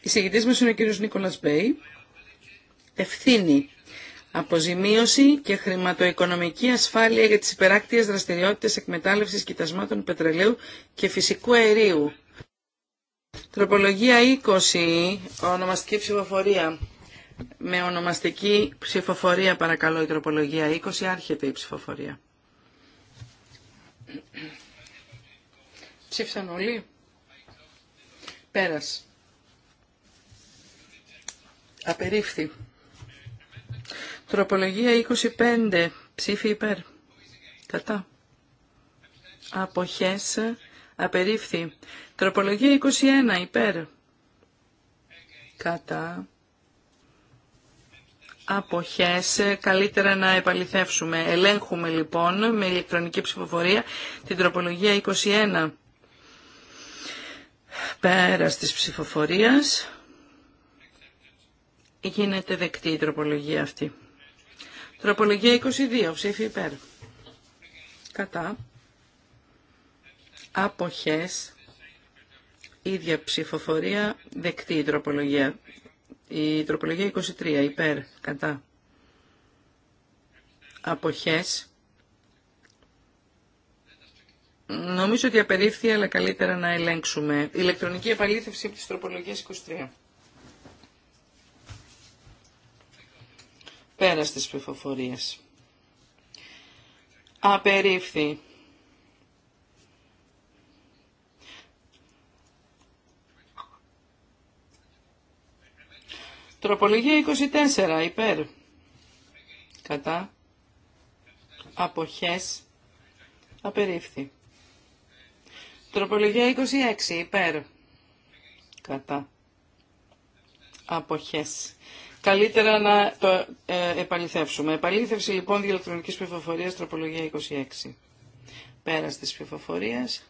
Η συγκητής μας είναι ο κύριος Νίκολας Μπέι. Ευθύνη. Αποζημίωση και χρηματοοικονομική ασφάλεια για τις υπεράκτιες δραστηριότητες εκμετάλλευσης κοιτασμάτων πετρελαίου και φυσικού αερίου. Τροπολογία 20, ονομαστική ψηφοφορία. Με ονομαστική ψηφοφορία παρακαλώ η τροπολογία 20 άρχεται η ψηφοφορία. Ψήφισαν όλοι. Πέρας. Απερίφθη. Τροπολογία 25. Ψήφι υπέρ. Κατά. Αποχές. Απερίφθη. Τροπολογία 21. Υπέρ. Κατά αποχές καλύτερα να επαληθεύσουμε. Ελέγχουμε λοιπόν με ηλεκτρονική ψηφοφορία την τροπολογία 21. Πέρας της ψηφοφορίας γίνεται δεκτή η τροπολογία αυτή. Τροπολογία 22, ψήφι υπέρ. Κατά. Αποχές. Ίδια ψηφοφορία, δεκτή η τροπολογία. Η τροπολογία 23 υπέρ κατά αποχές. Νομίζω ότι απερίφθη, αλλά καλύτερα να ελέγξουμε. Ηλεκτρονική επαλήθευση από τις τροπολογίες 23. Πέρα στις πληροφορίες. Απερίφθη. Τροπολογία 24 υπέρ κατά αποχές απερίφθη. Τροπολογία 26 υπέρ κατά αποχές. Καλύτερα να το ε, επαληθεύσουμε. Επαλήθευση λοιπόν διελεκτρονικής πληροφορίας τροπολογία 26. Πέρας της πληροφορίας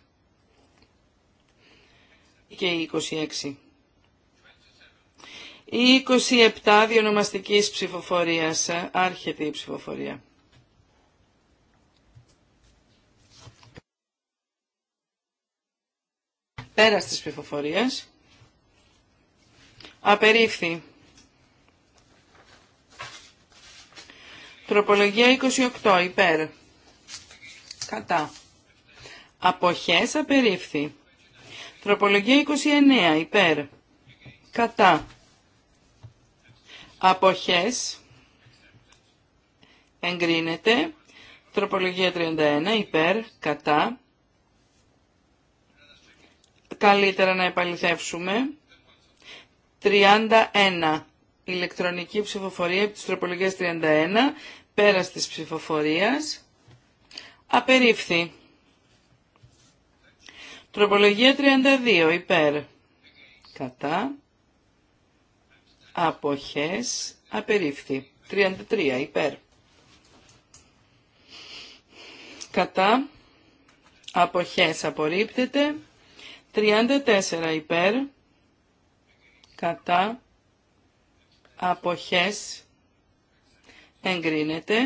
και η 26 27 διονομαστικής ψηφοφορίας. Άρχεται η ψηφοφορία. Πέρα της ψηφοφορίας. Απερίφθη. Τροπολογία 28 υπέρ. Κατά. Αποχές απερίφθη. Τροπολογία 29 υπέρ. Κατά αποχές εγκρίνεται. Τροπολογία 31 υπέρ, κατά. Καλύτερα να επαληθεύσουμε. 31. Ηλεκτρονική ψηφοφορία από τις τροπολογίες 31, πέρας της ψηφοφορίας, απερίφθη. Τροπολογία 32, υπέρ, κατά, αποχές απερίφθη. 33 υπέρ. Κατά αποχές απορρίπτεται. 34 υπέρ. Κατά αποχές εγκρίνεται.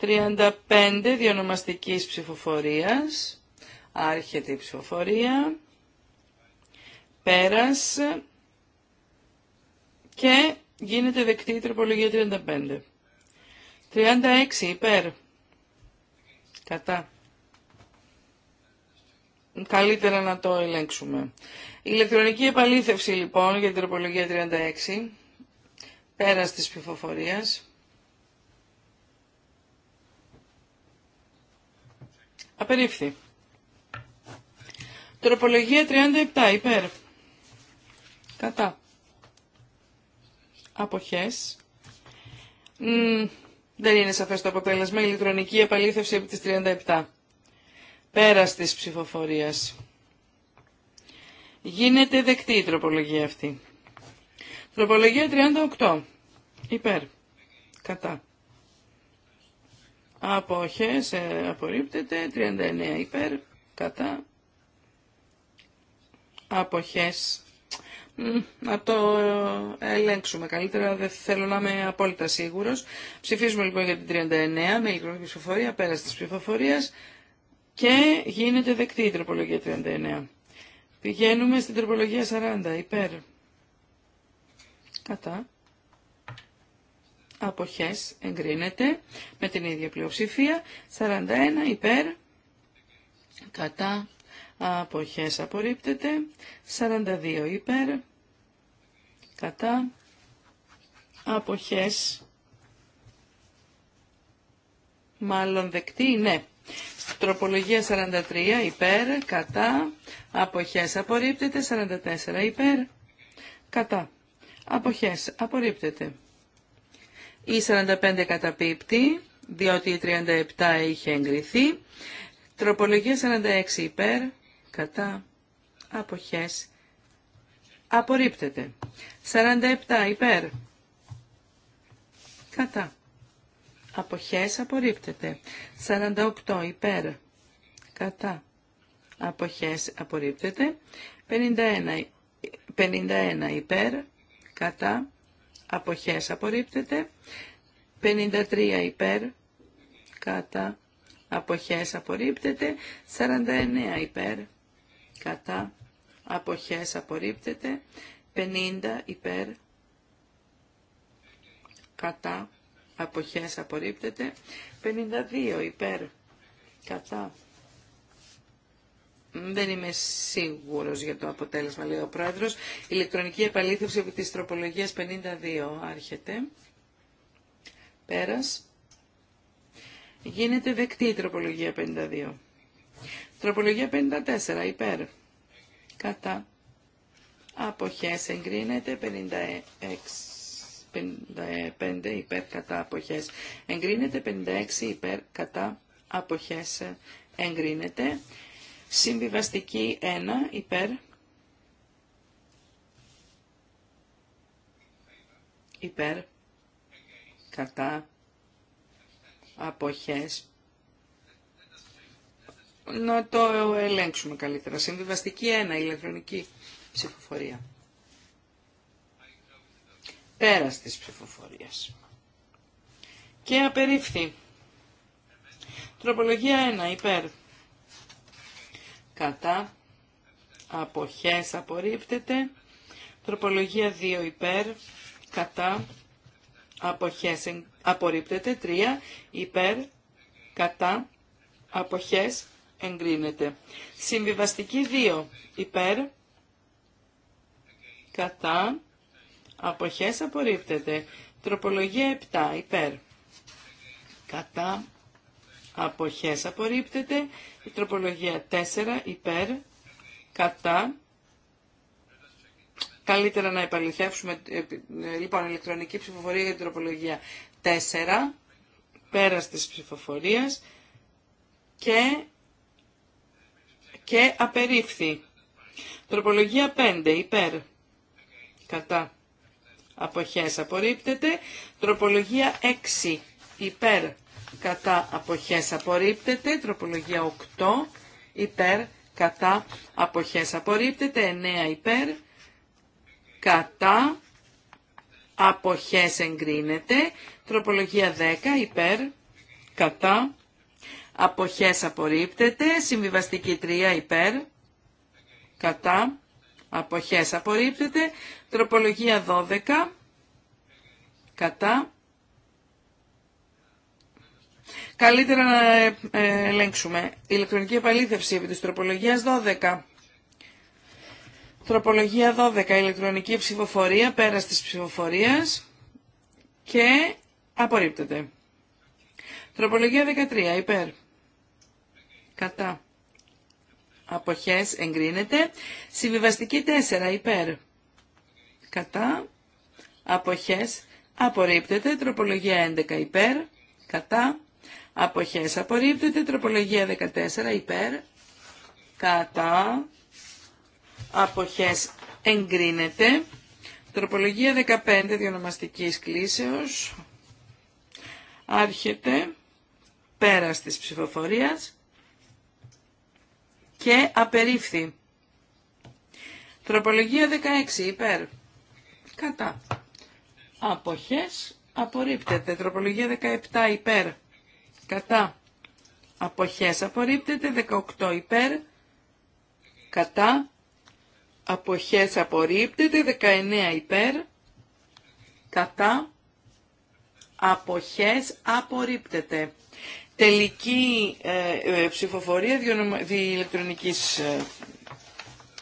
35 διονομαστικής ψηφοφορίας. Άρχεται η ψηφοφορία. Πέρας και γίνεται δεκτή η τροπολογία 35. 36 υπέρ. Κατά. Καλύτερα να το ελέγξουμε. Ηλεκτρονική επαλήθευση λοιπόν για την τροπολογία 36. πέρα της ψηφοφορίας. Απερίφθη. Τροπολογία 37 υπέρ. Κατά αποχές. δεν είναι σαφές το αποτέλεσμα. Η ηλεκτρονική επαλήθευση επί της 37. Πέρας της ψηφοφορίας. Γίνεται δεκτή η τροπολογία αυτή. Τροπολογία 38. Υπέρ. Κατά. Αποχές ε, απορρίπτεται. 39 υπέρ. Κατά. Αποχές να το ε, ελέγξουμε καλύτερα, δεν θέλω να είμαι απόλυτα σίγουρος. Ψηφίζουμε λοιπόν για την 39 με ηλεκτρονική ψηφοφορία, πέρας της ψηφοφορία και γίνεται δεκτή η τροπολογία 39. Πηγαίνουμε στην τροπολογία 40, υπέρ. Κατά. Αποχές εγκρίνεται με την ίδια πλειοψηφία. 41 υπέρ. Κατά αποχές απορρίπτεται, 42 υπέρ, κατά, αποχές, μάλλον δεκτή, ναι. Τροπολογία 43 υπέρ, κατά, αποχές απορρίπτεται, 44 υπέρ, κατά, αποχές απορρίπτεται. Η 45 καταπίπτει, διότι η 37 είχε εγκριθεί, τροπολογία 46 υπέρ, κατά αποχές απορρίπτεται. 47 υπέρ κατά αποχές απορρίπτεται. 48 υπέρ κατά αποχές απορρίπτεται. 51, 51 υπέρ κατά αποχές απορρίπτεται. 53 υπέρ κατά αποχές απορρίπτεται. 49 υπέρ κατά αποχές απορρίπτεται 50 υπέρ κατά αποχές απορρίπτεται 52 υπέρ κατά δεν είμαι σίγουρος για το αποτέλεσμα, λέει ο πρόεδρος. Ηλεκτρονική επαλήθευση επί της τροπολογίας 52 άρχεται. Πέρας. Γίνεται δεκτή η τροπολογία 52. Τροπολογία 54 υπέρ. Κατά. Αποχές εγκρίνεται 56, 55 υπέρ κατά αποχές. Εγκρίνεται 56 υπέρ κατά αποχές. Εγκρίνεται. Συμβιβαστική 1 υπέρ. Υπέρ. Κατά. Αποχές να το ελέγξουμε καλύτερα. Συμβιβαστική 1, ηλεκτρονική ψηφοφορία. Πέρας της ψηφοφορίας. Και απερίφθη. Τροπολογία 1, υπέρ. Κατά. Αποχές απορρίπτεται. Τροπολογία 2, υπέρ. Κατά. Αποχές απορρίπτεται. 3, υπέρ. Κατά. Αποχές εγκρίνεται. Συμβιβαστική 2 υπέρ κατά αποχές απορρίπτεται. Τροπολογία 7 υπέρ κατά αποχές απορρίπτεται. τροπολογία 4 υπέρ κατά Καλύτερα να επαληθεύσουμε, ε, λοιπόν, ηλεκτρονική ψηφοφορία για την τροπολογία 4, πέρας της ψηφοφορίας και και απερίφθη. Τροπολογία 5 υπέρ κατά αποχές απορρίπτεται. Τροπολογία 6 υπέρ κατά αποχές απορρίπτεται. Τροπολογία 8 υπέρ κατά αποχές απορρίπτεται. 9 υπέρ κατά αποχές εγκρίνεται. Τροπολογία 10 υπέρ κατά αποχές απορρίπτεται, συμβιβαστική 3 υπέρ, κατά, αποχές απορρίπτεται, τροπολογία 12, κατά, Καλύτερα να ε, ε, ελέγξουμε. Ηλεκτρονική επαλήθευση επί της τροπολογίας 12. Τροπολογία 12. Ηλεκτρονική ψηφοφορία, πέρας της ψηφοφορίας και απορρίπτεται. Τροπολογία 13. Υπέρ κατά αποχές εγκρίνεται. Συμβιβαστική 4 υπέρ κατά αποχές απορρίπτεται. Τροπολογία 11 υπέρ κατά αποχές απορρίπτεται. Τροπολογία 14 υπέρ κατά αποχές εγκρίνεται. Τροπολογία 15 διονομαστικής κλίσεως άρχεται Πέρα της ψηφοφορίας και απερίφθη. Τροπολογία 16 υπέρ. Κατά. Αποχές απορρίπτεται. Τροπολογία 17 υπέρ. Κατά. Αποχές απορρίπτεται. 18 υπέρ. Κατά. Αποχές απορρίπτεται. 19 υπέρ. Κατά. Αποχές απορρίπτεται τελική ε, ε, ψηφοφορία διηλεκτρονικής ε,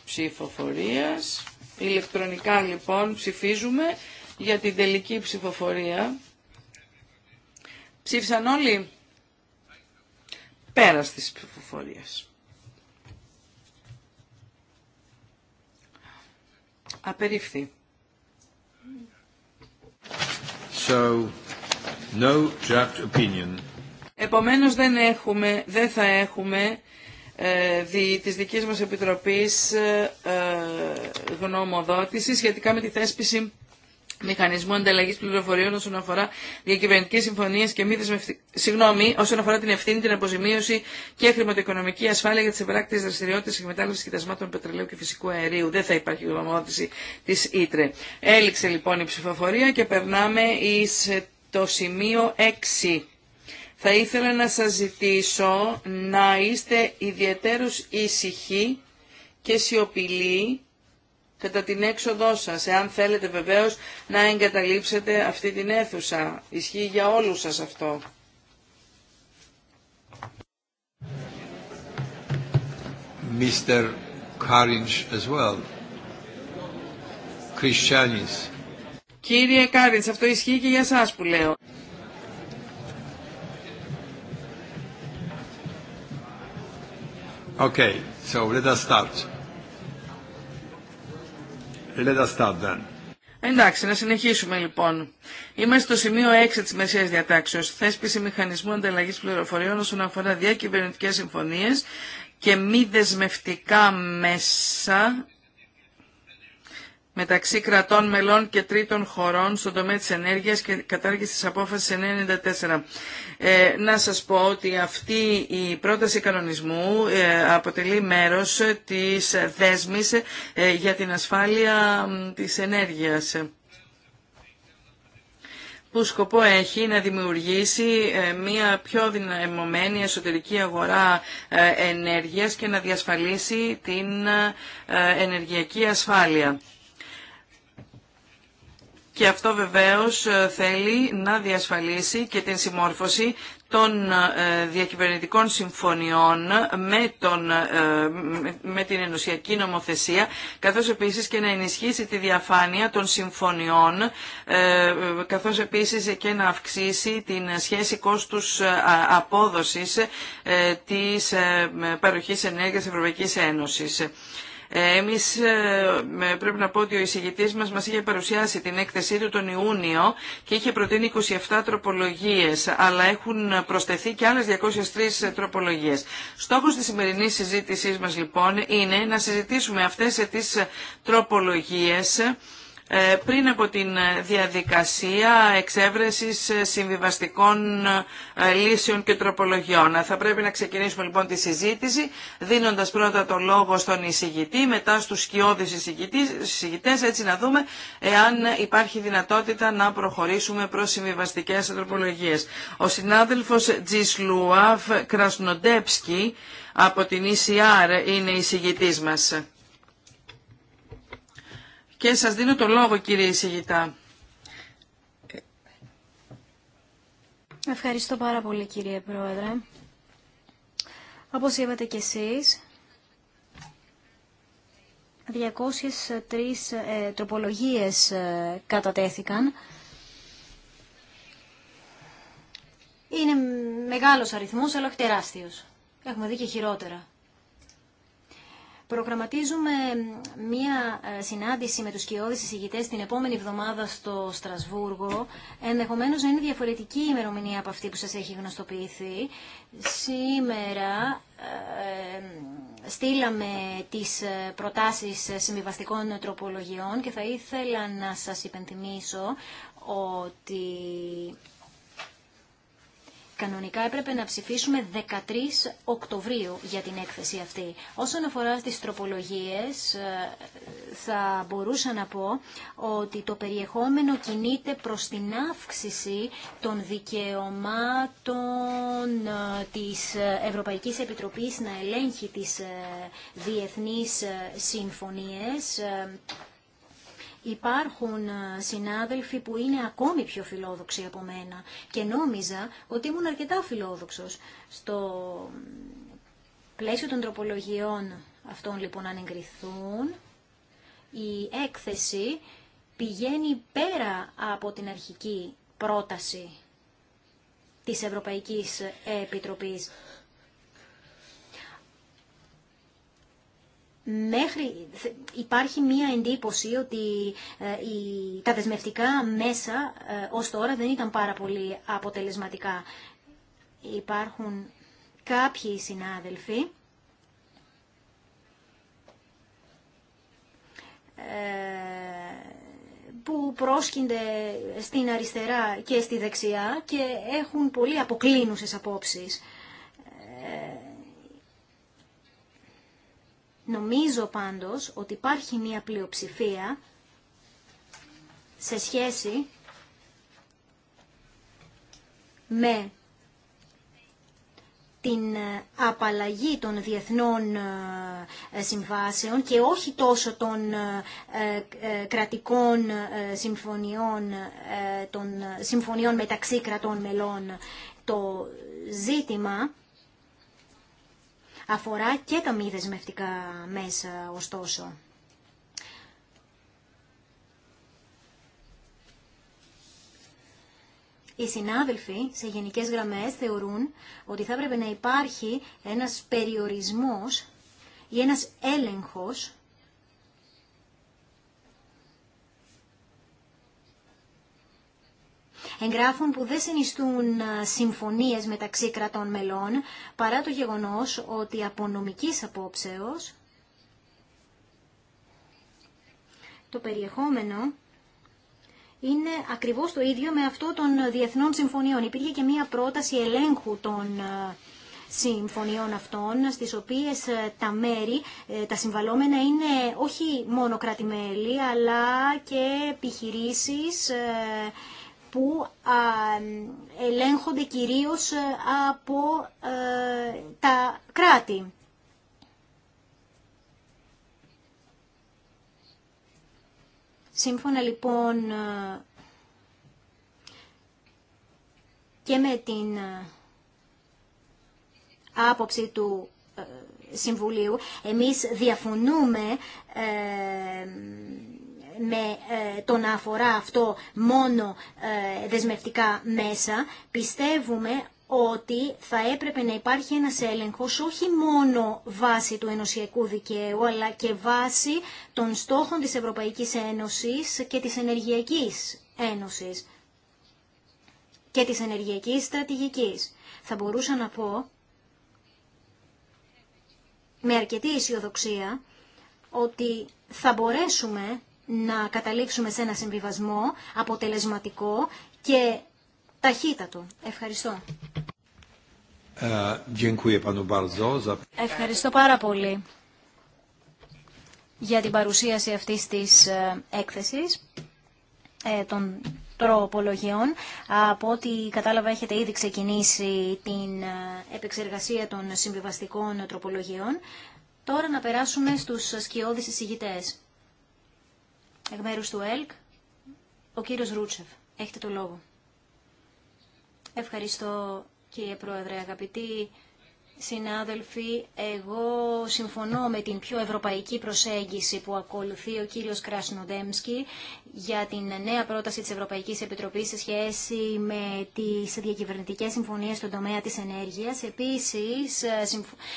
ψηφοφορίας. Ηλεκτρονικά λοιπόν ψηφίζουμε για την τελική ψηφοφορία. Ψήφισαν όλοι πέρας της ψηφοφορίας. Απερίφθη. Επομένως δεν, έχουμε, δεν θα έχουμε ε, δι, της δικής μας Επιτροπής ε, ε γνωμοδότηση σχετικά με τη θέσπιση μηχανισμού ανταλλαγή πληροφοριών όσον αφορά διακυβερνητικέ συμφωνίε και μη Συγγνώμη, όσον αφορά την ευθύνη, την αποζημίωση και χρηματοοικονομική ασφάλεια για τι ευράκτητε δραστηριότητε εκμετάλλευση κοιτασμάτων πετρελαίου και φυσικού αερίου. Δεν θα υπάρχει γνωμοδότηση τη ΙΤΡΕ. Έληξε λοιπόν η ψηφοφορία και περνάμε εις το σημείο 6. Θα ήθελα να σας ζητήσω να είστε ιδιαίτερους ήσυχοι και σιωπηλοί κατά την έξοδό σας, εάν θέλετε βεβαίως να εγκαταλείψετε αυτή την αίθουσα. Ισχύει για όλους σας αυτό. Mr. as well. Christianis. Κύριε Κάριντς, αυτό ισχύει και για σας που λέω. Okay, so let us start. Let us start then. Εντάξει, να συνεχίσουμε λοιπόν. Είμαστε στο σημείο 6 τη Μεσαία Διατάξεω. Θέσπιση μηχανισμού ανταλλαγή πληροφοριών όσον αφορά διακυβερνητικέ συμφωνίε και μη δεσμευτικά μέσα μεταξύ κρατών μελών και τρίτων χωρών στον τομέα της ενέργειας και κατάργηση της απόφασης 94. Ε, να σας πω ότι αυτή η πρόταση κανονισμού ε, αποτελεί μέρος της δέσμης ε, για την ασφάλεια της ενέργειας που σκοπό έχει να δημιουργήσει ε, μια πιο δυναμωμένη εσωτερική αγορά ενέργειας και να διασφαλίσει την ενεργειακή ασφάλεια και αυτό βεβαίως ε, θέλει να διασφαλίσει και την συμμόρφωση των ε, διακυβερνητικών συμφωνιών με, τον, ε, με την ενωσιακή νομοθεσία, καθώς επίσης και να ενισχύσει τη διαφάνεια των συμφωνιών, καθώς επίσης και να αυξήσει την σχέση κόστους απόδοσης της παροχής ενέργειας Ευρωπαϊκής Ένωσης. Ε, εμείς ε, πρέπει να πω ότι ο εισηγητής μας μας είχε παρουσιάσει την έκθεσή του τον Ιούνιο και είχε προτείνει 27 τροπολογίες, αλλά έχουν προσθεθεί και άλλες 203 τροπολογίες. Στόχος της σημερινής συζήτησής μας λοιπόν είναι να συζητήσουμε αυτές τις τροπολογίες ε, πριν από την ε, διαδικασία εξέβρεσης ε, συμβιβαστικών λύσεων και τροπολογιών. Θα πρέπει να ξεκινήσουμε λοιπόν τη συζήτηση δίνοντας πρώτα το λόγο στον εισηγητή, μετά στους σκιώδεις εισηγητές, έτσι να δούμε εάν υπάρχει δυνατότητα να προχωρήσουμε προς συμβιβαστικές τροπολογίες. Ο συνάδελφος Τζισλούαφ Κρασνοντέψκι από την ECR είναι εισηγητής μας. Και σας δίνω το λόγο κύριε εισηγητά. Ευχαριστώ πάρα πολύ κύριε Πρόεδρε. Όπως είπατε κι εσείς, 203 ε, τροπολογίες ε, κατατέθηκαν. Είναι μεγάλος αριθμός, αλλά όχι Έχουμε δει και χειρότερα. Προγραμματίζουμε μία ε, συνάντηση με τους κοιόδης εισηγητές την επόμενη εβδομάδα στο Στρασβούργο. Ενδεχομένως να είναι διαφορετική η ημερομηνία από αυτή που σας έχει γνωστοποιηθεί. Σήμερα ε, στείλαμε τις ε, προτάσεις συμβιβαστικών τροπολογιών και θα ήθελα να σας υπενθυμίσω ότι Κανονικά έπρεπε να ψηφίσουμε 13 Οκτωβρίου για την έκθεση αυτή. Όσον αφορά στις τροπολογίες, ε, θα μπορούσα να πω ότι το περιεχόμενο κινείται προς την αύξηση των δικαιωμάτων ε, της Ευρωπαϊκής Επιτροπής να ελέγχει τις ε, διεθνείς συμφωνίες υπάρχουν ε, συνάδελφοι που είναι ακόμη πιο φιλόδοξοι από μένα και νόμιζα ότι ήμουν αρκετά φιλόδοξος στο πλαίσιο των τροπολογιών αυτών λοιπόν αν εγκριθούν η έκθεση πηγαίνει πέρα από την αρχική πρόταση της Ευρωπαϊκής Επιτροπής μέχρι, υπάρχει μία εντύπωση ότι ε, τα δεσμευτικά μέσα ε, ως τώρα δεν ήταν πάρα πολύ αποτελεσματικά. Υπάρχουν κάποιοι συνάδελφοι ε, που πρόσκυνται στην αριστερά και στη δεξιά και έχουν πολύ αποκλίνουσες απόψεις. Νομίζω πάντως ότι υπάρχει μία πλειοψηφία σε σχέση με την ε, απαλλαγή των διεθνών ε, ε, συμβάσεων και όχι τόσο των κρατικών συμφωνιών, των συμφωνιών μεταξύ κρατών μελών. Το ζήτημα Αφορά και τα μη δεσμευτικά μέσα, ωστόσο. Οι συνάδελφοι σε γενικές γραμμές θεωρούν ότι θα έπρεπε να υπάρχει ένας περιορισμός ή ένας έλεγχος εγγράφων που δεν συνιστούν συμφωνίες μεταξύ κρατών μελών, παρά το γεγονός ότι από νομικής απόψεως το περιεχόμενο είναι ακριβώς το ίδιο με αυτό των διεθνών συμφωνιών. Υπήρχε και μία πρόταση ελέγχου των συμφωνιών αυτών, στις οποίες τα μέρη, ε, τα συμβαλόμενα είναι όχι μόνο κράτη-μέλη, αλλά και επιχειρήσεις ε, που ελέγχονται κυρίως ε, από ε, τα κράτη. Σύμφωνα λοιπόν ε, και με την άποψη του Συμβουλίου, εμείς διαφωνούμε με ε, το να αφορά αυτό μόνο ε, δεσμευτικά μέσα. Πιστεύουμε ότι θα έπρεπε να υπάρχει ένας έλεγχος όχι μόνο βάση του ενωσιακού δικαίου, αλλά και βάση των στόχων της Ευρωπαϊκής Ένωσης και της Ενεργειακής Ένωσης και της Ενεργειακής Στρατηγικής. Θα μπορούσα να πω με αρκετή αισιοδοξία ότι θα μπορέσουμε να καταλήξουμε σε ένα συμβιβασμό αποτελεσματικό και ταχύτατο. Ευχαριστώ. Ε, Ευχαριστώ πάρα πολύ για την παρουσίαση αυτής της ε, έκθεσης ε, των τροπολογιών. Από ό,τι κατάλαβα έχετε ήδη ξεκινήσει την επεξεργασία των συμβιβαστικών τροπολογιών. Τώρα να περάσουμε στους σκιώδεις εισηγητές εκ του ΕΛΚ, ο κύριος Ρούτσεφ. Έχετε το λόγο. Ευχαριστώ κύριε Πρόεδρε, αγαπητοί Συνάδελφοι, εγώ συμφωνώ με την πιο ευρωπαϊκή προσέγγιση που ακολουθεί ο κύριος Κρασνοδέμσκι για την νέα πρόταση της Ευρωπαϊκής Επιτροπής σε σχέση με τις διακυβερνητικές συμφωνίες στον τομέα της ενέργειας. Επίσης,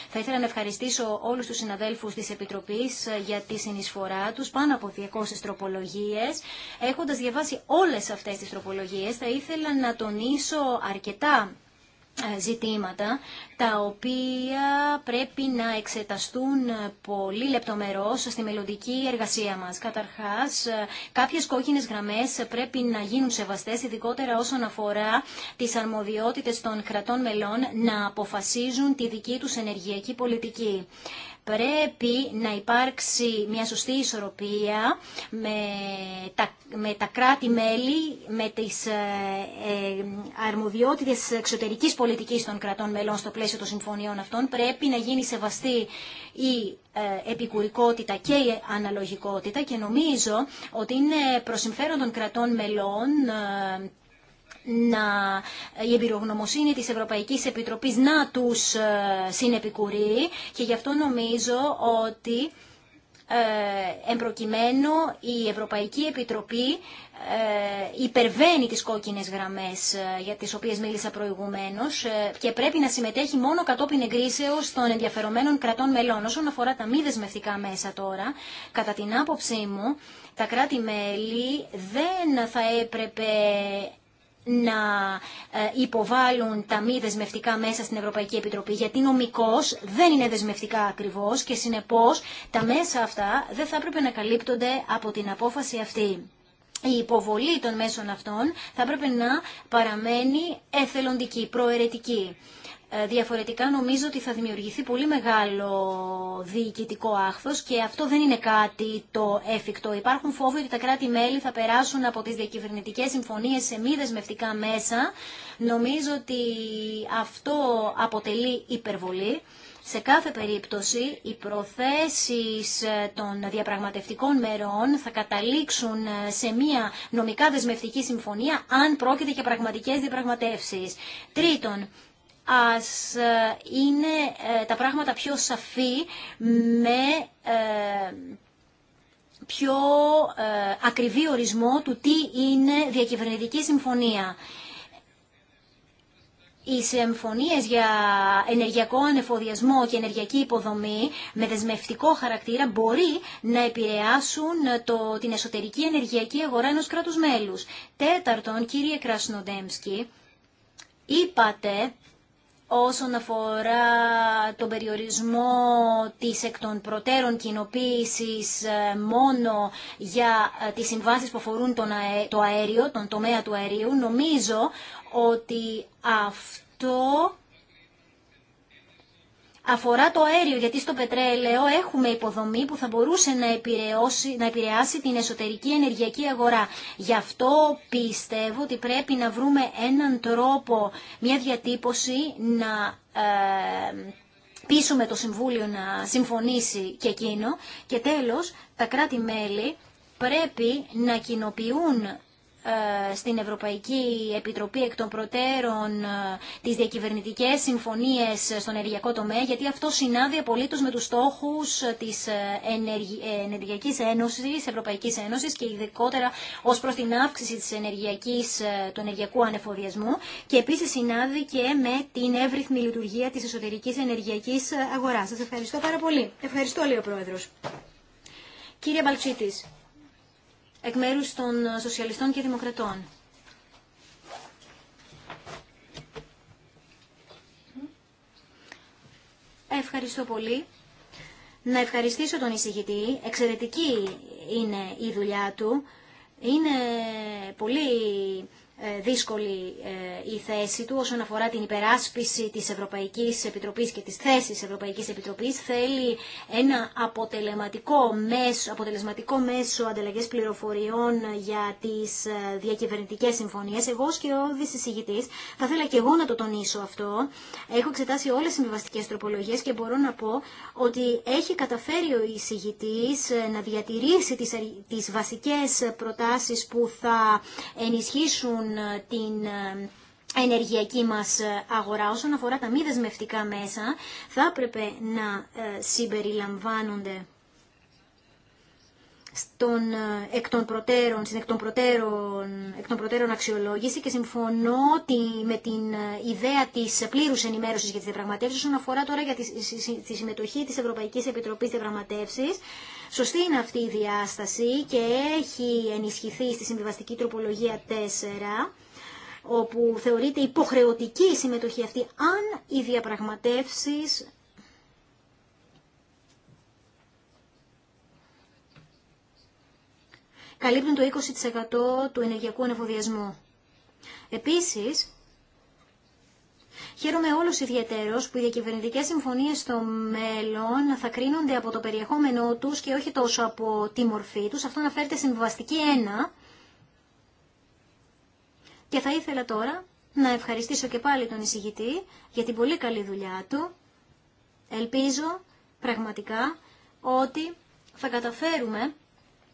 θα ήθελα να ευχαριστήσω όλους τους συναδέλφους της Επιτροπής ε, για τη συνεισφορά τους, πάνω από 200 τροπολογίες. Έχοντας διαβάσει όλες αυτές τις τροπολογίες, θα ήθελα να τονίσω αρκετά ε, ζητήματα τα οποία πρέπει να εξεταστούν πολύ λεπτομερώς στη μελλοντική εργασία μας. Καταρχάς, ε, κάποιες κόκκινες γραμμές πρέπει να γίνουν σεβαστές, ειδικότερα όσον αφορά τις αρμοδιότητες των κρατών μελών να αποφασίζουν τη δική τους ενεργειακή πολιτική πρέπει να υπάρξει μια σωστή ισορροπία με τα, με τα κράτη-μέλη, με τις ε, ε, αρμοδιότητες εξωτερικής πολιτικής των κρατών μελών στο πλαίσιο των συμφωνιών αυτών. Πρέπει να γίνει σεβαστή η ε, επικουρικότητα και η αναλογικότητα και νομίζω ότι είναι προ συμφέρον των κρατών μελών ε, να, η εμπειρογνωμοσύνη της Ευρωπαϊκής Επιτροπής να τους ε, συνεπικουρεί και γι' αυτό νομίζω ότι ε, εμπροκειμένου η Ευρωπαϊκή Επιτροπή ε, υπερβαίνει τις κόκκινες γραμμές για τις οποίες μίλησα προηγουμένως και πρέπει να συμμετέχει μόνο κατόπιν εγκρίσεως των ενδιαφερομένων κρατών μελών. Όσον αφορά τα μη δεσμευτικά μέσα τώρα, κατά την άποψή μου, τα κράτη-μέλη δεν θα έπρεπε να ε, υποβάλουν τα μη δεσμευτικά μέσα στην Ευρωπαϊκή Επιτροπή, γιατί νομικώς δεν είναι δεσμευτικά ακριβώς και συνεπώς τα μέσα αυτά δεν θα έπρεπε να καλύπτονται από την απόφαση αυτή. Η υποβολή των μέσων αυτών θα έπρεπε να παραμένει εθελοντική, προαιρετική. Ε, διαφορετικά νομίζω ότι θα δημιουργηθεί πολύ μεγάλο διοικητικό άχθος και αυτό δεν είναι κάτι το έφικτο. Υπάρχουν φόβοι ότι τα κράτη-μέλη θα περάσουν από τις διακυβερνητικές συμφωνίες σε μη δεσμευτικά μέσα. Νομίζω ότι αυτό αποτελεί υπερβολή. Σε κάθε περίπτωση, οι προθέσεις ε, των διαπραγματευτικών μερών θα καταλήξουν ε, σε μια νομικά δεσμευτική συμφωνία, αν πρόκειται για πραγματικές διαπραγματεύσεις. Τρίτον, ας ε, είναι ε, τα πράγματα πιο σαφή με ε, πιο ακριβή ορισμό του τι είναι διακυβερνητική συμφωνία. Οι συμφωνίε για ενεργειακό ανεφοδιασμό και ενεργειακή υποδομή με δεσμευτικό χαρακτήρα μπορεί να επηρεάσουν το, την εσωτερική ενεργειακή αγορά ενός κράτους μέλους. Τέταρτον, κύριε Κρασνοντέμσκι, είπατε όσον αφορά τον περιορισμό της εκ των προτέρων κοινοποίησης ε, μόνο για ε, τις συμβάσεις που αφορούν τον το αέριο, τον τομέα του αερίου, νομίζω ότι αυτό αφορά το αέριο, γιατί στο πετρέλαιο έχουμε υποδομή που θα μπορούσε να επηρεάσει, να επηρεάσει την εσωτερική ενεργειακή αγορά. Γι' αυτό πιστεύω ότι πρέπει να βρούμε έναν τρόπο, μια διατύπωση να ε, πείσουμε το Συμβούλιο να συμφωνήσει και εκείνο. Και τέλος, τα κράτη-μέλη πρέπει να κοινοποιούν ε, στην Ευρωπαϊκή Επιτροπή εκ των προτέρων ε, τις διακυβερνητικές συμφωνίες στον ενεργειακό τομέα, γιατί αυτό συνάδει απολύτω με τους στόχους της ε, Ενεργειακής Ένωσης, Ευρωπαϊκής Ένωσης και ειδικότερα ως προς την αύξηση της ενεργειακής, του ενεργειακού ανεφοδιασμού και επίσης συνάδει και με την εύρυθμη λειτουργία της εσωτερικής ενεργειακής αγοράς. Σας ευχαριστώ πάρα πολύ. Ευχαριστώ, λέει ο Πρόεδρος. Κύριε Μπαλτσίτης εκ μέρους των Σοσιαλιστών και Δημοκρατών. Ευχαριστώ πολύ. Να ευχαριστήσω τον εισηγητή. Εξαιρετική είναι η δουλειά του. Είναι πολύ ε, δύσκολη ε, η θέση του όσον αφορά την υπεράσπιση της Ευρωπαϊκής Επιτροπής και της θέσης της Ευρωπαϊκής Επιτροπής θέλει ένα αποτελεσματικό μέσο, αποτελεσματικό μέσο ανταλλαγής πληροφοριών για τις ε, διακυβερνητικές συμφωνίες. Εγώ και ο δισηγητής θα ήθελα και εγώ να το τονίσω αυτό. Έχω εξετάσει όλες τις συμβιβαστικές τροπολογίες και μπορώ να πω ότι έχει καταφέρει ο εισηγητής να διατηρήσει τις βασικές προτάσεις που θα ενισχύσουν την ε, ε, ενεργειακή μας ε, αγορά. Όσον αφορά τα μη δεσμευτικά μέσα, θα έπρεπε να συμπεριλαμβάνονται στον, εκ των προτέρων, στην εκ των προτέρων, εκ των αξιολόγηση και συμφωνώ ότι με την ιδέα της πλήρους ενημέρωσης για τις διαπραγματεύσεις όσον αφορά τώρα για τη, συμμετοχή της Ευρωπαϊκής Επιτροπής Διαπραγματεύσεις Σωστή είναι αυτή η διάσταση και έχει ενισχυθεί στη συμβιβαστική τροπολογία 4 όπου θεωρείται υποχρεωτική η συμμετοχή αυτή, αν οι διαπραγματεύσεις καλύπτουν το 20% του ενεργειακού ανεφοδιασμού. Επίσης, Χαίρομαι όλους ιδιαίτερος που οι διακυβερνητικές συμφωνίες στο μέλλον θα κρίνονται από το περιεχόμενό τους και όχι τόσο από τη μορφή τους. Αυτό αναφέρεται στην βαστική 1. Και θα ήθελα τώρα να ευχαριστήσω και πάλι τον εισηγητή για την πολύ καλή δουλειά του. Ελπίζω πραγματικά ότι θα καταφέρουμε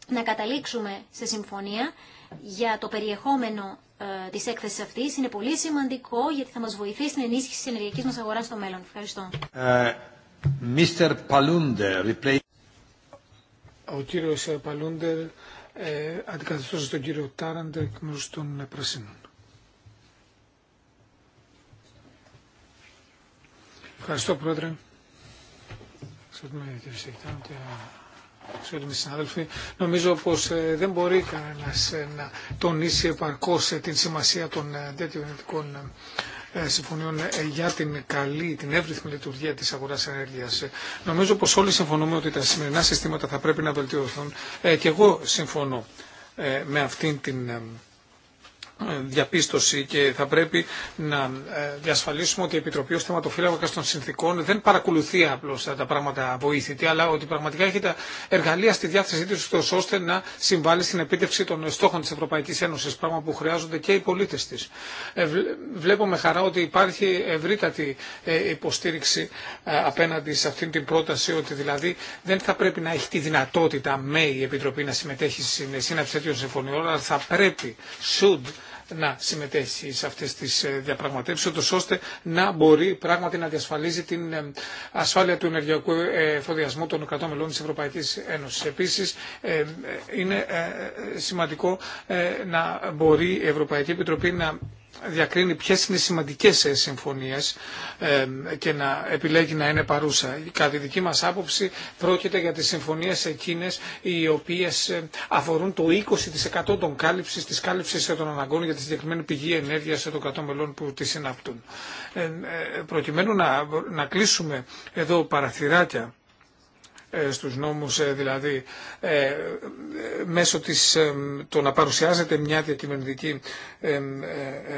να καταλήξουμε σε συμφωνία για το περιεχόμενο ε, της έκθεσης αυτής είναι πολύ σημαντικό γιατί θα μας βοηθήσει στην ενίσχυση της ενεργειακής μας αγοράς στο μέλλον. Ευχαριστώ. Uh, ε, Mr. Palunder, replay... Ο κύριος Παλούντερ ε, αντικαθιστώσε τον κύριο Τάραντερ εκ μέρους των ε, Πρασίνων. Ευχαριστώ, Πρόεδρε. Ευχαριστούμε, κύριε αξιότιμοι συνάδελφοι, νομίζω πως ε, δεν μπορεί κανένας ε, να τονίσει επαρκώς ε, την σημασία των τέτοιων ειδικών συμφωνιών για την καλή, την εύρυθμη λειτουργία της αγοράς ενέργειας. Νομίζω πως όλοι συμφωνούμε ότι τα σημερινά συστήματα θα πρέπει να βελτιωθούν και εγώ συμφωνώ με αυτήν την διαπίστωση και θα πρέπει να ε, διασφαλίσουμε ότι η Επιτροπή ως θεματοφύλακα των συνθήκων δεν παρακολουθεί απλώς τα πράγματα βοήθητη, αλλά ότι πραγματικά έχει τα εργαλεία στη διάθεσή της ώστε να συμβάλλει στην επίτευξη των στόχων της Ευρωπαϊκής Ένωσης, πράγμα που χρειάζονται και οι πολίτες της. Ε, βλέπω με χαρά ότι υπάρχει ευρύτατη ε, υποστήριξη απέναντι σε αυτή την πρόταση, ότι δηλαδή δεν θα πρέπει να έχει τη δυνατότητα με η Επιτροπή να συμμετέχει στην σύναψη τέτοιων συμφωνιών, αλλά θα πρέπει, should, να συμμετέχει σε αυτές τις ε, διαπραγματεύσεις, ώστε να μπορεί πράγματι να διασφαλίζει την ε, ασφάλεια του ενεργειακού ε, εφοδιασμού των κρατών μελών της Ευρωπαϊκής Ένωσης. Επίσης, είναι σημαντικό να μπορεί η Ευρωπαϊκή Επιτροπή να διακρίνει ποιε είναι οι σημαντικές ε, συμφωνίες ε, και να επιλέγει να είναι παρούσα. Κατά τη δική μα άποψη πρόκειται για τις συμφωνίε εκείνε, οι οποίες ε, αφορούν το 20% των κάλυψη τη κάλυψη των αναγκών για τη συγκεκριμένη πηγή ενέργειας των 100 μελών που τη συναπτούν. προκειμένου να, να κλείσουμε εδώ παραθυράκια ε, στους νόμους, ε, δηλαδή ε, μέσω της, το να παρουσιάζεται μια διακυβερνητική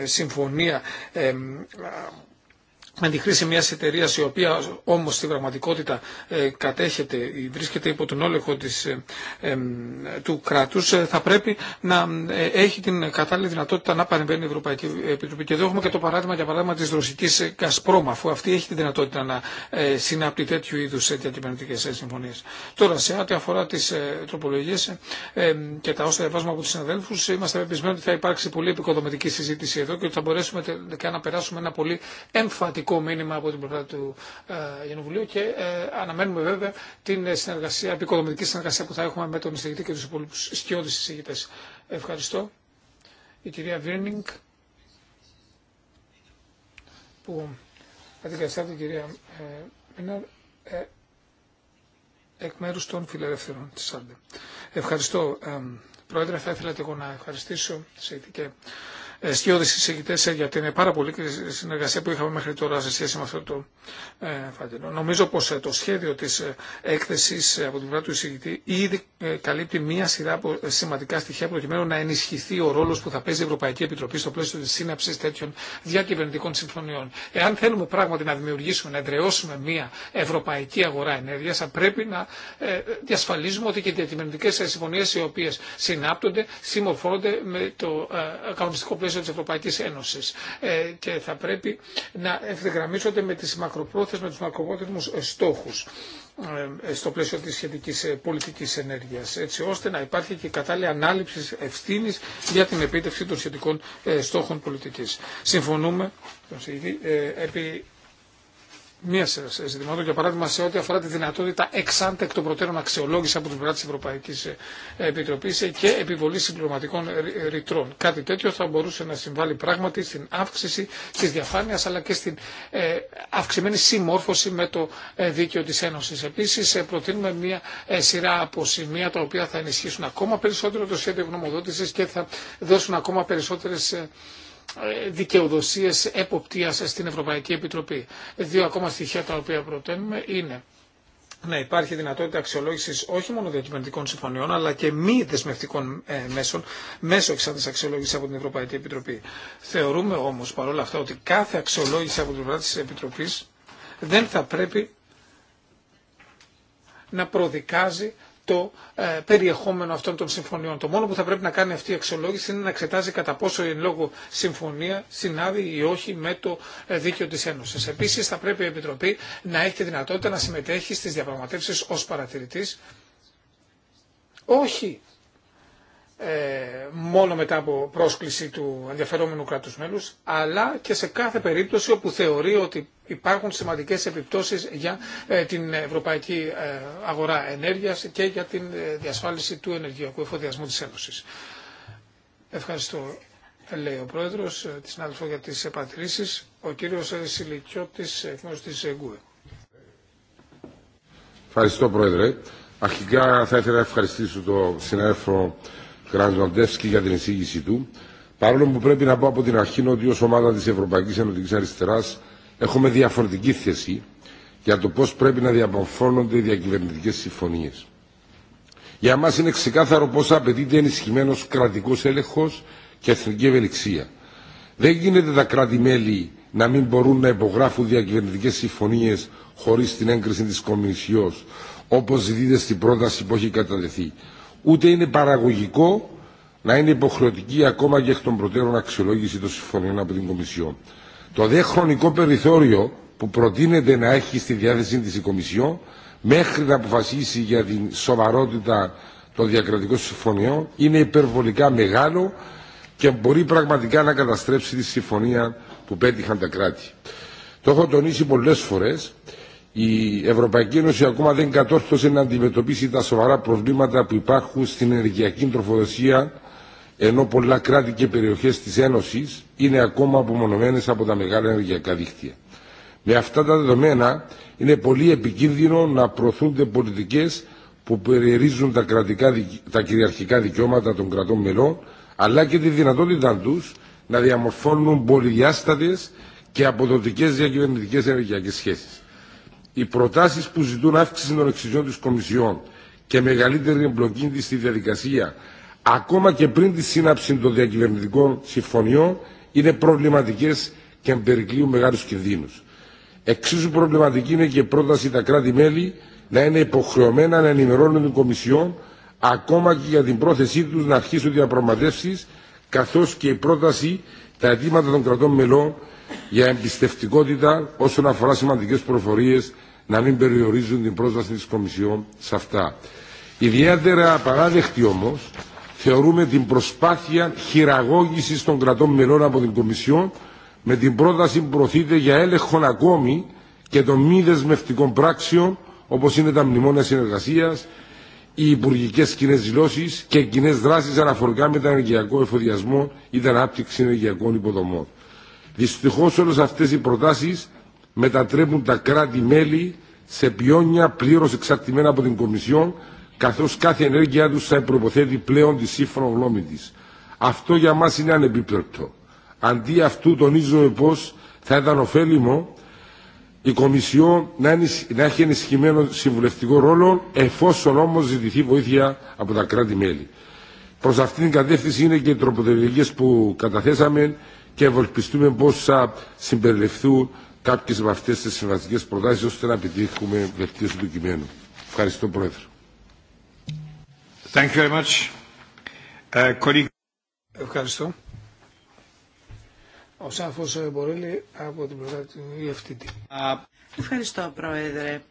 συμφωνία με τη χρήση μιας εταιρείας η οποία όμως στην πραγματικότητα ε, κατέχεται ή βρίσκεται υπό τον ολεχο της, ε, του κράτους ε, θα πρέπει να έχει την κατάλληλη δυνατότητα να παρεμβαίνει η Ευρωπαϊκή Επιτροπή. Και εδώ έχουμε και το παράδειγμα για παράδειγμα της ρωσικής Κασπρόμα αφού αυτή έχει την δυνατότητα να συνάπτει τέτοιου είδους διακυβερνητικές συμφωνίες. Τώρα σε ό,τι αφορά τις τροπολογίες και τα όσα διαβάζουμε από τους συναδέλφους είμαστε πεπισμένοι ότι θα υπάρξει πολύ επικοδομητική συζήτηση εδώ και ότι θα μπορέσουμε και να περάσουμε ένα πολύ εμφατικό θετικό μήνυμα από την πλευρά του ε, Γενοβουλίου και ε, αναμένουμε βέβαια την συνεργασία, επικοδομητική συνεργασία που θα έχουμε με τον εισηγητή και τους υπόλοιπους σκιώδεις εισηγητές. Ευχαριστώ. Η κυρία Βίρνινγκ που αντικαταστά η κυρία ε, Μίναρ εκ μέρους των φιλελεύθερων της Άντε. Ευχαριστώ. Πρόεδρε, θα ήθελα και εγώ να ευχαριστήσω σε και αισιόδη εισηγητέ ε, για την πάρα πολύ συνεργασία που είχαμε μέχρι τώρα σε σχέση με αυτό το ε, φαντινό. Νομίζω πω ε, το σχέδιο τη έκθεση από την πλευρά του εισηγητή ήδη καλύπτει μία σειρά από σημαντικά στοιχεία προκειμένου να ενισχυθεί ο ρόλο που θα παίζει η Ευρωπαϊκή Επιτροπή στο πλαίσιο τη σύναψη τέτοιων διακυβερνητικών συμφωνιών. Εάν θέλουμε πράγματι να δημιουργήσουμε, να εδραιώσουμε μία ευρωπαϊκή αγορά ενέργεια, θα πρέπει να διασφαλίζουμε ότι και οι διακυβερνητικέ συμφωνίες οι οποίε συνάπτονται συμμορφώνονται με το κανονιστικό πλαίσιο Τη της Ευρωπαϊκής Ένωσης ε, και θα πρέπει να ευθυγραμμίζονται με τις μακροπρόθεσμες, με τους μακροπρόθεσμους στόχους ε, στο πλαίσιο της σχετικής ε, πολιτικής ενέργειας, έτσι ώστε να υπάρχει και κατάλληλη ανάληψη ευθύνης για την επίτευξη των σχετικών στόχων πολιτικής. Συμφωνούμε επί μία σειρά ζητημάτων, για παράδειγμα σε ό,τι αφορά τη δυνατότητα εξάντε εκ των προτέρων αξιολόγηση από την πλευρά τη Ευρωπαϊκή ε, Επιτροπή ε, και επιβολή συμπληρωματικών ε, ρητρών. Κάτι τέτοιο θα μπορούσε να συμβάλλει πράγματι στην αύξηση τη διαφάνεια αλλά και στην αυξημένη συμμόρφωση με το δίκαιο τη Ένωση. Επίση, προτείνουμε μία σειρά από σημεία τα οποία θα ενισχύσουν ακόμα περισσότερο το σχέδιο γνωμοδότηση και θα δώσουν ακόμα περισσότερε ε, δικαιοδοσίες εποπτείας στην Ευρωπαϊκή Επιτροπή. Δύο ακόμα στοιχεία τα οποία προτείνουμε είναι να υπάρχει δυνατότητα αξιολόγηση όχι μόνο διακυβερνητικών συμφωνιών, αλλά και μη δεσμευτικών ε, μέσων μέσω εξάρτητη αξιολόγηση από την Ευρωπαϊκή Επιτροπή. Θεωρούμε όμω παρόλα αυτά ότι κάθε αξιολόγηση από την πλευρά Επιτροπή δεν θα πρέπει να προδικάζει το ε, περιεχόμενο αυτών των συμφωνιών. Το μόνο που θα πρέπει να κάνει αυτή η αξιολόγηση είναι να εξετάζει κατά πόσο η λόγω συμφωνία συνάδει ή όχι με το ε, δίκαιο τη Ένωση. Επίση, θα πρέπει η Επιτροπή να έχει τη δυνατότητα να συμμετέχει στι διαπραγματεύσει ω παρατηρητή. Όχι ε, μόνο μετά από πρόσκληση του ενδιαφερόμενου κράτους μέλους, αλλά και σε κάθε περίπτωση όπου θεωρεί ότι υπάρχουν σημαντικές επιπτώσεις για ε, την ευρωπαϊκή ε, αγορά ενέργειας και για την ε, διασφάλιση του ενεργειακού εφοδιασμού της Ένωσης. Ευχαριστώ, λέει ο Πρόεδρος, τη συνάδελφο για τις παρατηρήσεις, ο κύριος Σιλικιώτης, εκ μέρου της ΕΓΚΟΕ. Ευχαριστώ, Πρόεδρε. Αρχικά θα ήθελα να ευχαριστήσω τον συνάδελφο Γκραντζοντεύσκη για την εισήγησή του. Παρόλο που πρέπει να πω από την αρχή ότι ω ομάδα τη Ευρωπαϊκή Ενωτική Αριστερά έχουμε διαφορετική θέση για το πώς πρέπει να διαμορφώνονται οι διακυβερνητικές συμφωνίες. Για μας είναι ξεκάθαρο πώς απαιτείται ενισχυμένο κρατικός έλεγχος και εθνική ευελιξία. Δεν γίνεται τα κράτη-μέλη να μην μπορούν να υπογράφουν διακυβερνητικές συμφωνίες χωρίς την έγκριση της Κομισιός, όπως ζητείται στην πρόταση που έχει καταδεθεί. Ούτε είναι παραγωγικό να είναι υποχρεωτική ακόμα και εκ των προτέρων αξιολόγηση των συμφωνιών από την Κομισιό. Το δε χρονικό περιθώριο που προτείνεται να έχει στη διάθεση της η Κομισιό μέχρι να αποφασίσει για την σοβαρότητα των διακρατικών συμφωνιών είναι υπερβολικά μεγάλο και μπορεί πραγματικά να καταστρέψει τη συμφωνία που πέτυχαν τα κράτη. Το έχω τονίσει πολλές φορές. Η Ευρωπαϊκή Ένωση ακόμα δεν κατόρθωσε να αντιμετωπίσει τα σοβαρά προβλήματα που υπάρχουν στην ενεργειακή τροφοδοσία ενώ πολλά κράτη και περιοχές της Ένωσης είναι ακόμα απομονωμένες από τα μεγάλα ενεργειακά δίκτυα. Με αυτά τα δεδομένα είναι πολύ επικίνδυνο να προωθούνται πολιτικές που περιερίζουν τα, κρατικά, τα κυριαρχικά δικαιώματα των κρατών μελών, αλλά και τη δυνατότητά τους να διαμορφώνουν πολυδιάστατες και αποδοτικές διακυβερνητικές ενεργειακές σχέσεις. Οι προτάσεις που ζητούν αύξηση των εξηγιών της Κομισιόν και μεγαλύτερη εμπλοκή τη στη διαδικασία ακόμα και πριν τη σύναψη των διακυβερνητικών συμφωνιών, είναι προβληματικέ και εμπερικλείουν μεγάλου κινδύνου. Εξίσου προβληματική είναι και η πρόταση τα κράτη-μέλη να είναι υποχρεωμένα να ενημερώνουν την Κομισιόν ακόμα και για την πρόθεσή του να αρχίσουν διαπραγματεύσει, καθώ και η πρόταση τα αιτήματα των κρατών μελών για εμπιστευτικότητα όσον αφορά σημαντικέ προφορίες να μην περιορίζουν την πρόσβαση τη Κομισιόν σε αυτά. Ιδιαίτερα απαράδεκτη όμω θεωρούμε την προσπάθεια χειραγώγησης των κρατών μελών από την Κομισιόν με την πρόταση που προωθείται για έλεγχο ακόμη και των μη δεσμευτικών πράξεων όπω είναι τα μνημόνια συνεργασία, οι υπουργικέ κοινέ δηλώσει και κοινέ δράσει αναφορικά με τον ενεργειακό εφοδιασμό ή την ανάπτυξη ενεργειακών υποδομών. Δυστυχώ όλε αυτέ οι προτάσει μετατρέπουν τα κράτη-μέλη σε πιόνια πλήρω εξαρτημένα από την Κομισιόν καθώς κάθε ενέργειά τους θα προποθέτει πλέον τη σύμφωνο γνώμη της. Αυτό για μα είναι ανεπίπλεπτο. Αντί αυτού τονίζουμε πως θα ήταν ωφέλιμο η Κομισιό να, να έχει ενισχυμένο συμβουλευτικό ρόλο εφόσον όμως ζητηθεί βοήθεια από τα κράτη-μέλη. Προς αυτήν την κατεύθυνση είναι και οι τροποτελεγγύες που καταθέσαμε και ευελπιστούμε πως θα συμπεριληφθούν κάποιες από αυτές τις συμβατικές προτάσεις ώστε να επιτύχουμε βελτίωση του κειμένου. Ευχαριστώ Πρόεδρε. Thank you very much. Uh, Ευχαριστώ. Ο Σάφος Μπορέλη από την πλευρά του EFTD. Ευχαριστώ Πρόεδρε.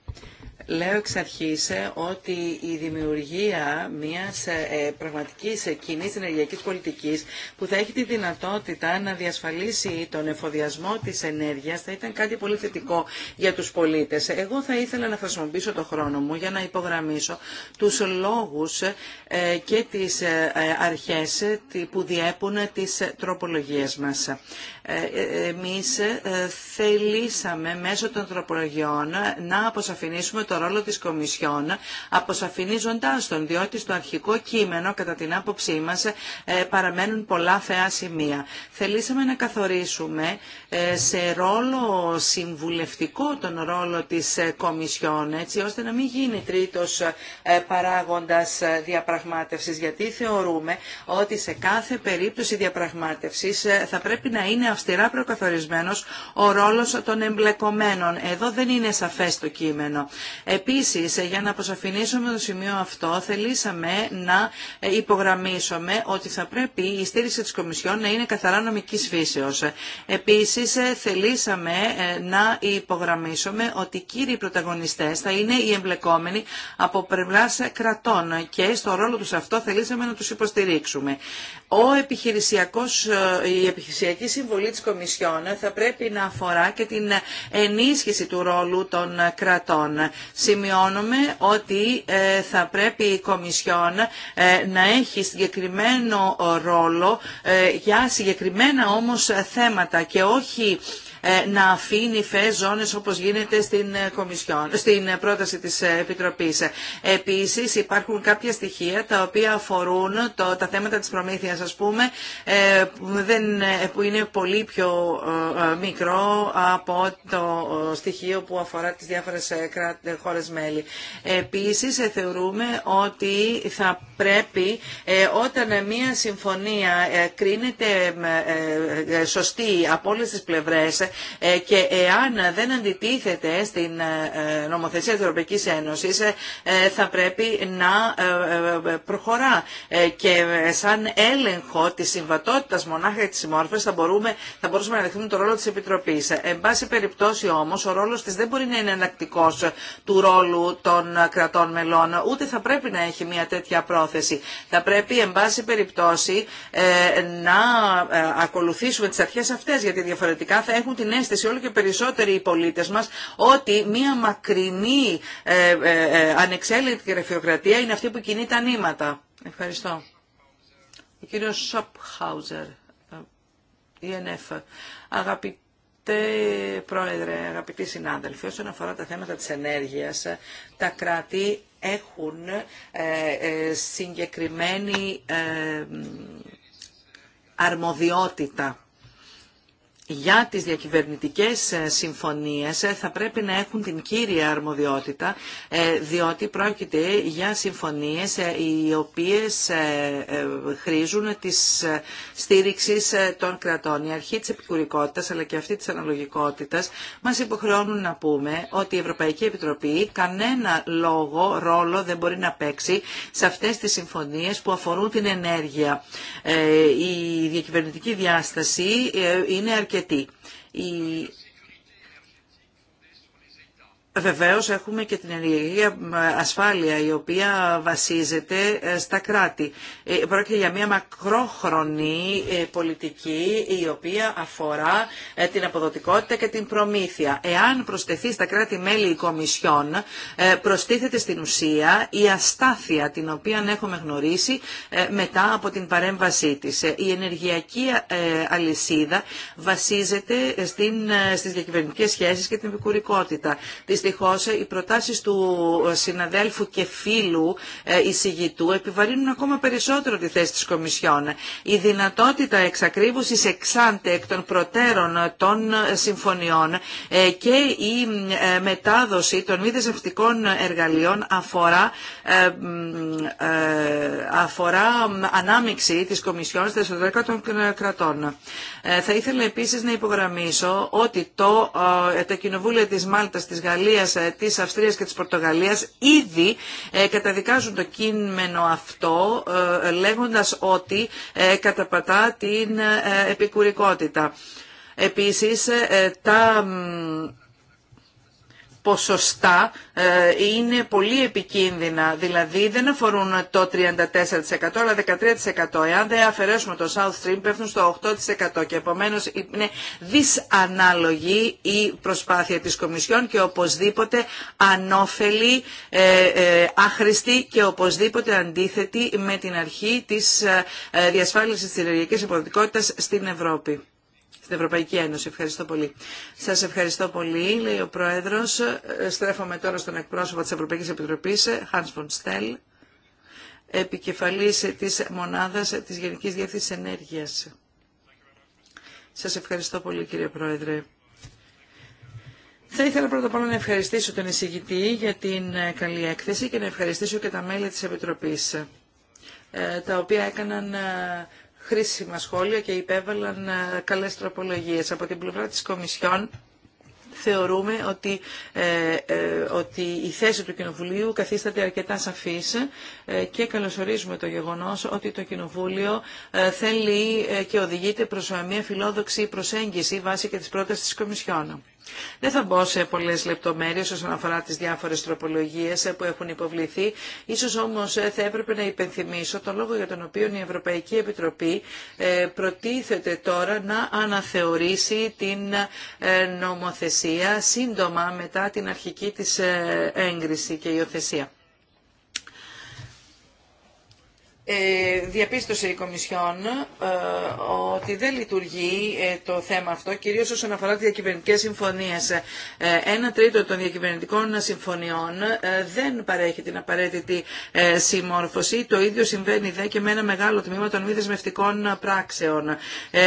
Λέω εξ αρχής ε, ότι η δημιουργία μιας ε, πραγματικής ε, κοινή ενεργειακής πολιτικής που θα έχει τη δυνατότητα να διασφαλίσει τον εφοδιασμό της ενέργειας θα ήταν κάτι πολύ θετικό για τους πολίτες. Εγώ θα ήθελα να χρησιμοποιήσω το χρόνο μου για να υπογραμμίσω τους λόγους και τις αρχές που διέπουν τις τροπολογίες μας. Εμείς θελήσαμε μέσω των τροπολογιών να αποσαφηνίσουμε το ρόλο της Κομισιόν, αποσαφηνίζοντάς τον, διότι στο αρχικό κείμενο, κατά την άποψή μας, ε, παραμένουν πολλά θεά σημεία. Θελήσαμε να καθορίσουμε ε, σε ρόλο συμβουλευτικό τον ρόλο της ε, Κομισιόν, έτσι ώστε να μην γίνει τρίτος παράγοντας διαπραγμάτευσης, γιατί θεωρούμε ότι σε κάθε περίπτωση διαπραγμάτευσης θα πρέπει να είναι αυστηρά προκαθορισμένος ο ρόλος των εμπλεκομένων. Εδώ δεν είναι σαφές το κείμενο Επίση, Επίσης, ε, για να αποσαφηνίσουμε το σημείο αυτό, θελήσαμε να ε, υπογραμμίσουμε ότι θα πρέπει η στήριξη της Κομισιόν να είναι καθαρά νομικής φύσεως. Επίσης, ε, θελήσαμε να υπογραμμίσουμε ότι κύριοι πρωταγωνιστές θα είναι οι εμπλεκόμενοι από πλευρά κρατών και στο ρόλο του αυτό θελήσαμε να τους υποστηρίξουμε. Ο επιχειρησιακός, η επιχειρησιακή συμβολή της Κομισιόν θα πρέπει να αφορά και την ενίσχυση του ρόλου των κρατών Σημειώνουμε ότι ε, θα πρέπει η Κομισιόν ε, να έχει συγκεκριμένο ρόλο ε, για συγκεκριμένα όμως θέματα και όχι ε, να αφήνει φες ζώνες όπως γίνεται στην, ε, Κομισιόν, στην ε, πρόταση της Επιτροπής. Επίσης υπάρχουν κάποια στοιχεία τα οποία αφορούν το, τα θέματα της προμήθειας ας πούμε δεν, που είναι πολύ πιο μικρό από το στοιχείο που αφορά τις διάφορες χώρες μέλη. Επίσης θεωρούμε ότι θα πρέπει όταν μια συμφωνία κρίνεται σωστή από όλες τις πλευρές ε, και εάν δεν αντιτίθεται στην ε, ε, νομοθεσία της Ευρωπαϊκής Ένωσης θα πρέπει να προχωρά και σαν έλεγχο της συμβατότητας μονάχα και της συμμόρφωσης θα, μπορούμε, θα μπορούσαμε να δεχθούμε το ρόλο της Επιτροπής. Εν πάση περιπτώσει όμως ο ρόλος της δεν μπορεί να είναι εναλλακτικό του ρόλου των κρατών μελών ούτε θα πρέπει να έχει μια τέτοια πρόθεση. Θα πρέπει εν πάση περιπτώσει να ακολουθήσουμε τις αρχές αυτές γιατί διαφορετικά θα έχουν την αίσθηση όλο και περισσότεροι οι πολίτες μας ότι μία μακρινή ε, ε, ε, ανεξέλεγκτη γραφειοκρατία είναι αυτή που κινεί τα νήματα. Ευχαριστώ. Ο κύριος Σοπχάουζερ, ε, ΙΕΝΕΦ. Αγαπητέ Πρόεδρε, αγαπητοί συνάδελφοι, όσον αφορά τα θέματα της ενέργειας, τα κράτη έχουν συγκεκριμένη αρμοδιότητα για τις διακυβερνητικές ε, συμφωνίες ε, θα πρέπει να έχουν την κύρια αρμοδιότητα ε, διότι πρόκειται για συμφωνίες οι οποίες χρήζουν της στήριξης των κρατών. Η αρχή της επικουρικότητας αλλά και αυτή της αναλογικότητας μας υποχρεώνουν να πούμε ότι η Ευρωπαϊκή Επιτροπή κανένα λόγο, ρόλο δεν μπορεί να παίξει σε αυτές τις συμφωνίες που αφορούν την ενέργεια. Η διακυβερνητική διάσταση είναι αρκετή και η Βεβαίως έχουμε και την ενεργειακή ασφάλεια η οποία βασίζεται ε, στα κράτη. Ε, πρόκειται για μια μακρόχρονη ε, πολιτική η οποία αφορά την αποδοτικότητα και την προμήθεια. Εάν προσθεθεί στα κράτη-μέλη η Κομισιόν, προστίθεται στην ουσία η αστάθεια την οποία έχουμε γνωρίσει μετά από την παρέμβασή της. Η ενεργειακή αλυσίδα βασίζεται στις διακυβερνητικές σχέσεις και την επικουρικότητα δυστυχώς οι προτάσεις του συναδέλφου και φίλου ε, εισηγητού επιβαρύνουν ακόμα περισσότερο τη θέση της Κομισιόν. Η δυνατότητα εξακρίβωσης εξάντε εκ των προτέρων των συμφωνιών ε, και η ε, μετάδοση των μη δεσμευτικών εργαλείων αφορά, αφορά ανάμειξη της Κομισιόν στα εσωτερικά των κρατών. Θα ήθελα επίσης να υπογραμμίσω ότι το, τα κοινοβούλια της Μάλτας, της Γαλλίας, Τη ε, της Αυστρίας και της Πορτογαλίας ήδη ε, καταδικάζουν το κείμενο αυτό ε, λέγοντας ότι καταπατά την επικουρικότητα. Επίσης, τα ποσοστά ε, είναι πολύ επικίνδυνα. Δηλαδή δεν αφορούν το 34% αλλά 13%. Εάν δεν αφαιρέσουμε το South Stream πέφτουν στο 8% και επομένως είναι δυσανάλογη η προσπάθεια της Κομισιόν και οπωσδήποτε ανώφελη, ε, ε, άχρηστη και οπωσδήποτε αντίθετη με την αρχή της διασφάλισης της ενεργειακής αποδοτικότητας στην Ευρώπη στην Ευρωπαϊκή Ένωση. Ευχαριστώ πολύ. Σα ευχαριστώ πολύ, λέει ο Πρόεδρο. Ε, στρέφομαι τώρα στον εκπρόσωπο τη Ευρωπαϊκή Επιτροπή, ε, Hans von Stell, επικεφαλή τη μονάδα τη Γενική Διεύθυνση Ενέργεια. Σα ευχαριστώ πολύ, κύριε Πρόεδρε. Θα ήθελα πρώτα απ' όλα να ευχαριστήσω τον εισηγητή για την ε, καλή έκθεση και να ευχαριστήσω και τα μέλη της Επιτροπής, τα οποία έκαναν χρήσιμα σχόλια και υπέβαλαν ε, καλές τροπολογίες. Από την πλευρά της Κομισιόν θεωρούμε ότι, ε, ε ότι η θέση του Κοινοβουλίου καθίσταται αρκετά σαφής ε, και καλωσορίζουμε το γεγονός ότι το Κοινοβούλιο θέλει και οδηγείται προς μια φιλόδοξη προσέγγιση βάσει και της πρότασης της Κομισιόν. Δεν θα μπω σε πολλέ λεπτομέρειες όσον αφορά τι διάφορες τροπολογίες που έχουν υποβληθεί. Ίσως όμως ε, θα έπρεπε να υπενθυμίσω τον λόγο για τον οποίο η Ευρωπαϊκή Επιτροπή ε, προτίθεται τώρα να αναθεωρήσει την ε, νομοθεσία σύντομα μετά την αρχική της έγκριση και υιοθεσία. Ε, διαπίστωσε η Κομισιόν ε, ότι δεν λειτουργεί ε, το θέμα αυτό, κυρίως όσον αφορά τις διακυβερνητικές συμφωνίες. Ένα τρίτο των διακυβερνητικών συμφωνιών δεν παρέχει την απαραίτητη συμμόρφωση. Το ίδιο συμβαίνει δε και με ένα μεγάλο τμήμα των μη δεσμευτικών πράξεων.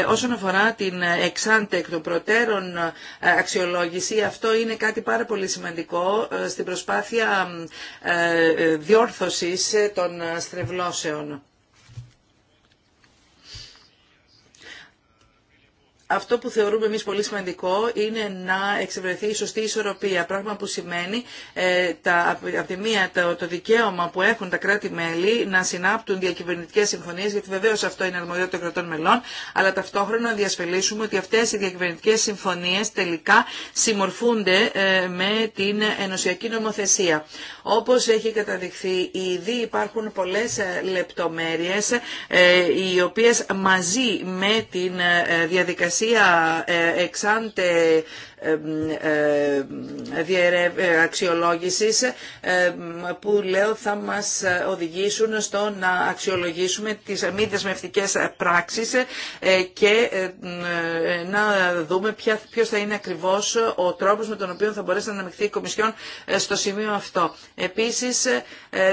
Όσον αφορά την εξάντεκ των προτέρων αξιολόγηση, αυτό είναι κάτι πάρα πολύ σημαντικό στην προσπάθεια διόρθωσης των στρεβλώσεων. αυτό που θεωρούμε εμείς πολύ σημαντικό είναι να εξευρεθεί η σωστή ισορροπία, πράγμα που σημαίνει ε, τα, από τη μία το, το δικαίωμα που έχουν τα κράτη-μέλη να συνάπτουν διακυβερνητικές συμφωνίες, γιατί βεβαίως αυτό είναι αρμοδιότητα των κρατών μελών, αλλά ταυτόχρονα να διασφαλίσουμε ότι αυτές οι διακυβερνητικές συμφωνίες τελικά συμμορφούνται ε, με την ενωσιακή νομοθεσία. Όπως έχει καταδειχθεί ήδη υπάρχουν πολλές ε, λεπτομέρειες οι οποίες μαζί με την διαδικασία διαδικασία ε, εξάντε ε, ε, αξιολόγησης ε, που λέω θα μας οδηγήσουν στο να αξιολογήσουμε τις μη δεσμευτικέ πράξεις και να δούμε ποιος θα είναι ακριβώς ο τρόπος με τον οποίο θα μπορέσει να αναμειχθεί η Κομισιόν στο σημείο αυτό. Επίσης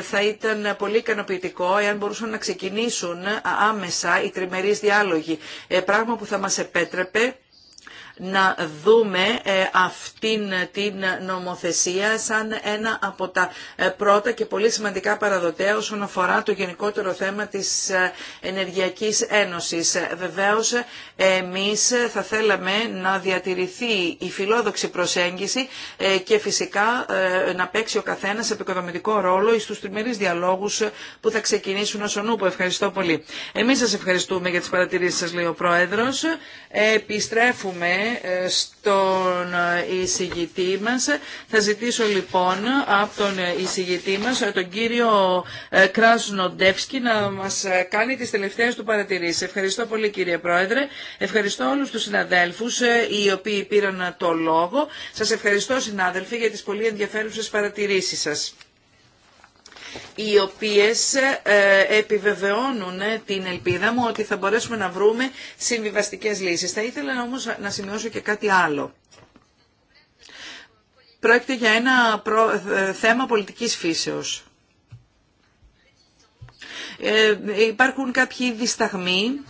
θα ήταν πολύ ικανοποιητικό εάν μπορούσαν να ξεκινήσουν άμεσα οι τριμερείς διάλογοι, πράγμα που θα μας επέτρεπε να δούμε ε, αυτήν την νομοθεσία σαν ένα από τα ε, πρώτα και πολύ σημαντικά παραδοτέα όσον αφορά το γενικότερο θέμα της ε, Ενεργειακής Ένωσης. Βεβαίως, εμείς θα θέλαμε να διατηρηθεί η φιλόδοξη προσέγγιση και φυσικά να παίξει ο καθένας επικοδομητικό ρόλο στους τριμερείς διαλόγους που θα ξεκινήσουν ως ονούπο. Ευχαριστώ πολύ. Εμείς σας ευχαριστούμε για τις παρατηρήσεις σας, λέει ο Πρόεδρος. Επιστρέφουμε ε, στον ε, εισηγητή μας. Θα ζητήσω λοιπόν από τον ε, εισηγητή μας, τον κύριο Κράσνοντεύσκη, να μας κάνει τις τελευταίες του παρατηρήσεις. Ευχαριστώ πολύ κύριε Πρόεδρε. Ευχαριστώ όλους τους συναδέλφους οι οποίοι πήραν το λόγο. Σας ευχαριστώ συνάδελφοι για τις πολύ ενδιαφέρουσες παρατηρήσεις σας οι οποίες ε, επιβεβαιώνουν ε, την ελπίδα μου ότι θα μπορέσουμε να βρούμε συμβιβαστικές λύσεις. Θα ήθελα όμως να σημειώσω και κάτι άλλο. Πρόκειται για ένα ε, θέμα πολιτικής φύσεως. Ε, υπάρχουν κάποιοι δισταγμοί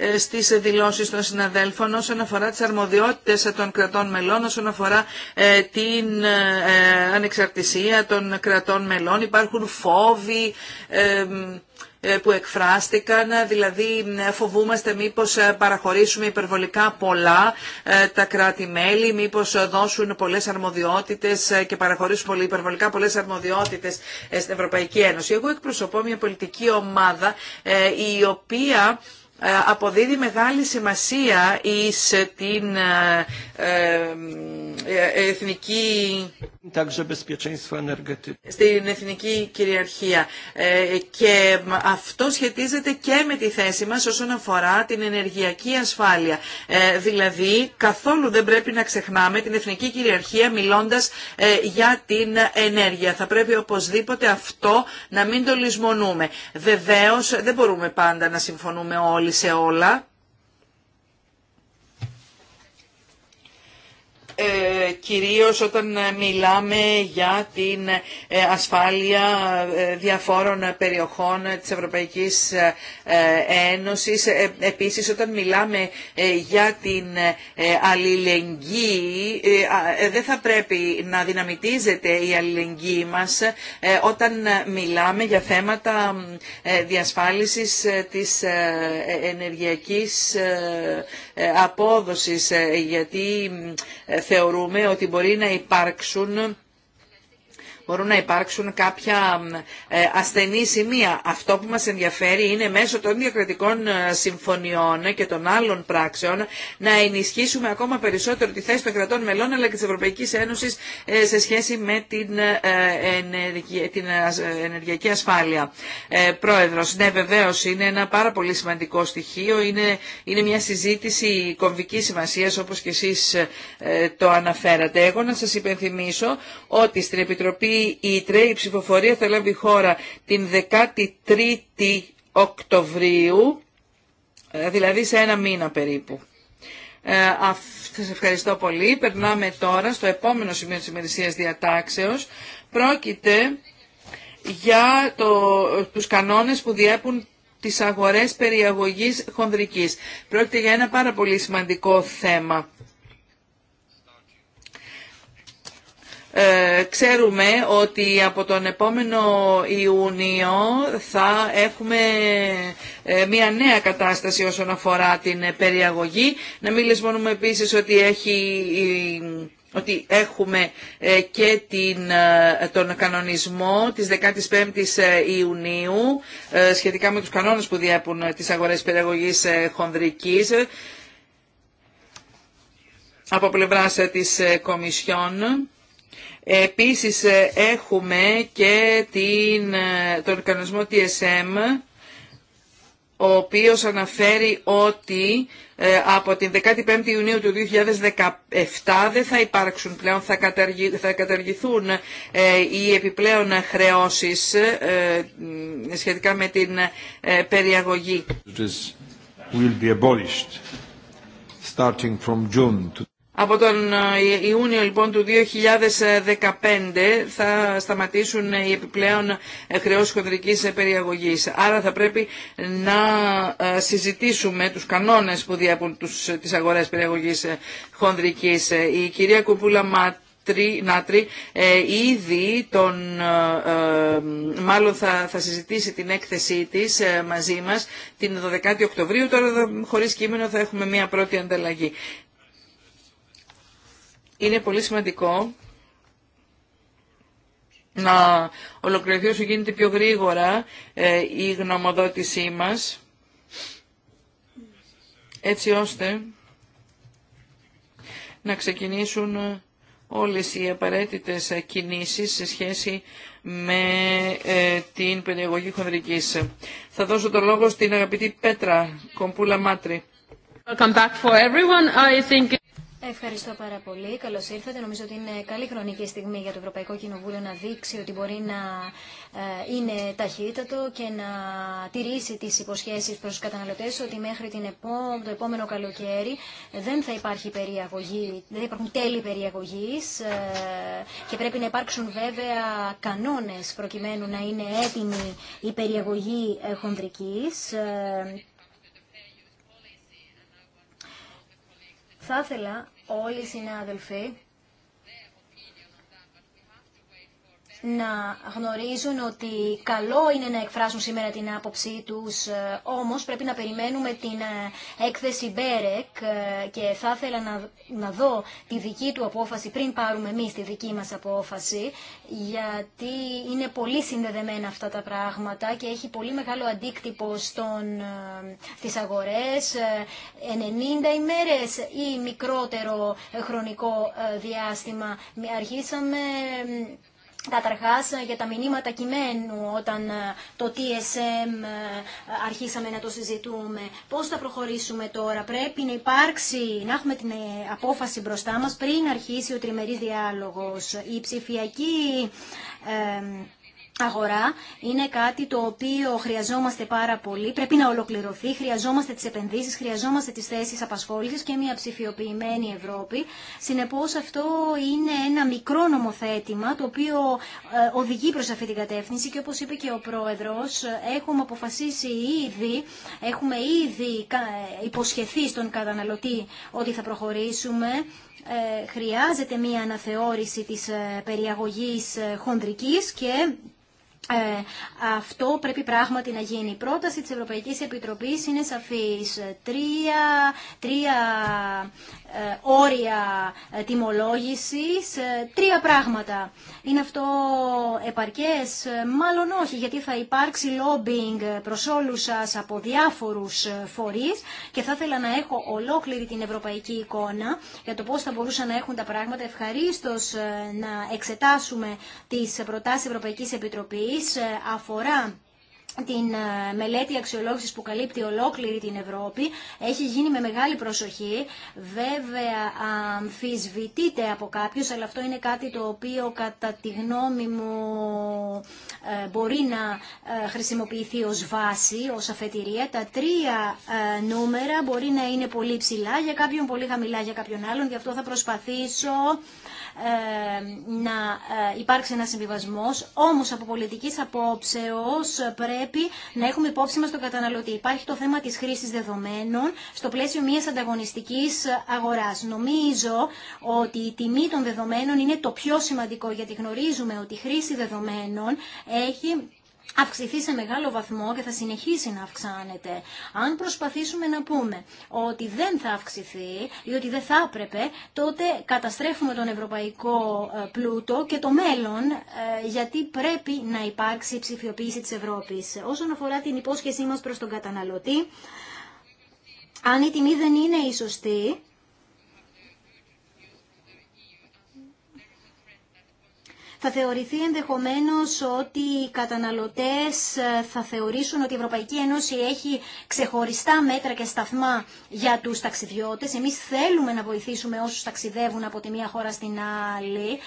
ε, Στι δηλώσει των συναδέλφων όσον αφορά τι αρμοδιότητες των κρατών μελών, όσον αφορά ε, την ε, ανεξαρτησία των κρατών μελών. Υπάρχουν φόβοι που εκφράστηκαν, δηλαδή φοβούμαστε μήπως παραχωρήσουμε υπερβολικά πολλά τα κράτη-μέλη, μήπως δώσουν πολλές αρμοδιότητες και παραχωρήσουν υπερβολικά πολλές αρμοδιότητες στην Ευρωπαϊκή Ένωση. Εγώ εκπροσωπώ μια πολιτική ομάδα η οποία ε, αποδίδει μεγάλη σημασία εις ε, την ε, εθνική στην εθνική κυριαρχία και αυτό σχετίζεται και με τη θέση μας όσον αφορά την ενεργειακή ασφάλεια δηλαδή καθόλου δεν πρέπει να ξεχνάμε την εθνική κυριαρχία μιλώντας για την ενέργεια θα πρέπει οπωσδήποτε αυτό να μην το λησμονούμε βεβαίως δεν μπορούμε πάντα να συμφωνούμε όλοι σε όλα Ε, κυρίως όταν μιλάμε για την ε, ασφάλεια ε, διαφόρων περιοχών της Ευρωπαϊκής Ένωσης. Επίσης όταν μιλάμε για την αλληλεγγύη δεν θα πρέπει να δυναμητίζεται η αλληλεγγύη μας όταν μιλάμε για θέματα διασφάλισης της ενεργειακής ε, απόδοσης ε, γιατί ε, θεωρούμε ότι μπορεί να υπάρξουν μπορούν να υπάρξουν κάποια ε, ασθενή σημεία. Αυτό που μας ενδιαφέρει είναι μέσω των διακρατικών ε, συμφωνιών και των άλλων πράξεων να ενισχύσουμε ακόμα περισσότερο τη θέση των κρατών μελών αλλά και της Ευρωπαϊκής Ένωσης ε, σε σχέση με την, ενεργειακή ασφάλεια. Πρόεδρος, ναι βεβαίως είναι ένα πάρα πολύ σημαντικό στοιχείο, είναι, μια συζήτηση κομβικής σημασίας όπως και εσείς το αναφέρατε. Εγώ να σας υπενθυμίσω ότι στην Επιτροπή η Η ψηφοφορία θα λάβει χώρα την 13η Οκτωβρίου, ε, δηλαδή σε ένα μήνα περίπου. Ε, σας ευχαριστώ πολύ. Περνάμε τώρα στο επόμενο σημείο της ημερησίας διατάξεως. Πρόκειται για το, τους κανόνες που διέπουν τις αγορές περιαγωγής χονδρικής. Πρόκειται για ένα πάρα πολύ σημαντικό θέμα. Ε, ξέρουμε ότι από τον επόμενο Ιούνιο θα έχουμε ε, μια νέα κατάσταση όσον αφορά την ε, περιαγωγή. Να μην λησμονούμε επίσης ότι έχει ότι έχουμε και την, τον κανονισμό της 15ης Ιουνίου σχετικά με τους κανόνες που διέπουν τις αγορές περιαγωγής χονδρικής από πλευράς της Κομισιόν Επίσης ε, έχουμε και την, ε, τον οργανισμό TSM, ο οποίος αναφέρει ότι ε, από την 15η Ιουνίου του 2017 δεν θα υπάρξουν πλέον, θα, θα καταργηθούν οι επιπλέον χρεώσεις σχετικά με την περιαγωγή. Από τον ε, Ιούνιο λοιπόν του 2015 θα σταματήσουν οι επιπλέον ε, χρεώσεις χονδρικής ε, περιαγωγής. Άρα θα πρέπει να συζητήσουμε τους κανόνες που διέπουν τι τις αγορές περιαγωγής χονδρικής. Η κυρία Κουπούλα Νάτρι ήδη τον, μάλλον θα, θα συζητήσει την έκθεσή της μαζί μας την 12η Οκτωβρίου, τώρα χωρίς κείμενο θα έχουμε μια πρώτη ανταλλαγή είναι πολύ σημαντικό να ολοκληρωθεί όσο γίνεται πιο γρήγορα ε, η γνωμοδότησή μας, έτσι ώστε να ξεκινήσουν όλες οι απαραίτητες κινήσεις σε σχέση με ε, την περιεγωγή χονδρικής. Θα δώσω το λόγο στην αγαπητή Πέτρα Κομπούλα Μάτρη. Ευχαριστώ πάρα πολύ. Καλώ ήρθατε. Νομίζω ότι είναι καλή χρονική στιγμή για το Ευρωπαϊκό Κοινοβούλιο να δείξει ότι μπορεί να ε, είναι ταχύτατο και να τηρήσει τι υποσχέσει προ του καταναλωτέ ότι μέχρι την επό... το επόμενο καλοκαίρι δεν θα υπάρχει περιαγωγή, δεν υπάρχουν τέλη περιαγωγή ε, και πρέπει να υπάρξουν βέβαια κανόνε προκειμένου να είναι έτοιμη η περιαγωγή χονδρική ε, Θα ήθελα όλοι οι συνάδελφοι να γνωρίζουν ότι καλό είναι να εκφράσουν σήμερα την άποψή τους, ε, όμως πρέπει να περιμένουμε την ε, έκθεση Μπέρεκ ε, και θα ήθελα να, να δω τη δική του απόφαση πριν πάρουμε εμείς τη δική μας απόφαση, γιατί είναι πολύ συνδεδεμένα αυτά τα πράγματα και έχει πολύ μεγάλο αντίκτυπο στον, στις αγορές. 90 ημέρες ή μικρότερο χρονικό διάστημα. Αρχίσαμε Καταρχά ε, για τα μηνύματα κειμένου όταν ε, το TSM ε, αρχίσαμε να το συζητούμε. Πώς θα προχωρήσουμε τώρα. Πρέπει να υπάρξει, να έχουμε την απόφαση μπροστά μας πριν αρχίσει ο τριμερής διάλογος. Η ψηφιακή αγορά είναι κάτι το οποίο χρειαζόμαστε πάρα πολύ, πρέπει να ολοκληρωθεί, χρειαζόμαστε τι επενδύσει, χρειαζόμαστε τι θέσει απασχόληση και μια ψηφιοποιημένη Ευρώπη. Συνεπώ αυτό είναι ένα μικρό νομοθέτημα το οποίο ε, οδηγεί προ αυτή την κατεύθυνση και όπω είπε και ο πρόεδρο, έχουμε αποφασίσει ήδη, έχουμε ήδη ε, υποσχεθεί στον καταναλωτή ότι θα προχωρήσουμε ε, χρειάζεται μία αναθεώρηση της περιαγωγής χοντρικής και ε, αυτό πρέπει πράγματι να γίνει. Η πρόταση της Ευρωπαϊκής Επιτροπής είναι σαφής. Τρία, τρία ε, όρια τιμολόγησης. Ε, τρία πράγματα. Είναι αυτό επαρκές? Ε, μάλλον όχι, γιατί θα υπάρξει lobbying προς όλους σας από διάφορους φορείς και θα ήθελα να έχω ολόκληρη την ευρωπαϊκή εικόνα για το πώς θα μπορούσαν να έχουν τα πράγματα. Ευχαρίστω να εξετάσουμε τις προτάσεις Ευρωπαϊκής Επιτροπής αφορά την ε, μελέτη αξιολόγησης που καλύπτει ολόκληρη την Ευρώπη έχει γίνει με μεγάλη προσοχή. Βέβαια αμφισβητείται από κάποιους, αλλά αυτό είναι κάτι το οποίο κατά τη γνώμη μου ε, μπορεί να ε, χρησιμοποιηθεί ως βάση, ως αφετηρία. Τα τρία νούμερα μπορεί να είναι πολύ ψηλά για κάποιον, πολύ χαμηλά για κάποιον άλλον. Γι' αυτό θα προσπαθήσω να ε, υπάρξει ένα συμβιβασμό. Όμω από πολιτική απόψεω ε, πρέπει να έχουμε υπόψη μα τον καταναλωτή. Υπάρχει το θέμα τη χρήση δεδομένων στο πλαίσιο μια ανταγωνιστική αγορά. Νομίζω ότι η τιμή των δεδομένων είναι το πιο σημαντικό γιατί γνωρίζουμε ότι η χρήση δεδομένων έχει αυξηθεί σε μεγάλο βαθμό και θα συνεχίσει να αυξάνεται. Αν προσπαθήσουμε να πούμε ότι δεν θα αυξηθεί ή ότι δεν θα έπρεπε, τότε καταστρέφουμε τον ευρωπαϊκό ε, πλούτο και το μέλλον, ε, γιατί πρέπει να υπάρξει η ψηφιοποίηση της Ευρώπης. Όσον αφορά την υπόσχεσή μας προς τον καταναλωτή, αν η τιμή δεν είναι η σωστή, θα θεωρηθεί ενδεχομένως ότι οι καταναλωτές ε, θα θεωρήσουν ότι η Ευρωπαϊκή Ένωση έχει ξεχωριστά μέτρα και σταθμά για τους ταξιδιώτες. Εμείς θέλουμε να βοηθήσουμε όσους ταξιδεύουν από τη μία χώρα στην άλλη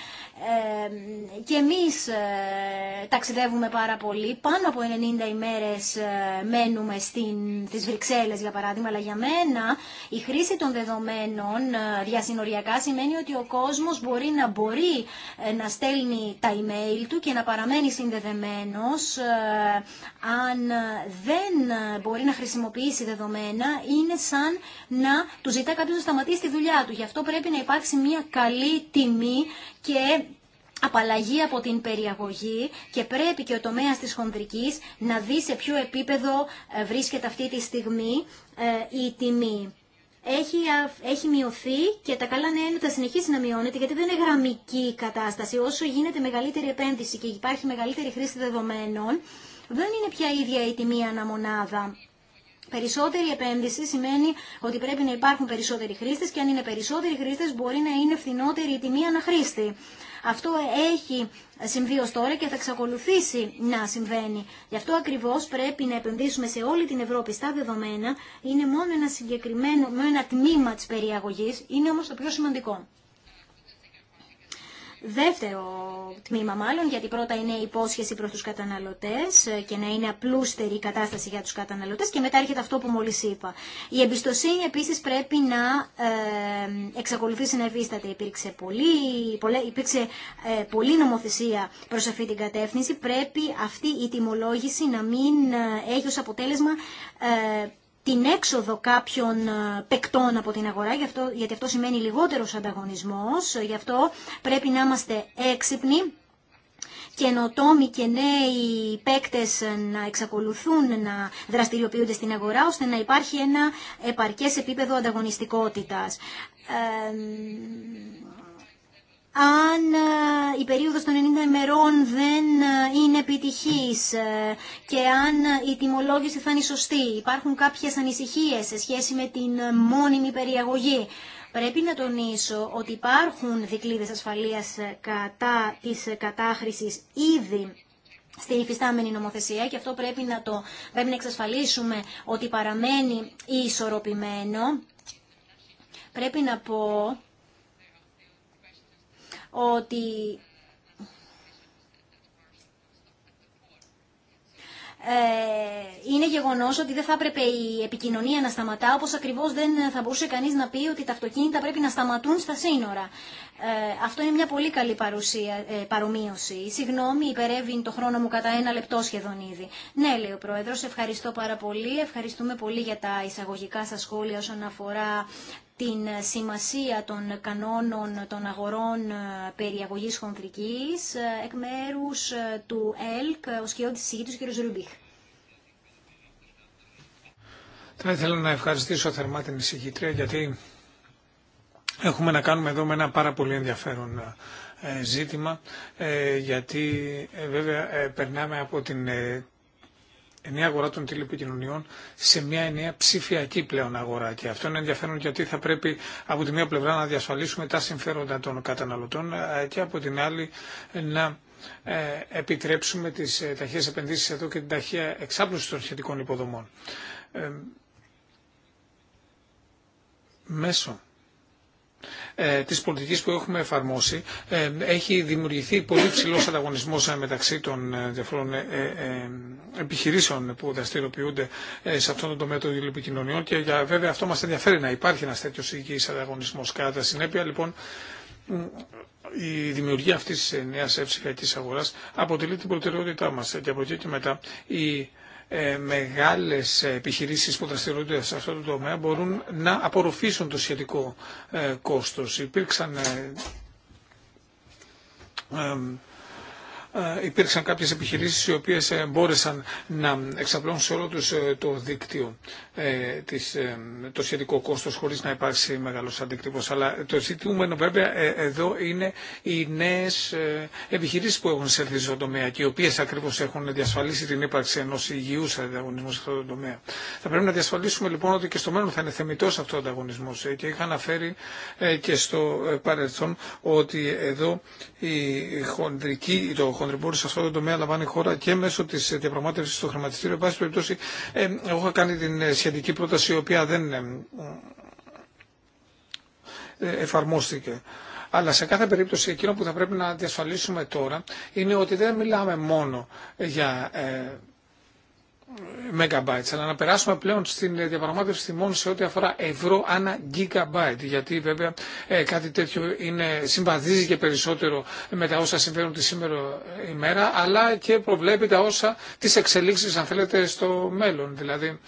και εμείς ε, ταξιδεύουμε πάρα πολύ. Πάνω από 90 ημέρες ε, μένουμε στην, στις Βρυξέλλες, για παράδειγμα. Αλλά για μένα η χρήση των δεδομένων ε, διασυνοριακά σημαίνει ότι ο κόσμος μπορεί να μπορεί να στέλνει τα email του και να παραμένει συνδεδεμένος. Αν δεν μπορεί να χρησιμοποιήσει δεδομένα, είναι σαν να του ζητά κάποιος να σταματήσει τη δουλειά του. Γι' αυτό πρέπει να υπάρξει μια καλή τιμή και απαλλαγή από την περιαγωγή και πρέπει και ο τομέας της χονδρικής να δει σε ποιο επίπεδο ε, βρίσκεται αυτή τη στιγμή ε, η τιμή. Έχει, έχει μειωθεί και τα καλά νέα είναι ότι θα συνεχίσει να μειώνεται γιατί δεν είναι γραμμική η κατάσταση. Όσο γίνεται μεγαλύτερη επένδυση και υπάρχει μεγαλύτερη χρήση δεδομένων, δεν είναι πια ίδια η τιμή αναμονάδα. Περισσότερη επένδυση σημαίνει ότι πρέπει να υπάρχουν περισσότεροι χρήστε και αν είναι περισσότεροι χρήστε μπορεί να είναι φθηνότερη η τιμή αναχρήστη. Αυτό έχει συμβεί ω τώρα και θα εξακολουθήσει να συμβαίνει. Γι' αυτό ακριβώ πρέπει να επενδύσουμε σε όλη την Ευρώπη στα δεδομένα. Είναι μόνο ένα συγκεκριμένο, μόνο ένα τμήμα τη περιαγωγή, είναι όμω το πιο σημαντικό δεύτερο τμήμα μάλλον, γιατί πρώτα είναι η υπόσχεση προς τους καταναλωτές ε, και να είναι απλούστερη η κατάσταση για τους καταναλωτές και μετά έρχεται αυτό που μόλις είπα. Η εμπιστοσύνη επίσης πρέπει να ε, εξακολουθήσει να ευίσταται. Υπήρξε πολύ, ε, πολλή νομοθεσία προς αυτή την κατεύθυνση. Πρέπει αυτή η τιμολόγηση να μην έχει ως αποτέλεσμα την έξοδο κάποιων ε, παικτών από την αγορά, γι αυτό, γιατί αυτό σημαίνει λιγότερος ανταγωνισμός, ε, γι' αυτό πρέπει να είμαστε έξυπνοι καινοτόμοι και νέοι παίκτες ε, να εξακολουθούν να δραστηριοποιούνται στην αγορά, ώστε να υπάρχει ένα επαρκές επίπεδο ανταγωνιστικότητας αν ε, η περίοδος των 90 ημερών δεν ε, είναι επιτυχής ε, και αν η τιμολόγηση θα είναι σωστή. Υπάρχουν κάποιες ανησυχίες σε σχέση με την μόνιμη περιαγωγή. Πρέπει να τονίσω ότι υπάρχουν δικλείδες ασφαλείας κατά της κατάχρησης ήδη στην υφιστάμενη νομοθεσία και αυτό πρέπει να, το, πρέπει να εξασφαλίσουμε ότι παραμένει ισορροπημένο. Πρέπει να πω ότι ε, είναι γεγονός ότι δεν θα έπρεπε η επικοινωνία να σταματά, όπως ακριβώς δεν θα μπορούσε κανείς να πει ότι τα αυτοκίνητα πρέπει να σταματούν στα σύνορα. Ε, αυτό είναι μια πολύ καλή παρουσία, ε, παρομοίωση. Συγγνώμη, υπερεύει το χρόνο μου κατά ένα λεπτό σχεδόν ήδη. Ναι, λέει ο Πρόεδρο, ευχαριστώ πάρα πολύ. Ευχαριστούμε πολύ για τα εισαγωγικά σας σχόλια όσον αφορά την σημασία των κανόνων των αγορών ε, περιαγωγής χονδρικής ε, εκ μέρους ε, του ΕΛΚ, ο σκιώτης της κ. Ρούμπιχ. Θα ήθελα να ευχαριστήσω θερμά την εισηγήτρια γιατί έχουμε να κάνουμε εδώ με ένα πάρα πολύ ενδιαφέρον ζήτημα γιατί βέβαια περνάμε από την ενιαία αγορά των τηλεπικοινωνιών σε μια ενιαία ψηφιακή πλέον αγορά. Και αυτό είναι ενδιαφέρον γιατί θα πρέπει από τη μία πλευρά να διασφαλίσουμε τα συμφέροντα των καταναλωτών ε, και από την άλλη ε, να ε, επιτρέψουμε τις ταχείες επενδύσεις εδώ και την ταχεία εξάπλωση των σχετικών υποδομών. Μέσω της πολιτικής που έχουμε εφαρμόσει έχει δημιουργηθεί πολύ ψηλός ανταγωνισμός μεταξύ των διαφορών επιχειρήσεων που δραστηριοποιούνται ε, σε αυτόν τον τομέα των τηλεπικοινωνιών και βέβαια αυτό μας ενδιαφέρει να υπάρχει ένας τέτοιος υγιής ανταγωνισμός. Κατά συνέπεια λοιπόν η δημιουργία αυτής της νέας ευσυχιακής αγοράς αποτελεί την προτεραιότητά μας και από εκεί και μετά οι ε, μεγάλες επιχειρήσεις που δραστηριοποιούνται σε αυτό το τομέα μπορούν να απορροφήσουν το σχετικό ε, κόστος. Υπήρξαν ε, ε, υπήρξαν κάποιες επιχειρήσεις οι οποίες ε, μπόρεσαν να εξαπλώνουν σε όλο του ε, το δίκτυο το σχετικό κόστος χωρίς να υπάρξει μεγάλος αντίκτυπος. Αλλά το ζητούμενο βέβαια εδώ είναι οι νέες επιχειρήσεις που έχουν εισέλθει στον τομέα και οι οποίες ακριβώς έχουν διασφαλίσει την ύπαρξη ενός υγιούς ανταγωνισμού σε αυτό το τομέα. Θα πρέπει να διασφαλίσουμε λοιπόν ότι και στο μέλλον θα είναι θεμητός αυτό ο ανταγωνισμός και είχα αναφέρει και στο παρελθόν ότι εδώ η χοντρική, το κοντριμπόρου σε αυτό το τομέα λαμβάνει η χώρα και μέσω τη διαπραγμάτευση στο χρηματιστήριο. Εν πάση περιπτώσει, ε, εγώ είχα κάνει την ε, σχετική πρόταση η οποία δεν ε, εφαρμόστηκε. Αλλά σε κάθε περίπτωση εκείνο που θα πρέπει να διασφαλίσουμε τώρα είναι ότι δεν μιλάμε μόνο για αλλά να περάσουμε πλέον στην διαπραγμάτευση τιμών σε ό,τι αφορά ευρώ ανά gigabyte. Γιατί βέβαια ε, κάτι τέτοιο είναι, συμβαδίζει και περισσότερο με τα όσα συμβαίνουν τη σήμερα ημέρα, αλλά και προβλέπει τα όσα, τις εξελίξεις αν θέλετε στο μέλλον. Δηλαδή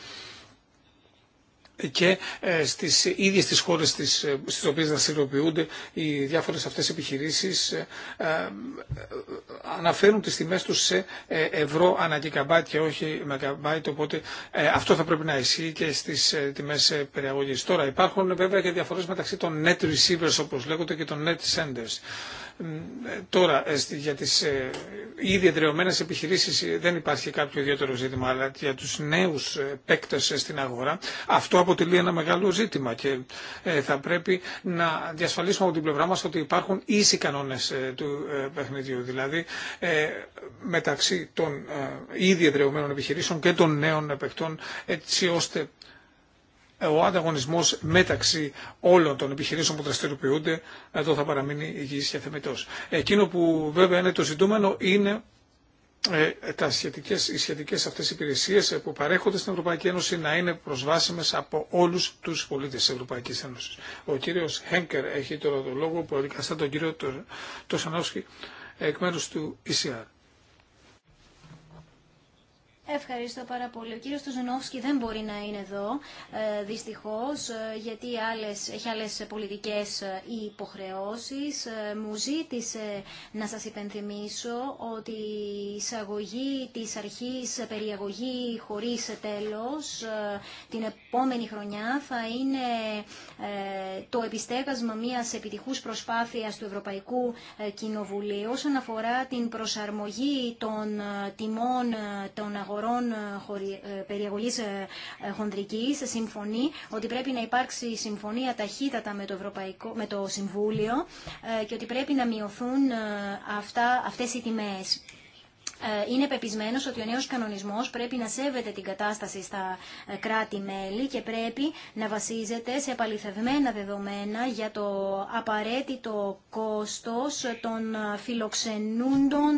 και ε, στις ίδιες τις χώρες στι ε, στις οποίες δραστηριοποιούνται οι διάφορες αυτές επιχειρήσεις ε, αναφέρουν τις τιμές τους σε ευρώ ανά γιγαμπάιτ και όχι μεγαμπάιτ οπότε αυτό θα πρέπει να ισχύει και στις τιμές περιαγωγής. Τώρα υπάρχουν βέβαια και διαφορές μεταξύ των net receivers όπως λέγονται και των net senders. Ε, τώρα, ε, για τις ήδη ε, εδρεωμένες επιχειρήσεις δεν υπάρχει κάποιο ιδιαίτερο ζήτημα, αλλά για τους νέους παίκτες στην αγορά αυτό αποτελεί ένα μεγάλο ζήτημα και θα πρέπει να διασφαλίσουμε από την πλευρά μας ότι υπάρχουν ίσοι κανόνες του παιχνιδιού, δηλαδή μεταξύ των ήδη εδρεωμένων επιχειρήσεων και των νέων παικτών, έτσι ώστε ο ανταγωνισμό μεταξύ όλων των επιχειρήσεων που δραστηριοποιούνται εδώ θα παραμείνει υγιή και θεμετός. Εκείνο που βέβαια είναι το ζητούμενο είναι ε, τα σχετικές, οι σχετικές αυτές υπηρεσίες ε, που παρέχονται στην Ευρωπαϊκή Ένωση να είναι προσβάσιμες από όλους τους πολίτες της Ευρωπαϊκής Ένωσης. Ο κύριος Χέγκερ έχει τώρα το λόγο που τον κύριο Τωσανόφσκι εκ μέρους του ECR. Ευχαριστώ πάρα πολύ. Ο κύριο Τζουνόφσκι δεν μπορεί να είναι εδώ, ε, δυστυχώς, ε, γιατί άλλες, έχει άλλε πολιτικές υποχρεώσει. υποχρεώσεις. Ε, μου ζήτησε να σα υπενθυμίσω ότι η εισαγωγή της αρχής περιαγωγή χωρίς τέλος την επόμενη χρονιά θα είναι το επιστέγασμα μιας επιτυχούς προσπάθειας του Ευρωπαϊκού Κοινοβουλίου όσον αφορά την προσαρμογή των τιμών των αγορών χωρών ε, ε, περιεγωγής ε, χοντρικής συμφωνεί ότι πρέπει να υπάρξει συμφωνία ταχύτατα με το, Ευρωπαϊκό, με το Συμβούλιο και ότι πρέπει να μειωθούν αυτά, αυτές οι τιμές. Είναι πεπισμένο ότι ο νέο κανονισμό πρέπει να σέβεται την κατάσταση στα κράτη-μέλη και πρέπει να βασίζεται σε απαληθευμένα δεδομένα για το απαραίτητο κόστο των φιλοξενούντων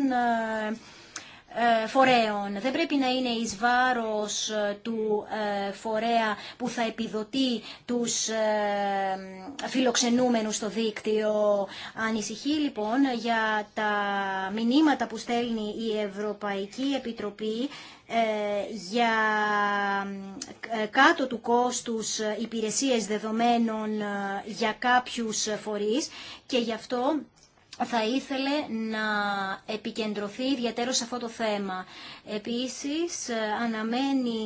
ε, φορέων. Δεν πρέπει να είναι εις βάρος ε, του ε, φορέα που θα επιδοτεί τους φιλοξενούμενους στο δίκτυο. Ανησυχεί λοιπόν για τα μηνύματα που στέλνει η Ευρωπαϊκή Επιτροπή για κάτω του κόστους υπηρεσίες δεδομένων για κάποιους φορείς και γι' αυτό θα ήθελε να επικεντρωθεί ιδιαίτερα σε αυτό το θέμα. Επίσης, ε, αναμένει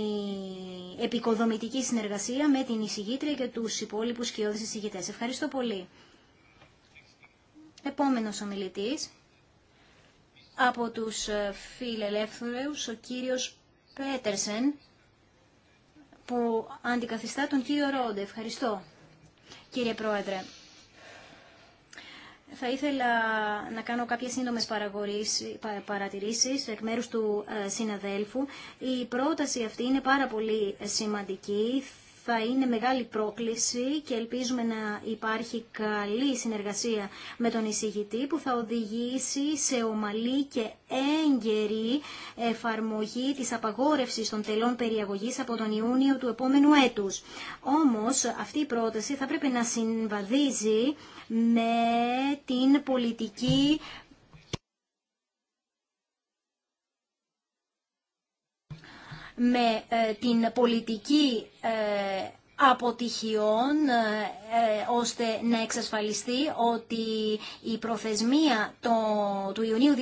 επικοδομητική συνεργασία με την εισηγήτρια και τους υπόλοιπους κοιόδης εισηγητές. Ευχαριστώ πολύ. Επόμενος ομιλητής, από τους ε, φιλελεύθερους, ο κύριος Πέτερσεν, που αντικαθιστά τον κύριο Ρόντε. Ευχαριστώ, κύριε Πρόεδρε. Θα ήθελα να κάνω κάποιες σύντομες παρατηρήσεις εκ μέρους του ε, συναδέλφου. Η πρόταση αυτή είναι πάρα πολύ ε, σημαντική θα είναι μεγάλη πρόκληση και ελπίζουμε να υπάρχει καλή συνεργασία με τον εισηγητή που θα οδηγήσει σε ομαλή και έγκαιρη εφαρμογή της απαγόρευσης των τελών περιαγωγής από τον Ιούνιο του επόμενου έτους. Όμως αυτή η πρόταση θα πρέπει να συμβαδίζει με την πολιτική με ε, την πολιτική ε, αποτυχιών ε, ώστε να εξασφαλιστεί ότι η προθεσμία το, του Ιουνίου 2017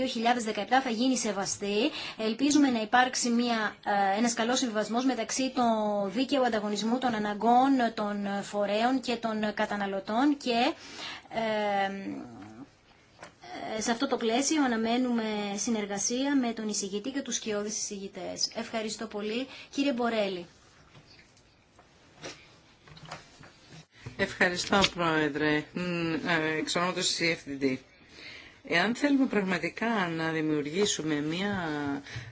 θα γίνει σεβαστή. Ελπίζουμε να υπάρξει μια, ένας καλός συμβιβασμός μεταξύ του δίκαιου ανταγωνισμού των αναγκών των φορέων και των καταναλωτών και ε, σε αυτό το πλαίσιο αναμένουμε συνεργασία με τον εισηγητή και τους σκιώδεις εισηγητές. Ευχαριστώ πολύ. Κύριε Μπορέλη. Ευχαριστώ, Πρόεδρε. Ε, εξ ονόματος Εάν θέλουμε πραγματικά να δημιουργήσουμε μια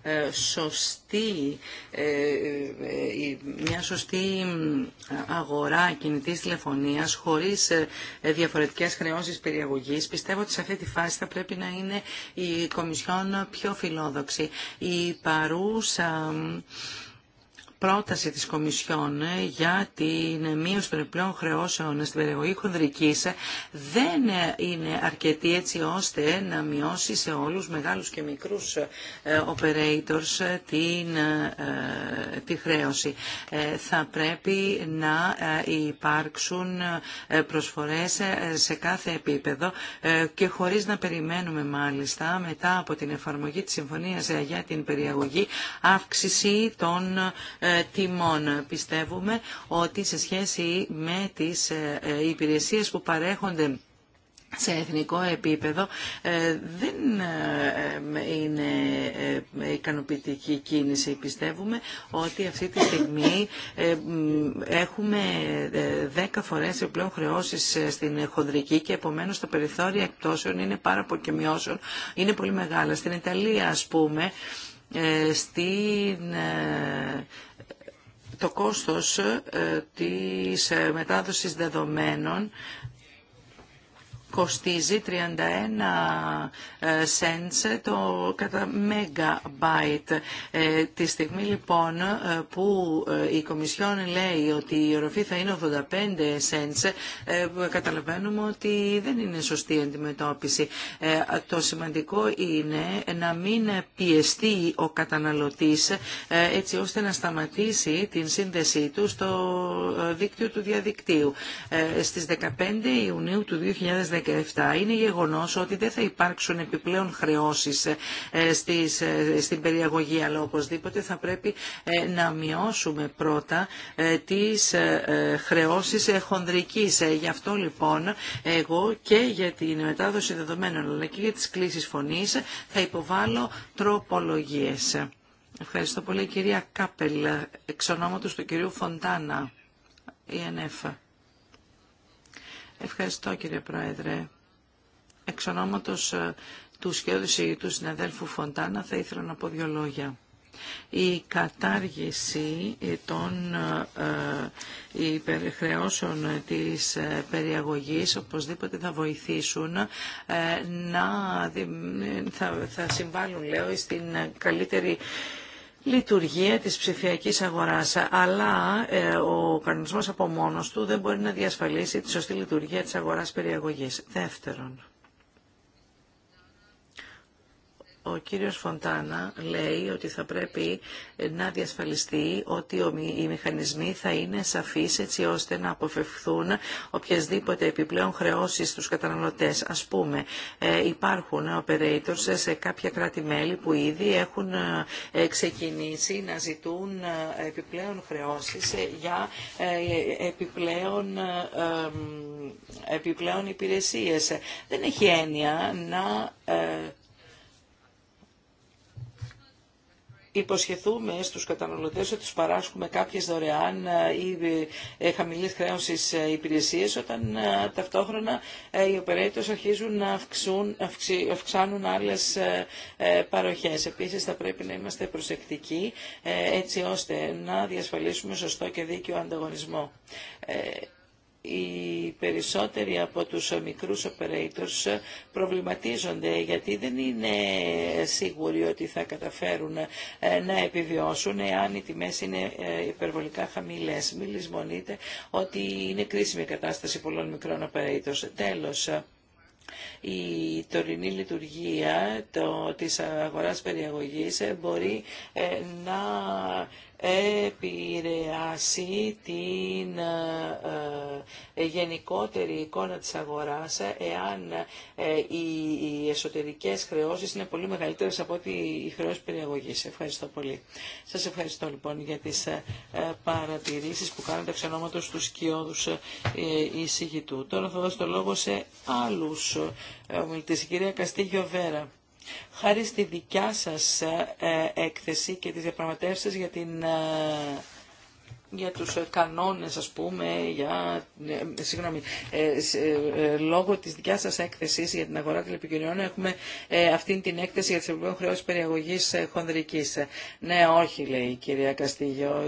ε, σωστή, ε, ε, μια σωστή αγορά κινητής τηλεφωνίας χωρίς διαφορετικές χρεώσεις περιαγωγής, πιστεύω ότι σε αυτή τη φάση θα πρέπει να είναι η Κομισιόν πιο φιλόδοξη. Η παρούσα πρόταση της Κομισιόν ε, για την μείωση των επιπλέον χρεώσεων στην περιοχή χονδρικής ε, δεν ε, είναι αρκετή έτσι ώστε να μειώσει σε όλους μεγάλους και μικρούς operators την, τη χρέωση. Θα πρέπει να υπάρξουν προσφορές σε κάθε επίπεδο και χωρίς να περιμένουμε μάλιστα μετά από την εφαρμογή της Συμφωνίας για την περιαγωγή αύξηση των τιμών. Πιστεύουμε ότι σε σχέση με τις ε, ε, υπηρεσίες που παρέχονται σε εθνικό επίπεδο ε, δεν είναι ικανοποιητική κίνηση. Πιστεύουμε ότι αυτή τη στιγμή έχουμε δέκα φορές επιπλέον χρεώσεις στην χονδρική και επομένως τα περιθώρια εκτόσεων είναι πάρα πολύ και Είναι πολύ μεγάλα. Στην Ιταλία ας πούμε στην το κόστος ε, της ε, μετάδοσης δεδομένων κοστίζει 31 ε, cents το κατά megabyte. Ε, τη στιγμή λοιπόν ε, που η Κομισιόν λέει ότι η οροφή θα είναι 85 cents, καταλαβαίνουμε ότι δεν είναι σωστή αντιμετώπιση. Το σημαντικό είναι να μην πιεστεί ο καταναλωτής έτσι ώστε να σταματήσει την σύνδεσή του στο δίκτυο του διαδικτύου. Στις 15 Ιουνίου του 2019 2017 είναι γεγονός ότι δεν θα υπάρξουν επιπλέον χρεώσεις ε, στις, ε, στην περιαγωγή, αλλά οπωσδήποτε θα πρέπει ε, να μειώσουμε πρώτα τις χρεώσεις χονδρικής. Γι' αυτό λοιπόν εγώ και για την μετάδοση δεδομένων αλλά και για τις κλήσεις φωνής θα υποβάλω τροπολογίες. Ευχαριστώ πολύ κυρία Κάπελ, εξ ονόματος του κυρίου Φοντάνα, Ευχαριστώ κύριε Πρόεδρε. Εξ ονόματος ε, του σχέδιου του συναδέλφου Φοντάνα θα ήθελα να πω δύο λόγια. Η κατάργηση ε, των ε, υπερχρεώσεων της περιαγωγής οπωσδήποτε θα βοηθήσουν να θα, θα συμβάλλουν λέω στην καλύτερη λειτουργία της ψηφιακής αγοράς, αλλά ε, ο κανονισμός από μόνος του δεν μπορεί να διασφαλίσει τη σωστή λειτουργία της αγοράς περιαγωγής. Δεύτερον, Ο κύριος Φοντάνα λέει ότι θα πρέπει να διασφαλιστεί ότι οι μηχανισμοί θα είναι σαφείς έτσι ώστε να αποφευθούν οποιασδήποτε επιπλέον χρεώσεις στους καταναλωτές. Ας πούμε, ε, υπάρχουν operators σε κάποια κράτη-μέλη που ήδη έχουν ε, ξεκινήσει να ζητούν ε, επιπλέον χρεώσεις για επιπλέον, επιπλέον υπηρεσίες. Δεν έχει έννοια να υποσχεθούμε στους καταναλωτές ότι τους παράσχουμε κάποιες δωρεάν ε, ή ε, χαμηλής χρέωσης ε, υπηρεσίες όταν ταυτόχρονα οι operators αρχίζουν να αυξούν, αυξάνουν άλλες παροχές. Επίσης θα πρέπει να είμαστε προσεκτικοί έτσι ώστε να διασφαλίσουμε σωστό και δίκαιο ανταγωνισμό οι περισσότεροι από τους μικρούς operators προβληματίζονται γιατί δεν είναι σίγουροι ότι θα καταφέρουν ε, να επιβιώσουν εάν οι τιμές είναι ε, υπερβολικά χαμηλές. Μην λησμονείτε ότι είναι κρίσιμη η κατάσταση πολλών μικρών operators. Τέλος, η τωρινή λειτουργία το, της αγοράς περιαγωγής μπορεί ε, να επηρεάσει την ε, ε, γενικότερη εικόνα της αγοράς ε, εάν οι εσωτερικές χρεώσεις είναι πολύ μεγαλύτερες από ό,τι οι χρεώσεις περιαγωγής. Ευχαριστώ πολύ. Σας ευχαριστώ λοιπόν για τις παρατηρήσεις που κάνετε εξ ονόματος του σκιώδους εισηγητού. Τώρα θα δώσω το λόγο σε άλλους ομιλητές. Η κυρία Καστίγιο Βέρα. Χάρη στη δικιά σας ε, ε, έκθεση και τις διαπραγματεύσεις για, την, ε, για τους κανόνες, ας πούμε, για, συγγνώμη, λόγω της δικιάς σας έκθεσης για την αγορά τηλεπικοινωνιών έχουμε αυτή την έκθεση για τις επιπλέον χρεώσεις περιαγωγής χονδρικής. Ναι, όχι, λέει η κυρία Καστίγιο,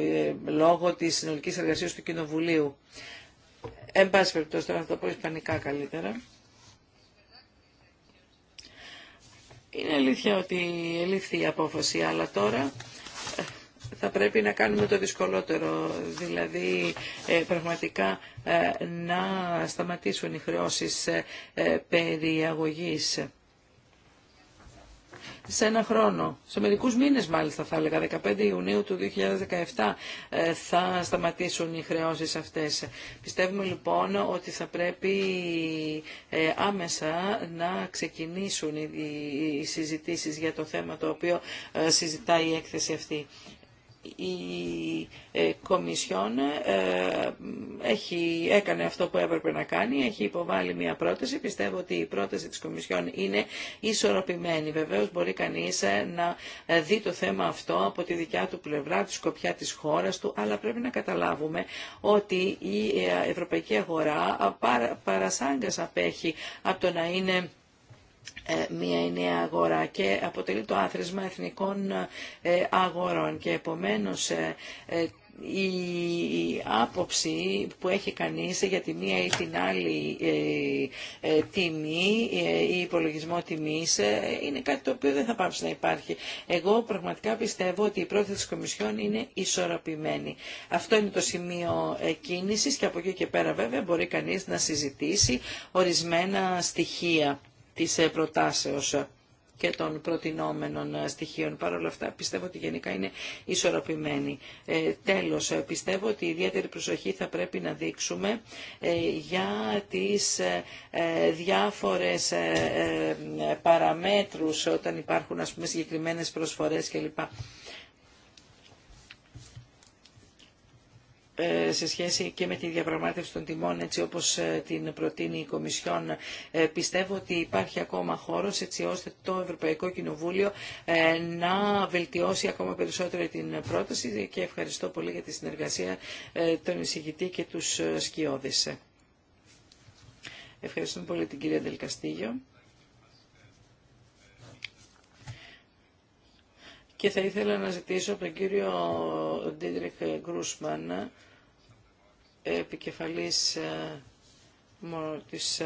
λόγω της συνολικής εργασίας του Κοινοβουλίου. Εν πάση περιπτώσει, τώρα θα το πω ισπανικά καλύτερα. Είναι αλήθεια ότι ελήφθη η απόφαση, αλλά τώρα ε, θα πρέπει να κάνουμε το δυσκολότερο, δηλαδή ε, πραγματικά ε, να σταματήσουν οι χρεώσεις περιαγωγής σε ένα χρόνο, σε μερικούς μήνες μάλιστα θα έλεγα, 15 Ιουνίου του 2017 ε, θα σταματήσουν οι χρεώσεις αυτές. Πιστεύουμε λοιπόν ότι θα πρέπει ε, άμεσα να ξεκινήσουν οι συζητήσεις για το θέμα το οποίο ε, συζητάει η έκθεση αυτή η ε, Κομισιόν ε, έχει, έκανε αυτό που έπρεπε να κάνει, έχει υποβάλει μια πρόταση. Πιστεύω ότι η πρόταση της Κομισιόν είναι ισορροπημένη. Βεβαίως μπορεί κανείς ε, να δει το θέμα αυτό από τη δικιά του πλευρά, τη σκοπιά της χώρας του, αλλά πρέπει να καταλάβουμε ότι η ευρωπαϊκή αγορά παρασάγκας απέχει από το να είναι ε, μια νέα αγορά και αποτελεί το άθροισμα εθνικών ε, αγορών και επομένως ε, η άποψη που έχει κανείς για τη μία ή την άλλη τιμή ή υπολογισμό τιμής είναι κάτι το οποίο δεν θα πάψει να υπάρχει. Εγώ πραγματικά πιστεύω ότι η πρόθεση της Κομισιόν είναι ισορροπημένη. Αυτό είναι το σημείο κίνησης και από εκεί και πέρα βέβαια μπορεί κανείς να συζητήσει ορισμένα στοιχεία της ε, προτάσεως και των προτινόμενων ε, στοιχείων. Παρ' όλα αυτά πιστεύω ότι γενικά είναι ισορροπημένη. Ε, τέλος, πιστεύω ότι ιδιαίτερη προσοχή θα πρέπει να δείξουμε για τις διάφορες παραμέτρους όταν υπάρχουν ας πούμε, συγκεκριμένες προσφορές κλπ. Ε, σε σχέση και με τη διαπραγμάτευση των τιμών έτσι όπως ε, την προτείνει η Κομισιόν. Ε, πιστεύω ότι υπάρχει ακόμα χώρος έτσι ώστε το Ευρωπαϊκό Κοινοβούλιο να βελτιώσει ακόμα περισσότερο την πρόταση και ευχαριστώ πολύ για τη συνεργασία των εισηγητή και τους σκιώδης. Ευχαριστούμε πολύ την κυρία Ντελκαστήγιο. Και θα ήθελα να ζητήσω από τον κύριο Ντίτρικ Γκρούσμαν επικεφαλής ε, της ε,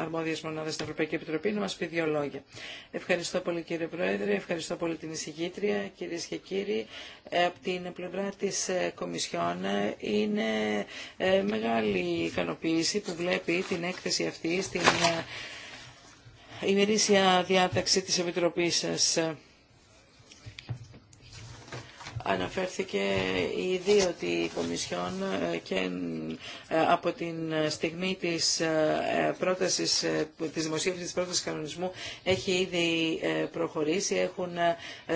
αρμόδιας μονάδας στην Ευρωπαϊκή Επιτροπή να μας πει δύο λόγια. Ευχαριστώ πολύ κύριε Πρόεδρε, ευχαριστώ πολύ την εισηγήτρια, κυρίες και κύριοι. Ε, Από την πλευρά της Κομισιόν είναι μεγάλη ικανοποίηση που βλέπει την έκθεση αυτή στην ημερήσια διάταξη της Επιτροπής σας. Αναφέρθηκε ήδη ότι η Κομισιόν ε, και ε, από την στιγμή της ε, πρότασης, της δημοσίευσης της πρότασης κανονισμού έχει ήδη προχωρήσει, έχουν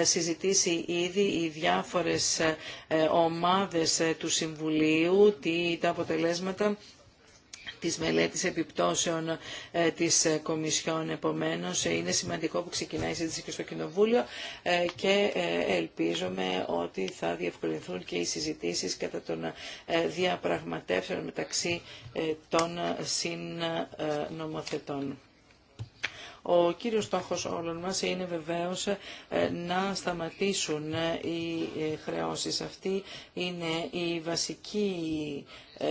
συζητήσει ήδη οι διάφορες ομάδες του Συμβουλίου, τι, τα αποτελέσματα της μελέτης επιπτώσεων ε, της ε, Κομισιόν. Επομένως, ε, είναι σημαντικό που ξεκινάει η συζήτηση και στο Κοινοβούλιο και ελπίζομαι ότι θα διευκολυνθούν και οι συζητήσεις κατά των διαπραγματεύσεων μεταξύ των συνομοθετών. Ο κύριος στόχος όλων μας είναι βεβαίως ε, να σταματήσουν ε, οι ε, χρεώσεις. Αυτή είναι η βασική,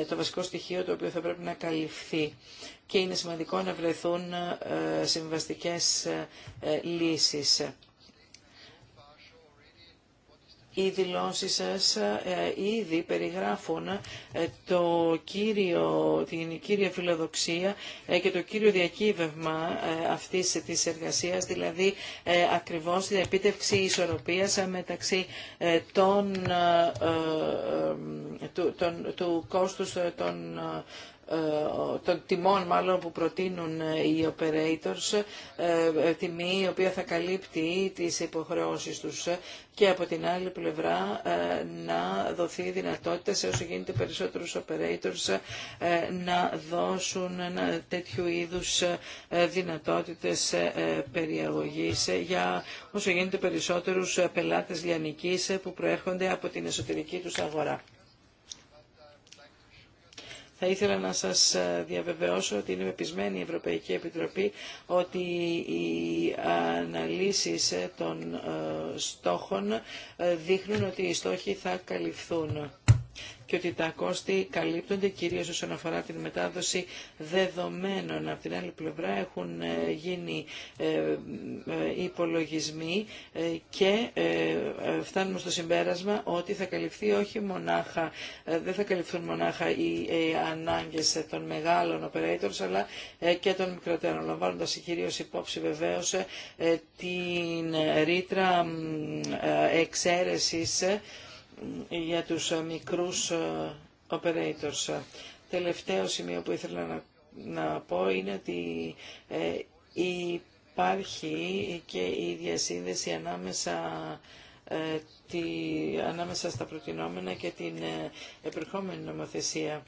το βασικό στοιχείο το οποίο θα πρέπει να καλυφθεί και είναι σημαντικό να βρεθούν συμβαστικές λύσεις οι δηλώσει σας ε, ήδη περιγράφουν ε, το κύριο, την κύρια φιλοδοξία ε, και το κύριο διακύβευμα αυτής της εργασίας, δηλαδή ακριβώς την επίτευξη ισορροπίας μεταξύ των, των, του κόστου των ε, των τιμών μάλλον που προτείνουν ε, οι operators, ε, τιμή η οποία θα καλύπτει τις υποχρεώσεις τους και από την άλλη πλευρά να δοθεί δυνατότητα σε όσο γίνεται περισσότερους operators να δώσουν τέτοιου είδους δυνατότητες περιαγωγής για όσο γίνεται περισσότερους πελάτες λιανικής που προέρχονται από την εσωτερική τους αγορά. Θα ήθελα να σας ε, διαβεβαιώσω ότι είναι πεπισμένη η Ευρωπαϊκή Επιτροπή ότι οι αναλύσεις ε, των ε, στόχων δείχνουν ότι οι στόχοι θα καλυφθούν και ότι τα κόστη καλύπτονται κυρίως όσον αφορά την μετάδοση δεδομένων. Από την άλλη πλευρά έχουν ε, γίνει ε, ε, υπολογισμοί και φτάνουμε στο συμπέρασμα ότι θα καλυφθεί όχι μονάχα, δεν θα καλυφθούν μονάχα οι ανάγκες των μεγάλων operators αλλά και των μικροτέρων, λαμβάνοντας κυρίως υπόψη βεβαίως την ρήτρα εξαίρεσης για τους ε, μικρούς ε, operators. Τελευταίο σημείο που ήθελα να, πω είναι ότι ε, υπάρχει και η διασύνδεση ανάμεσα τη, ανάμεσα στα προτινόμενα και την επερχόμενη νομοθεσία.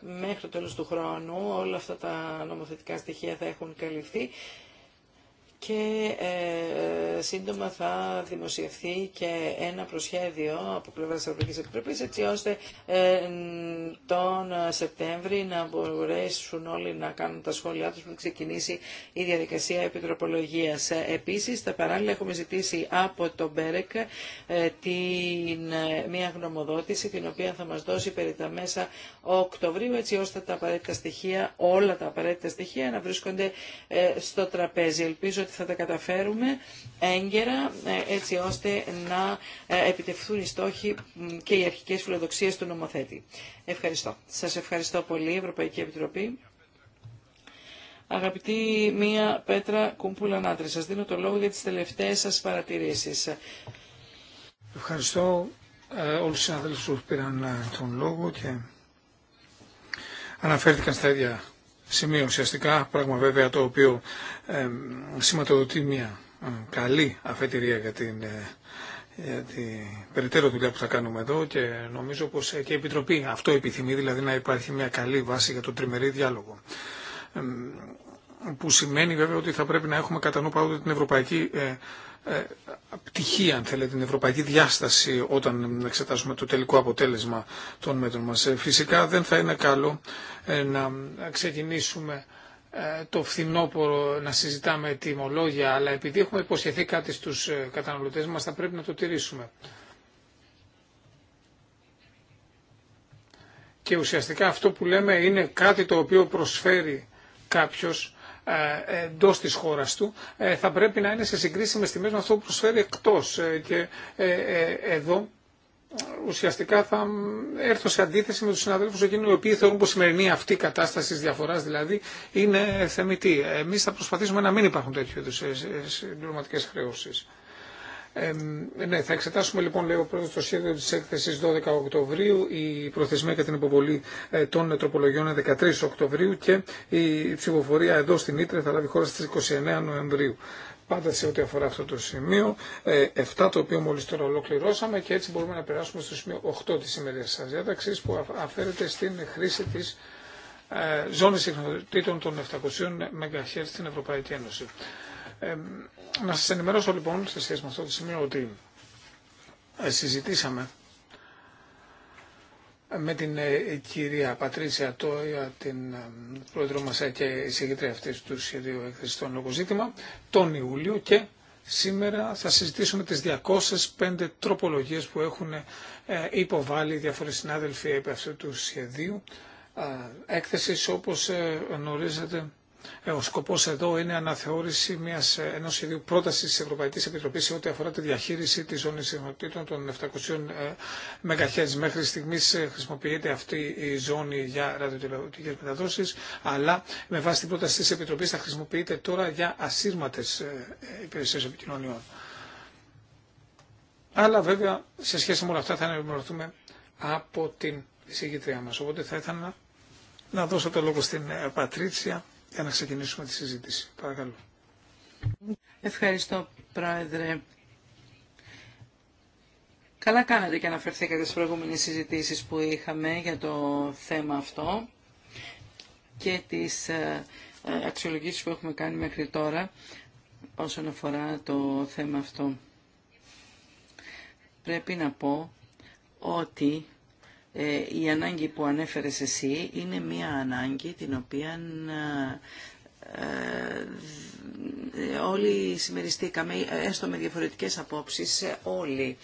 Μέχρι το τέλος του χρόνου όλα αυτά τα νομοθετικά στοιχεία θα έχουν καλυφθεί και ε, ε, σύντομα θα δημοσιευθεί και ένα προσχέδιο από πλευρά της Ευρωπαϊκής Επιτροπής έτσι ώστε ε, τον Σεπτέμβρη να μπορέσουν όλοι να κάνουν τα σχόλιά τους που ξεκινήσει η διαδικασία επιτροπολογίας. Επίσης, τα παράλληλα έχουμε ζητήσει από τον Μπέρεκ ε, την, ε, μια γνωμοδότηση την οποία θα μας δώσει περί τα μέσα Οκτωβρίου έτσι ώστε τα απαραίτητα στοιχεία, όλα τα απαραίτητα στοιχεία να βρίσκονται ε, στο τραπέζι. Ελπίζω θα τα καταφέρουμε έγκαιρα ε, έτσι ώστε να ε, επιτευχθούν οι στόχοι και οι αρχικές φιλοδοξίες του νομοθέτη. Ευχαριστώ. Σας ευχαριστώ πολύ Ευρωπαϊκή Επιτροπή. Αγαπητή Μία Πέτρα Κούμπουλα Νάτρη, σας δίνω το λόγο για τις τελευταίες σας παρατηρήσεις. Ευχαριστώ ε, όλους τους συναδέλφους που πήραν τον λόγο και αναφέρθηκαν στα ίδια σημείο ουσιαστικά, πράγμα βέβαια το οποίο ε, σηματοδοτεί μια ε, καλή αφετηρία για την ε, για την περαιτέρω δουλειά που θα κάνουμε εδώ και νομίζω πως ε, και η Επιτροπή αυτό επιθυμεί, δηλαδή να υπάρχει μια καλή βάση για τον τριμερή διάλογο. Που σημαίνει βέβαια ότι θα πρέπει να έχουμε κατά νου πάντοτε την ευρωπαϊκή ε, πτυχή, αν θέλετε, την ευρωπαϊκή διάσταση όταν εξετάσουμε το τελικό αποτέλεσμα των μέτρων μας. Ε, φυσικά δεν θα είναι καλό ε, να ξεκινήσουμε το φθινόπωρο να συζητάμε τιμολόγια, αλλά επειδή έχουμε υποσχεθεί κάτι στους καταναλωτές μας θα πρέπει να το τηρήσουμε. Και ουσιαστικά αυτό που λέμε είναι κάτι το οποίο προσφέρει κάποιος εντό τη χώρα του θα πρέπει να είναι σε συγκρίσιμε τιμέ με αυτό που προσφέρει εκτό. Και εδώ ουσιαστικά θα έρθω σε αντίθεση με τους συναδέλφους εκείνους οι οποίοι θεωρούν πως η σημερινή αυτή κατάσταση της διαφοράς δηλαδή είναι θεμητή. Εμείς θα προσπαθήσουμε να μην υπάρχουν τέτοιου είδους συμπληρωματικές χρεώσεις. Ε, ναι, θα εξετάσουμε λοιπόν, λέει ο το σχέδιο τη έκθεση 12 Οκτωβρίου, η προθεσμία για την υποβολή ε, των τροπολογιών 13 Οκτωβρίου και η ψηφοφορία εδώ στην Ήτρε θα λάβει χώρα στι 29 Νοεμβρίου. Πάντα σε ό,τι αφορά αυτό το σημείο, 7 ε, το οποίο μόλι τώρα ολοκληρώσαμε και έτσι μπορούμε να περάσουμε στο σημείο 8 τη σημερινή σα διάταξη που αφαίρεται στην χρήση τη ε, ζώνη συχνοτήτων των 700 MHz στην Ευρωπαϊκή Ένωση να σας ενημερώσω λοιπόν σε σχέση με αυτό το σημείο ότι ε, συζητήσαμε με την ε, κυρία Πατρίσια Τόια, την πρόεδρο μας ε, και εισηγήτρια αυτής του σχεδίου Εκθεση των λογοζήτημα, τον Ιούλιο και σήμερα θα συζητήσουμε τις 205 τροπολογίες που έχουν υποβάλει διάφοροι συνάδελφοι επί αυτού του σχεδίου έκθεσης όπως γνωρίζετε ε, ο σκοπό εδώ είναι αναθεώρηση μιας, ε, ενός ιδίου πρότασης της Ευρωπαϊκής Επιτροπής σε ό,τι αφορά τη διαχείριση τη ζώνης σηματήτων των 700 MHz. Ε, Μέχρι στιγμή χρησιμοποιείται αυτή η ζώνη για ραδιοτηλεοπτικέ μεταδόσει, αλλά με βάση την πρόταση τη Επιτροπής θα χρησιμοποιείται τώρα για ασύρματε υπηρεσιέ επικοινωνιών. Αλλά βέβαια σε σχέση με όλα αυτά θα ενημερωθούμε από την εισηγητριά μα. Οπότε θα ήθελα να δώσω το λόγο στην Πατρίτσια για να ξεκινήσουμε τη συζήτηση. Παρακαλώ. Ευχαριστώ, Πρόεδρε. Καλά κάνατε και αναφερθήκατε στις προηγούμενες συζητήσεις που είχαμε για το θέμα αυτό και τις ε, ε, αξιολογήσεις που έχουμε κάνει μέχρι τώρα όσον αφορά το θέμα αυτό. Πρέπει να πω ότι ε, η ανάγκη που ανέφερες εσύ είναι μία ανάγκη την οποία ε, ε, όλοι συμμεριστήκαμε, έστω με διαφορετικές απόψεις, όλοι.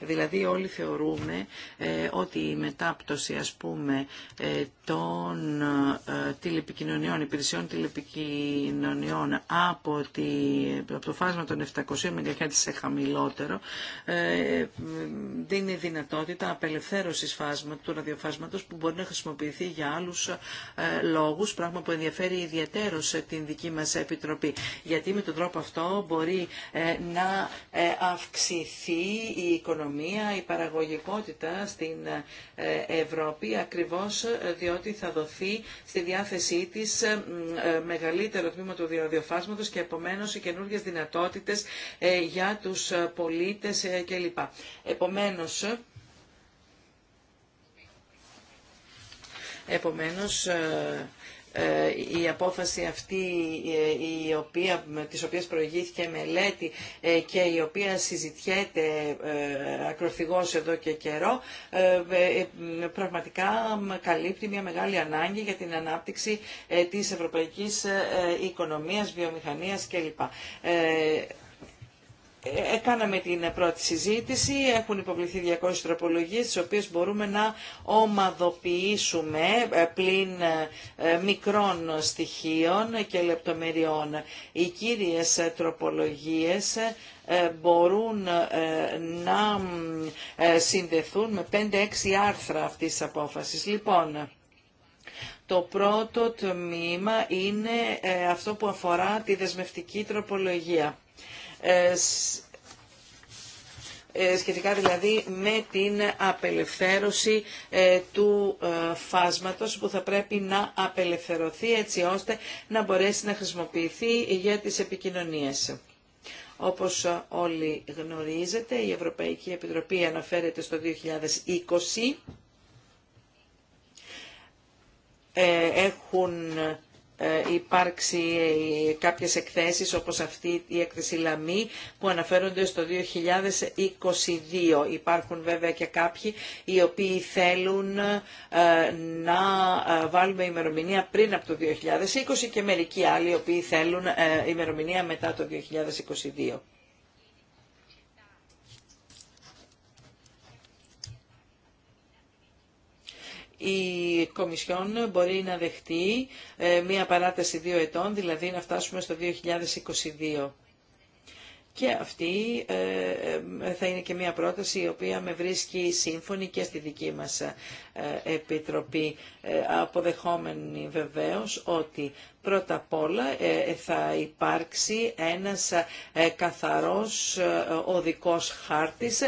Δηλαδή όλοι θεωρούμε ε, ότι η μετάπτωση ας πούμε ε, των ε, τηλεπικοινωνιών, υπηρεσιών τηλεπικοινωνιών από, τη, το φάσμα των 700 MHz σε χαμηλότερο δίνει δυνατότητα απελευθέρωσης φάσματος του ραδιοφάσματος που μπορεί να χρησιμοποιηθεί για άλλους λόγους, πράγμα που ενδιαφέρει ιδιαίτερος την δική μας Επιτροπή. Γιατί με τον τρόπο αυτό μπορεί να αυξηθεί η οικονομία οικονομία, η παραγωγικότητα στην ε, Ευρώπη ακριβώς ε, διότι θα δοθεί στη διάθεσή της ε, μεγαλύτερο τμήμα του διοδιοφάσματος και επομένως οι καινούργιες δυνατότητες για τους πολίτες κλπ. Επομένως, επομένως ε, η απόφαση αυτή ε, η οποία, της οποίας προηγήθηκε μελέτη ε, και η οποία συζητιέται ακροθυγώς εδώ και καιρό πραγματικά καλύπτει μια μεγάλη ανάγκη για την ανάπτυξη της ευρωπαϊκής οικονομίας, βιομηχανίας κλπ. Ε, κάναμε την πρώτη συζήτηση, έχουν υποβληθεί 200 τροπολογίες, τις οποίες μπορούμε να ομαδοποιήσουμε ε, πλην ε, μικρών στοιχείων και λεπτομεριών. Οι κύριες τροπολογίες μπορούν να συνδεθούν με 5-6 άρθρα αυτής της απόφασης. Λοιπόν, το πρώτο τμήμα είναι αυτό που αφορά τη δεσμευτική τροπολογία ε, ε, σχετικά δηλαδή με την απελευθέρωση ε, του φάσματος που θα πρέπει να απελευθερωθεί έτσι ώστε να μπορέσει να χρησιμοποιηθεί για τις επικοινωνίες. Όπως όλοι γνωρίζετε, η Ευρωπαϊκή Επιτροπή αναφέρεται στο 2020. Έχουν ε, υπάρξει ε, κάποιες εκθέσεις όπως αυτή η έκθεση Λαμή που αναφέρονται στο 2022. Υπάρχουν βέβαια και κάποιοι οι οποίοι θέλουν ε, να βάλουμε ημερομηνία πριν από το 2020 και μερικοί άλλοι οι οποίοι θέλουν ημερομηνία μετά το 2022. η Κομισιόν μπορεί να δεχτεί ε, μία παράταση δύο ετών, δηλαδή να φτάσουμε στο 2022. Και αυτή ε, ε, θα είναι και μια πρόταση η οποία με βρίσκει σύμφωνη και στη δική μας ε, Επιτροπή, ε, αποδεχόμενη βεβαίως ότι πρώτα απ' όλα ε, θα υπάρξει ένας καθαρός οδικός χάρτης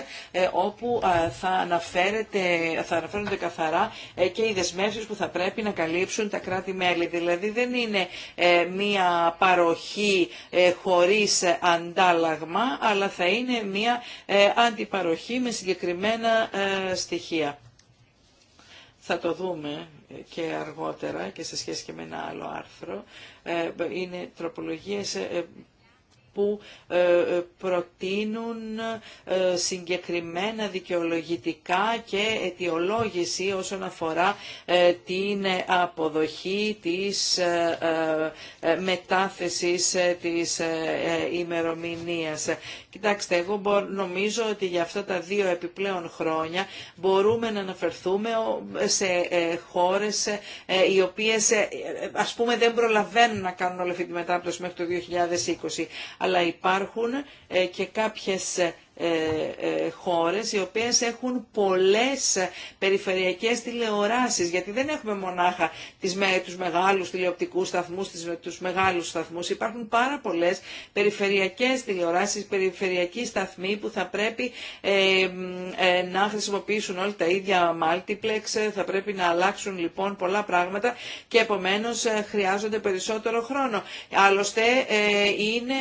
όπου θα, αναφέρεται, θα αναφέρονται καθαρά και οι δεσμεύσεις που θα πρέπει να καλύψουν τα κράτη-μέλη. Δηλαδή δεν είναι μία παροχή χωρίς αντάλλαγμα, αλλά θα είναι μία αντιπαροχή με συγκεκριμένα στοιχεία θα το δούμε και αργότερα και σε σχέση και με ένα άλλο άρθρο, ε, είναι τροπολογίες ε, που ε, ε, προτείνουν ε, συγκεκριμένα δικαιολογητικά και αιτιολόγηση όσον αφορά την αποδοχή της μετάθεσης της ημερομηνίας. Κοιτάξτε, εγώ νομίζω ότι για αυτά τα δύο επιπλέον χρόνια μπορούμε να αναφερθούμε σε χώρες οι οποίες ας πούμε δεν προλαβαίνουν να κάνουν όλη αυτή τη μετάπτωση μέχρι το 2020 αλλά υπάρχουν ε, και κάποιες ε, ε, ε, χώρες οι οποίες έχουν πολλές περιφερειακές τηλεοράσεις γιατί δεν έχουμε μονάχα τις, με, τους μεγάλους τηλεοπτικούς σταθμούς, τις, τους μεγάλους σταθμούς. Υπάρχουν πάρα πολλές περιφερειακές τηλεοράσεις, περιφερειακοί σταθμοί που θα πρέπει ε, να χρησιμοποιήσουν όλοι τα ίδια multiplex, θα πρέπει να αλλάξουν λοιπόν πολλά πράγματα και επομένως χρειάζονται περισσότερο χρόνο. Άλλωστε είναι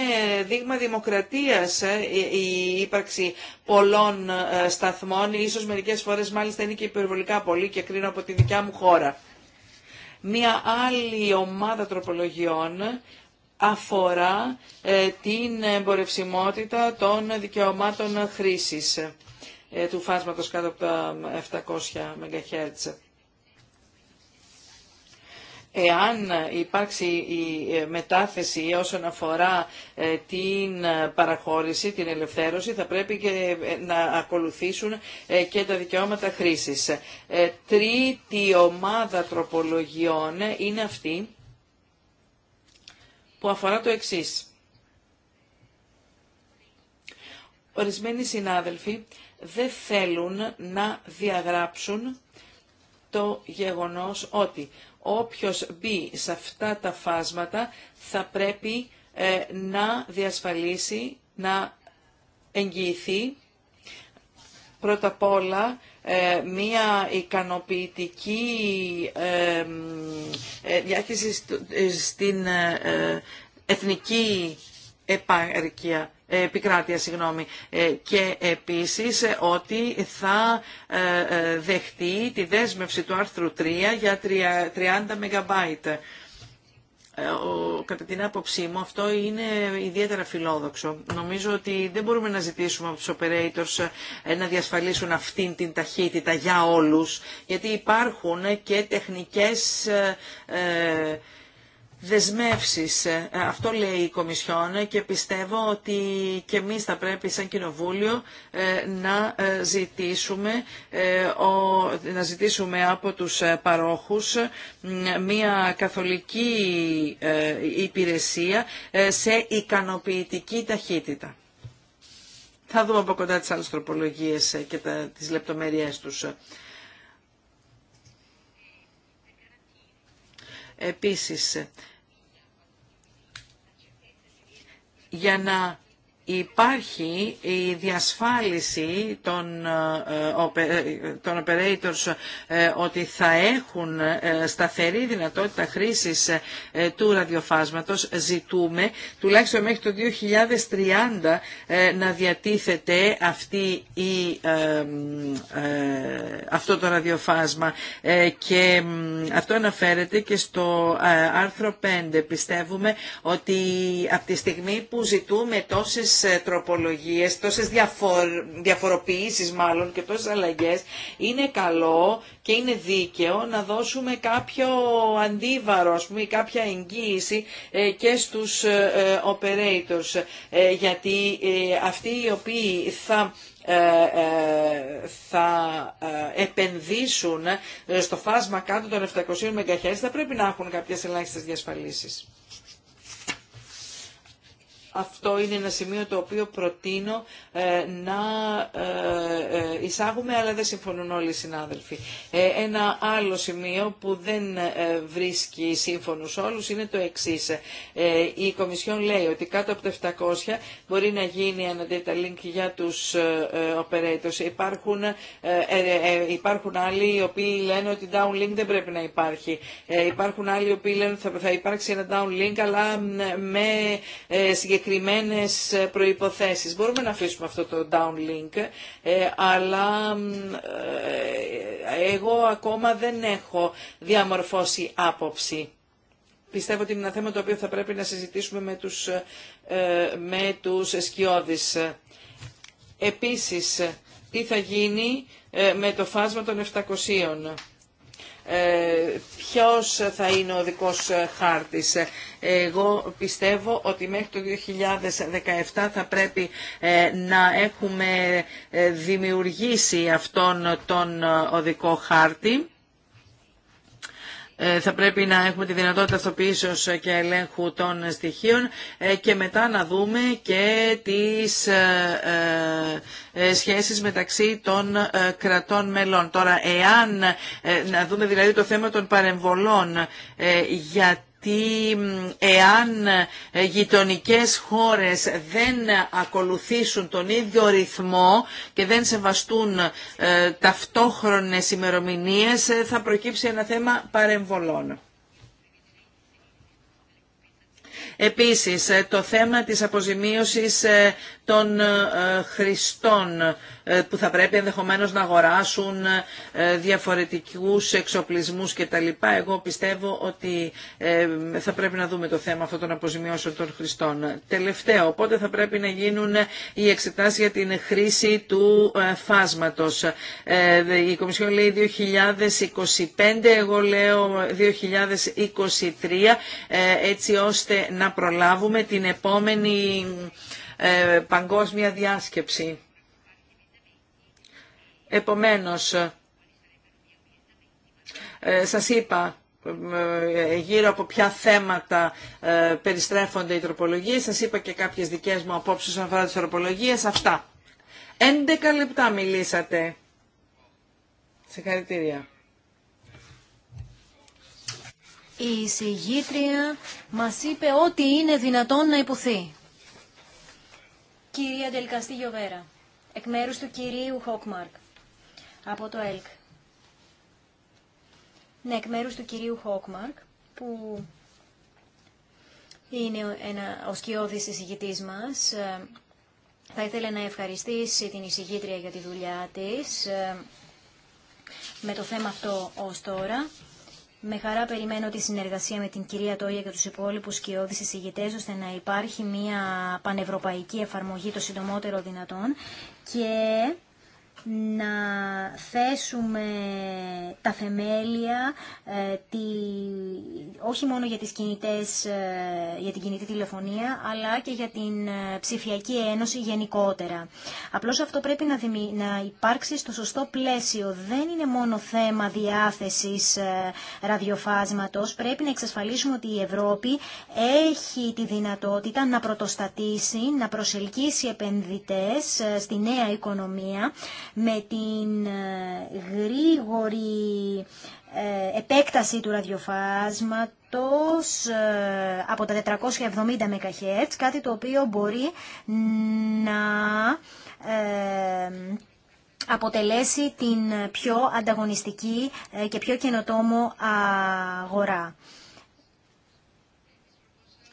δείγμα δημοκρατίας η ύπαρξη μεταξύ πολλών ε, σταθμών, ίσως μερικές φορές μάλιστα είναι και υπερβολικά πολύ και κρίνω από τη δικιά μου χώρα. Μία άλλη ομάδα τροπολογιών αφορά ε, την εμπορευσιμότητα των δικαιωμάτων χρήσης ε, του φάσματος κάτω από τα 700 MHz. Εάν υπάρξει η ε, μετάθεση όσον αφορά ε, την ε, παραχώρηση, την ελευθέρωση, θα πρέπει και να ακολουθήσουν και τα δικαιώματα χρήσης. Τρίτη ομάδα τροπολογιών είναι αυτή που αφορά το εξής. Ορισμένοι συνάδελφοι δεν θέλουν να διαγράψουν το γεγονός ότι Όποιος μπει σε αυτά τα φάσματα θα πρέπει ε, να διασφαλίσει, να εγγυηθεί πρώτα απ' όλα ε, μία ικανοποιητική ε, διάθεση στην εθνική επάρκεια επικράτεια, συγγνώμη. Ε, και επίσης ε, ότι θα ε, δεχτεί τη δέσμευση του άρθρου 3 για 30 ΜΜ. Κατά την άποψή μου αυτό είναι ιδιαίτερα φιλόδοξο. Νομίζω ότι δεν μπορούμε να ζητήσουμε από τους operators να διασφαλίσουν αυτήν την ταχύτητα για όλους, γιατί υπάρχουν και τεχνικές δεσμεύσεις. Ε, αυτό λέει η Κομισιόν και πιστεύω ότι και εμείς θα πρέπει σαν Κοινοβούλιο ε, να ε, ζητήσουμε, να ζητήσουμε από τους παρόχους μια καθολική υπηρεσία σε ικανοποιητική ταχύτητα. Θα δούμε από κοντά τις άλλες τροπολογίες και τις λεπτομέρειές τους. Επίσης, για να υπάρχει η διασφάλιση των, ε, ε, ε, των operators ότι θα έχουν σταθερή δυνατότητα χρήσης του ραδιοφάσματος. Ζητούμε τουλάχιστον μέχρι το 2030 να διατίθεται αυτή αυτό το ραδιοφάσμα και αυτό αναφέρεται και στο άρθρο 5. Πιστεύουμε ότι από τη στιγμή που ζητούμε τόσες ε, τροπολογίες, τόσες διαφοροποιήσεις μάλλον και τόσες αλλαγές, είναι καλό και είναι δίκαιο να δώσουμε κάποιο αντίβαρο, ας πούμε, κάποια εγγύηση ε, και στους ε, operators, γιατί αυτοί οι οποίοι θα θα επενδύσουν στο φάσμα κάτω των 700 MHz θα πρέπει να έχουν κάποιες ελάχιστες διασφαλίσεις. Αυτό είναι ένα σημείο το οποίο προτείνω ε, να ε, ε, εισάγουμε, αλλά δεν συμφωνούν όλοι οι συνάδελφοι. Ένα άλλο σημείο που δεν βρίσκει σύμφωνο όλους είναι το εξής. Η Κομισιόν λέει ότι κάτω από τα 700 μπορεί να γίνει ένα data link για τους operators. Υπάρχουν, υπάρχουν άλλοι οι οποίοι λένε ότι downlink δεν πρέπει να υπάρχει. Υπάρχουν άλλοι οι οποίοι λένε ότι θα υπάρξει ένα downlink, αλλά με συγκεκριμένα συγκεκριμένες ε, προϋποθέσεις. Μπορούμε να αφήσουμε αυτό το downlink, ε, αλλά ε, εγώ ακόμα δεν έχω διαμορφώσει άποψη. Πιστεύω ότι είναι ένα θέμα το οποίο θα πρέπει να συζητήσουμε με τους, με τους σκιώδεις. Επίσης, τι θα γίνει με το φάσμα των 700. Ε, ποιος θα είναι ο δικός ε, χάρτης. Ε, εγώ πιστεύω ότι μέχρι το 2017 θα πρέπει να έχουμε δημιουργήσει αυτόν τον οδικό χάρτη ε, θα πρέπει να έχουμε τη δυνατότητα αυτοποίησεως και ελέγχου των στοιχείων ε, και μετά να δούμε και τις ε, σχέσεις μεταξύ των κρατών μελών. Τώρα, εάν να δούμε δηλαδή το θέμα των παρεμβολών, γιατί γιατί εάν ε, γειτονικές χώρες δεν ακολουθήσουν τον ίδιο ρυθμό και δεν σεβαστούν ε, ταυτόχρονες ημερομηνίες ε, θα προκύψει ένα θέμα παρεμβολών. Επίσης, το θέμα της αποζημίωσης των χρηστών ε, που θα πρέπει ενδεχομένως να αγοράσουν ε, διαφορετικούς εξοπλισμούς και κτλ. Εγώ πιστεύω ότι ε, θα πρέπει να δούμε το θέμα αυτό των αποζημιώσεων των χρηστών. Τελευταίο, οπότε θα πρέπει να γίνουν οι εξετάσεις για την χρήση του φάσματος. Η Κομισιόν λέει 2025, εγώ λέω 2023, έτσι ώστε να προλάβουμε την επόμενη παγκόσμια διάσκεψη. Επομένως, ε, σας είπα ε, γύρω από ποια θέματα ε, περιστρέφονται οι τροπολογίες. Σας είπα και κάποιες δικές μου απόψεις όσον αφορά τις τροπολογίες. Αυτά. 11 λεπτά μιλήσατε. Σε Συγχαρητήρια. Η συγγήτρια μας είπε ότι είναι δυνατόν να υποθεί. Κυρία Ντελκαστή Γιοβέρα, εκ μέρους του κυρίου Χόκμαρκ από το ΕΛΚ. Ναι, εκ μέρους του κυρίου Χόκμαρκ, που είναι ένα, ο σκιώδης εισηγητής μας. Ε, θα ήθελα να ευχαριστήσει την εισηγήτρια για τη δουλειά της ε, με το θέμα αυτό ως τώρα. Με χαρά περιμένω τη συνεργασία με την κυρία Τόγια και τους υπόλοιπους σκιώδεις εισηγητές ώστε να υπάρχει μια πανευρωπαϊκή εφαρμογή το συντομότερο δυνατόν και να θέσουμε τα θεμέλια ε, τη, όχι μόνο για, τις κινητές, ε, για την κινητή τηλεφωνία αλλά και για την ε, ψηφιακή ένωση γενικότερα. Απλώς αυτό πρέπει να, να υπάρξει στο σωστό πλαίσιο. Δεν είναι μόνο θέμα διάθεσης ραδιοφάσματος. Πρέπει να εξασφαλίσουμε ότι η Ευρώπη έχει τη δυνατότητα να πρωτοστατήσει, να προσελκύσει επενδυτές στη νέα οικονομία με την ε, γρήγορη ε, επέκταση του ραδιοφάσματος ε, από τα 470 MHz, κάτι το οποίο μπορεί να αποτελέσει την πιο ανταγωνιστική και πιο καινοτόμο αγορά.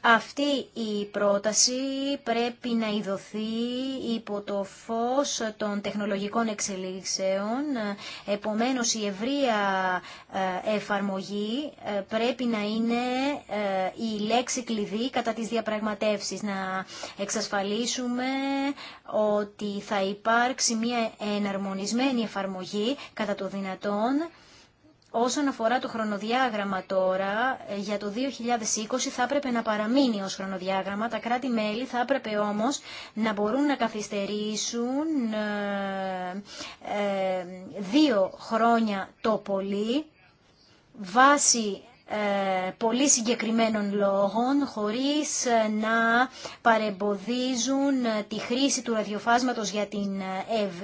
Αυτή η πρόταση πρέπει να ειδωθεί υπό το φως των τεχνολογικών εξελίξεων. Επομένως, η ευρεία ε, εφαρμογή ε, πρέπει να είναι ε, η λέξη κλειδί κατά τις διαπραγματεύσεις. Να εξασφαλίσουμε ότι θα υπάρξει μια εναρμονισμένη εφαρμογή κατά το δυνατόν Όσον αφορά το χρονοδιάγραμμα τώρα, ε, για το 2020 θα έπρεπε να παραμείνει ως χρονοδιάγραμμα. Τα κράτη-μέλη θα έπρεπε όμως να μπορούν να καθυστερήσουν ε, ε, δύο χρόνια το πολύ, βάσει ε, πολύ συγκεκριμένων λόγων χωρίς ε, να παρεμποδίζουν ε, τη χρήση του ραδιοφάσματος για, την,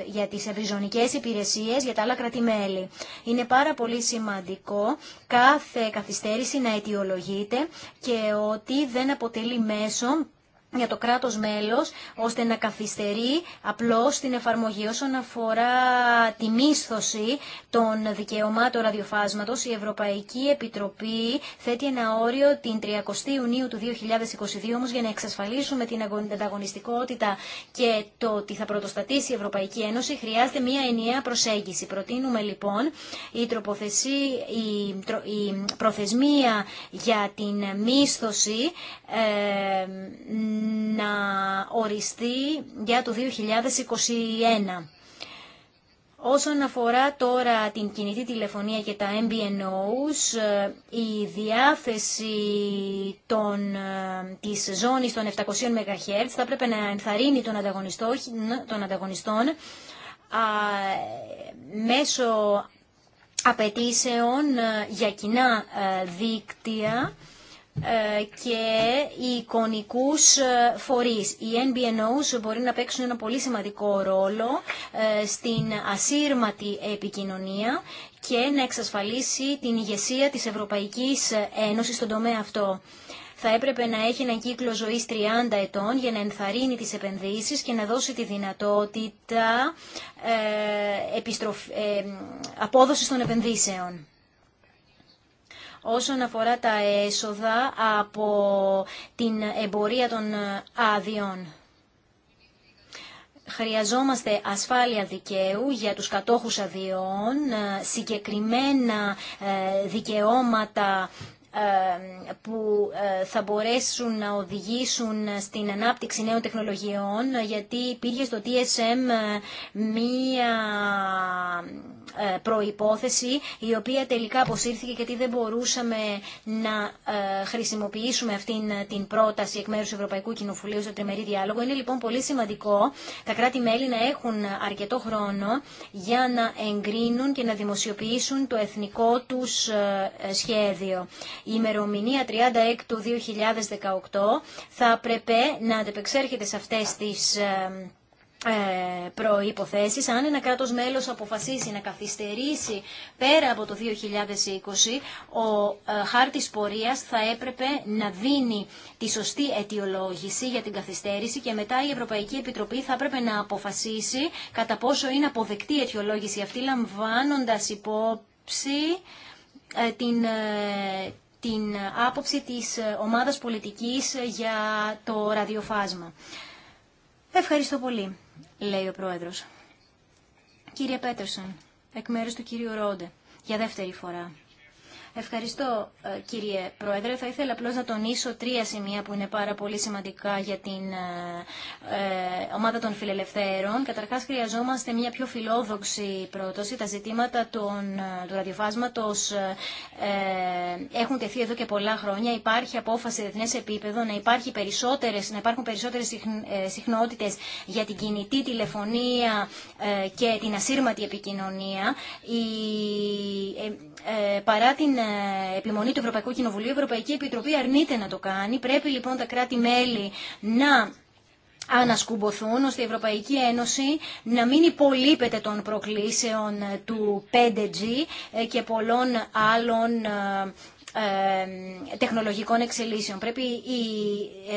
για τις ευρυζωνικές υπηρεσίες για τα άλλα κρατημέλη. Είναι πάρα πολύ σημαντικό κάθε καθυστέρηση να αιτιολογείται και ότι δεν αποτελεί μέσο για το κράτος μέλος, ώστε να καθυστερεί απλώς την εφαρμογή όσον αφορά τη μίσθωση των δικαιωμάτων ραδιοφάσματος. Η Ευρωπαϊκή Επιτροπή θέτει ένα όριο την 30 Ιουνίου του 2022, όμως για να εξασφαλίσουμε την ανταγωνιστικότητα και το ότι θα πρωτοστατήσει η Ευρωπαϊκή Ένωση, χρειάζεται μια ενιαία προσέγγιση. Προτείνουμε λοιπόν η, η, προθεσμία για την μίσθωση ε, να οριστεί για το 2021. Όσον αφορά τώρα την κινητή τηλεφωνία και τα MBNOs, ε, η διάθεση των, ε, της ζώνης των 700 MHz θα πρέπει να ενθαρρύνει τον, ανταγωνιστό, τον ανταγωνιστών α, μέσω απαιτήσεων ε, για κοινά δίκτυα ε, και οι εικονικούς ε, φορείς. Οι NBNOs μπορεί να παίξουν ένα πολύ σημαντικό ρόλο ε, στην ασύρματη επικοινωνία και να εξασφαλίσει την ηγεσία της Ευρωπαϊκής Ένωσης στον τομέα αυτό. Θα έπρεπε να έχει έναν κύκλο ζωής 30 ετών για να ενθαρρύνει τις επενδύσεις και να δώσει τη δυνατότητα ε, απόδοσης των επενδύσεων όσον αφορά τα έσοδα από την εμπορία των άδειων. Χρειαζόμαστε ασφάλεια δικαίου για τους κατόχους αδειών, ε, συγκεκριμένα ε, δικαιώματα ε, που θα μπορέσουν να οδηγήσουν στην ανάπτυξη νέων τεχνολογιών, γιατί υπήρχε στο TSM μία ε, προϋπόθεση η οποία τελικά αποσύρθηκε γιατί δεν μπορούσαμε να ε, χρησιμοποιήσουμε αυτήν ε, την πρόταση εκ μέρους Ευρωπαϊκού Κοινοβουλίου στο τριμερή διάλογο. Είναι λοιπόν πολύ σημαντικό τα κράτη-μέλη να έχουν αρκετό χρόνο για να εγκρίνουν και να δημοσιοποιήσουν το εθνικό τους σχέδιο. Η ημερομηνία 36 του 2018 θα πρέπει να αντεπεξέρχεται σε αυτές τις ε, προϋποθέσεις αν ένα κράτος μέλος αποφασίσει να καθυστερήσει πέρα από το 2020 ο ε, χάρτης πορείας θα έπρεπε να δίνει τη σωστή αιτιολόγηση για την καθυστέρηση και μετά η Ευρωπαϊκή Επιτροπή θα έπρεπε να αποφασίσει κατά πόσο είναι αποδεκτή η αιτιολόγηση αυτή λαμβάνοντας υπόψη ε, την, την άποψη της ομάδας πολιτικής για το ραδιοφάσμα. Ευχαριστώ πολύ λέει ο Πρόεδρος. Κύριε Πέτερσον, εκ μέρους του κύριου Ρόντε, για δεύτερη φορά. Ευχαριστώ ε, κύριε Πρόεδρε. Θα ήθελα απλώ να τονίσω τρία σημεία που είναι πάρα πολύ σημαντικά για την ε, ε, ομάδα των φιλελευθέρων. Καταρχά χρειαζόμαστε μια πιο φιλόδοξη πρόταση. Τα ζητήματα των, του ραδιοφάσματο ε, έχουν τεθεί εδώ και πολλά χρόνια. Υπάρχει απόφαση σε διεθνέ επίπεδο να, υπάρχει περισσότερες, να υπάρχουν περισσότερε συχνότητε για την κινητή τηλεφωνία και την ασύρματη επικοινωνία. Η, παρά την ε, επιμονή του Ευρωπαϊκού Κοινοβουλίου. Η Ευρωπαϊκή Επιτροπή αρνείται να το κάνει. Πρέπει λοιπόν τα κράτη-μέλη να ανασκουμποθούν ώστε η Ευρωπαϊκή Ένωση να μην υπολείπεται των προκλήσεων του 5G ε, και πολλών άλλων ε, τεχνολογικών εξελίσεων. Πρέπει η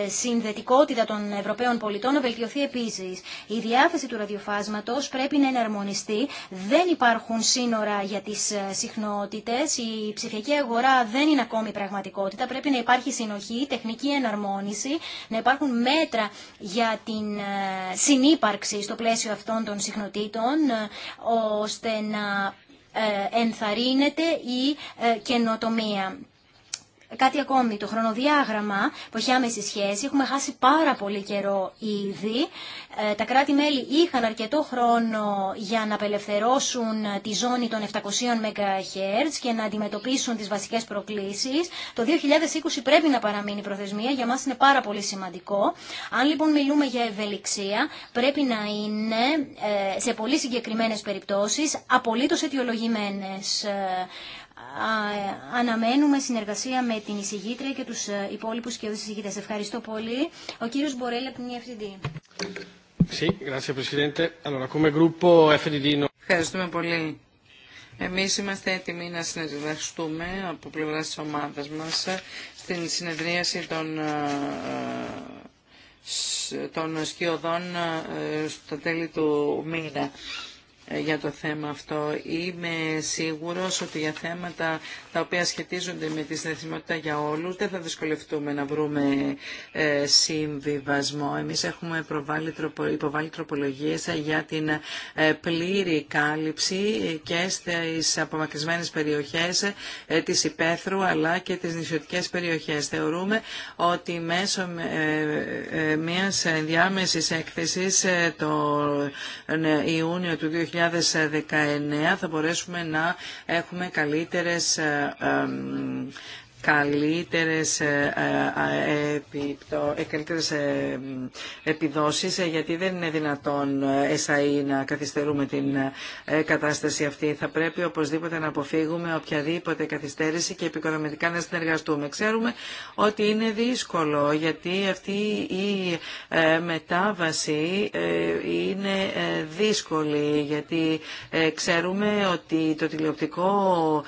ε, συνδετικότητα των Ευρωπαίων πολιτών να βελτιωθεί επίσης. Η διάθεση του ραδιοφάσματος πρέπει να εναρμονιστεί. Δεν υπάρχουν σύνορα για τις ε, συχνότητε. Η ψηφιακή αγορά δεν είναι ακόμη πραγματικότητα. Πρέπει να υπάρχει συνοχή, τεχνική εναρμόνιση, να υπάρχουν μέτρα για την ε, συνύπαρξη στο πλαίσιο αυτών των συχνοτήτων, ώστε να ε, ενθαρρύνεται η ε, καινοτομία. Κάτι ακόμη, το χρονοδιάγραμμα που έχει άμεση σχέση, έχουμε χάσει πάρα πολύ καιρό ήδη. Ε, τα κράτη-μέλη είχαν αρκετό χρόνο για να απελευθερώσουν τη ζώνη των 700 MHz και να αντιμετωπίσουν τις βασικές προκλήσεις. Το 2020 πρέπει να παραμείνει προθεσμία, για μας είναι πάρα πολύ σημαντικό. Αν λοιπόν μιλούμε για ευελιξία, πρέπει να είναι ε, σε πολύ συγκεκριμένες περιπτώσεις απολύτως αιτιολογημένες. Ε, ε, αναμένουμε συνεργασία με την εισηγήτρια και τους ε, υπόλοιπους και τους Ευχαριστώ πολύ. Ο κύριος Μπορέλη από την EFTD. Ευχαριστούμε πολύ. Εμείς είμαστε έτοιμοι να συνεργαστούμε από πλευρά της ομάδας μας στην συνεδρίαση των ε, των σκιωδών στα τέλη του μήνα. Ε, για το θέμα αυτό. Είμαι σίγουρος ότι για θέματα τα οποία σχετίζονται με τη συνδεσιμότητα για όλους δεν θα δυσκολευτούμε να βρούμε ε, συμβιβασμό. Εμείς έχουμε υποβάλει τροπολογίες για την ε, πλήρη κάλυψη και στις απομακρυσμένες περιοχές της Υπέθρου αλλά και τις νησιωτικές περιοχές. Θεωρούμε ότι μέσω μιας ενδιάμεσης έκθεσης τον Ιούνιο του 2020 2019 θα μπορέσουμε να έχουμε καλύτερες ε, ε, ε, ε, ε, καλύτερες, ε, επιδόσεις γιατί δεν είναι δυνατόν εσαΐ να καθυστερούμε την κατάσταση αυτή. Θα πρέπει οπωσδήποτε να αποφύγουμε οποιαδήποτε καθυστέρηση και επικοδομητικά να συνεργαστούμε. Ξέρουμε ότι είναι δύσκολο γιατί αυτή η μετάβαση είναι δύσκολη γιατί ξέρουμε ότι το τηλεοπτικό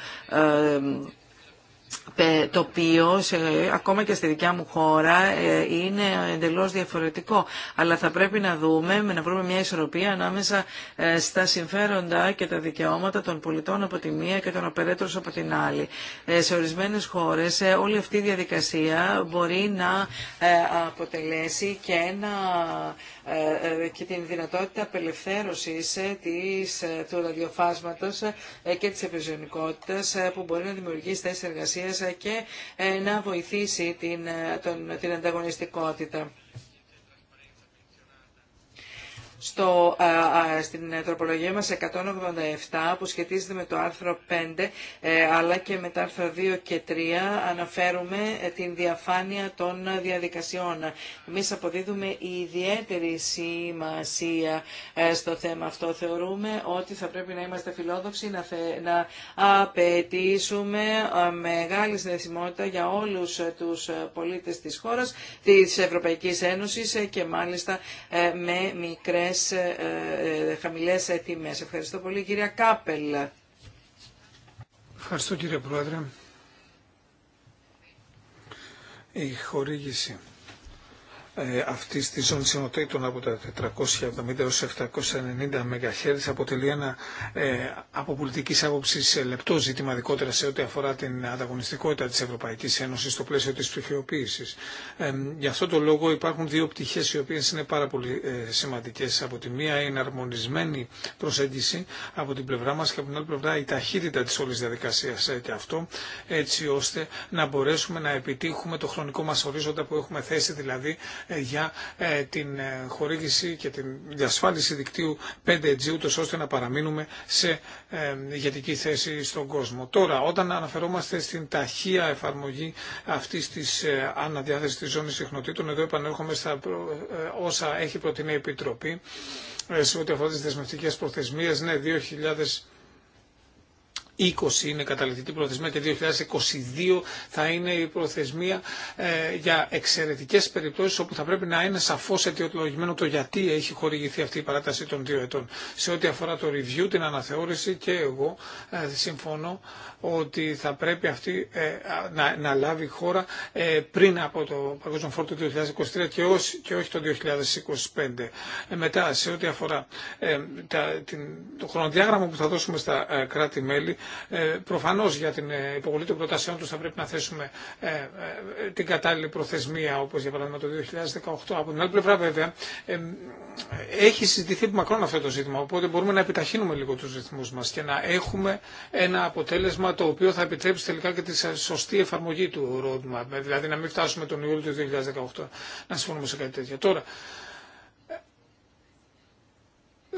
το οποίο σε, ακόμα και στη δικιά μου χώρα ε, είναι εντελώς διαφορετικό. Αλλά θα πρέπει να δούμε, να βρούμε μια ισορροπία ανάμεσα ε, στα συμφέροντα και τα δικαιώματα των πολιτών από τη μία και των απερέτρους από την άλλη. Ε, σε ορισμένες χώρες όλη αυτή η διαδικασία μπορεί να αποτελέσει και, ένα, και την δυνατότητα απελευθέρωσης της, του ραδιοφάσματος και της επιζωνικότητας που μπορεί να δημιουργήσει θέσεις εργασία και ε, να βοηθήσει την, ε, τον, την ανταγωνιστικότητα στο, στην τροπολογία μας 187 που σχετίζεται με το άρθρο 5 ε, αλλά και με τα άρθρα 2 και 3 αναφέρουμε ε, την διαφάνεια των διαδικασιών. Εμείς αποδίδουμε ιδιαίτερη σημασία ε, στο θέμα αυτό. Θεωρούμε ότι θα πρέπει να είμαστε φιλόδοξοι, να, να απαιτήσουμε μεγάλη συνδεσιμότητα για όλους τους πολίτες της χώρας, της Ευρωπαϊκής Ένωσης και μάλιστα με μικρές χαμηλές, ε, ε, χαμηλές τιμές. Ευχαριστώ πολύ κυρία Κάπελ. Ευχαριστώ κύριε Πρόεδρε. Η χορήγηση ε, αυτής της ζώνης συνοτήτων από τα 470 έως 790 MHz αποτελεί ένα ε, από πολιτικής άποψης ε, λεπτό ζήτημα δικότερα σε ό,τι αφορά την ανταγωνιστικότητα της Ευρωπαϊκής Ένωσης στο πλαίσιο της ψηφιοποίησης. Γι' αυτό το λόγο υπάρχουν δύο πτυχές οι οποίες είναι πάρα πολύ σημαντικές. Από τη μία είναι αρμονισμένη προσέγγιση από την πλευρά μας και από την άλλη πλευρά η ταχύτητα της όλης διαδικασίας και αυτό έτσι ώστε να μπορέσουμε να επιτύχουμε το χρονικό μας ορίζοντα που έχουμε θέσει δηλαδή ε, για ε, την ε, χορήγηση και την διασφάλιση δικτύου 5G, ούτως ώστε να παραμείνουμε σε ηγετική θέση στον κόσμο. Τώρα, όταν αναφερόμαστε στην ταχεία εφαρμογή αυτής της αναδιάθεσης της ζώνης συχνοτήτων, εδώ επανέρχομαι στα όσα έχει προτείνει η Επιτροπή σε ό,τι αφορά τις δεσμευτικές προθεσμίες, ναι, 2000 2020 είναι καταληκτική προθεσμία και 2022 θα είναι η προθεσμία ε, για εξαιρετικές περιπτώσεις όπου θα πρέπει να είναι σαφώς αιτιολογημένο το γιατί έχει χορηγηθεί αυτή η παράταση των δύο ετών. Σε ό,τι αφορά το review, την αναθεώρηση και εγώ ε, συμφωνώ ότι θα πρέπει αυτή ε, να, να λάβει χώρα πριν από το Παγκόσμιο Φόρτο 2023 και, όχι, και όχι το 2025. μετά, σε ό,τι αφορά τα, την, το χρονοδιάγραμμα που θα δώσουμε στα κράτη-μέλη, ε, Προφανώ για την ε, υποβολή των προτάσεών του θα πρέπει να θέσουμε ε, την κατάλληλη προθεσμία, όπω για παράδειγμα το 2018. Από την άλλη πλευρά, βέβαια, έχει συζητηθεί μακρόν αυτό το ζήτημα, οπότε μπορούμε να επιταχύνουμε λίγο του ρυθμού μα και να έχουμε ένα αποτέλεσμα το οποίο θα επιτρέψει τελικά και τη σωστή εφαρμογή του roadmap. Δηλαδή να μην φτάσουμε τον Ιούλιο του 2018 να συμφωνούμε σε κάτι τέτοιο. Τώρα,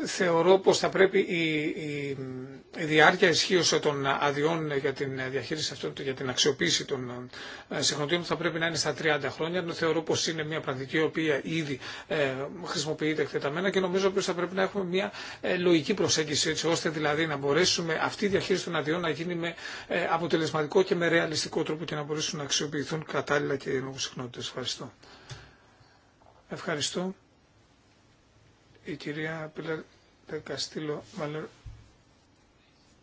θεωρώ πως θα πρέπει η, η, η διάρκεια ισχύω των αδειών για την διαχείριση αυτών, για την αξιοποίηση των ε, συχνοτήτων θα πρέπει να είναι στα 30 χρόνια. θεωρώ πως είναι μια πρακτική η οποία ήδη ε, χρησιμοποιείται εκτεταμένα και νομίζω πως θα πρέπει να έχουμε μια ε, λογική προσέγγιση έτσι ώστε δηλαδή να μπορέσουμε αυτή η διαχείριση των αδειών να γίνει με ε, αποτελεσματικό και με ρεαλιστικό τρόπο και να μπορέσουν να αξιοποιηθούν κατάλληλα και οι συχνότητες. Ευχαριστώ. Ευχαριστώ η κυρία Πίλαρ Καστήλο Μαλερ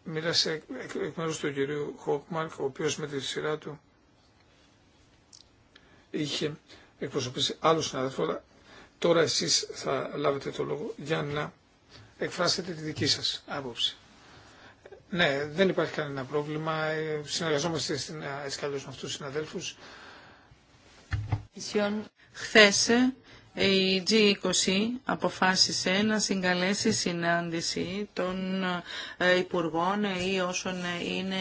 μοίρασε εκ μέρους του κυρίου Χόκμαρκ, ο οποίος με τη σειρά του είχε εκπροσωπήσει άλλους αλλά τώρα εσείς θα λάβετε το λόγο για να εκφράσετε τη δική σας άποψη. Ναι, δεν υπάρχει κανένα πρόβλημα. Ε, συνεργαζόμαστε στην ε, Εσκαλώς με αυτούς τους συναδέλφους. Χθες ε, η G20 αποφάσισε να συγκαλέσει συνάντηση των ε, υπουργών ή όσων είναι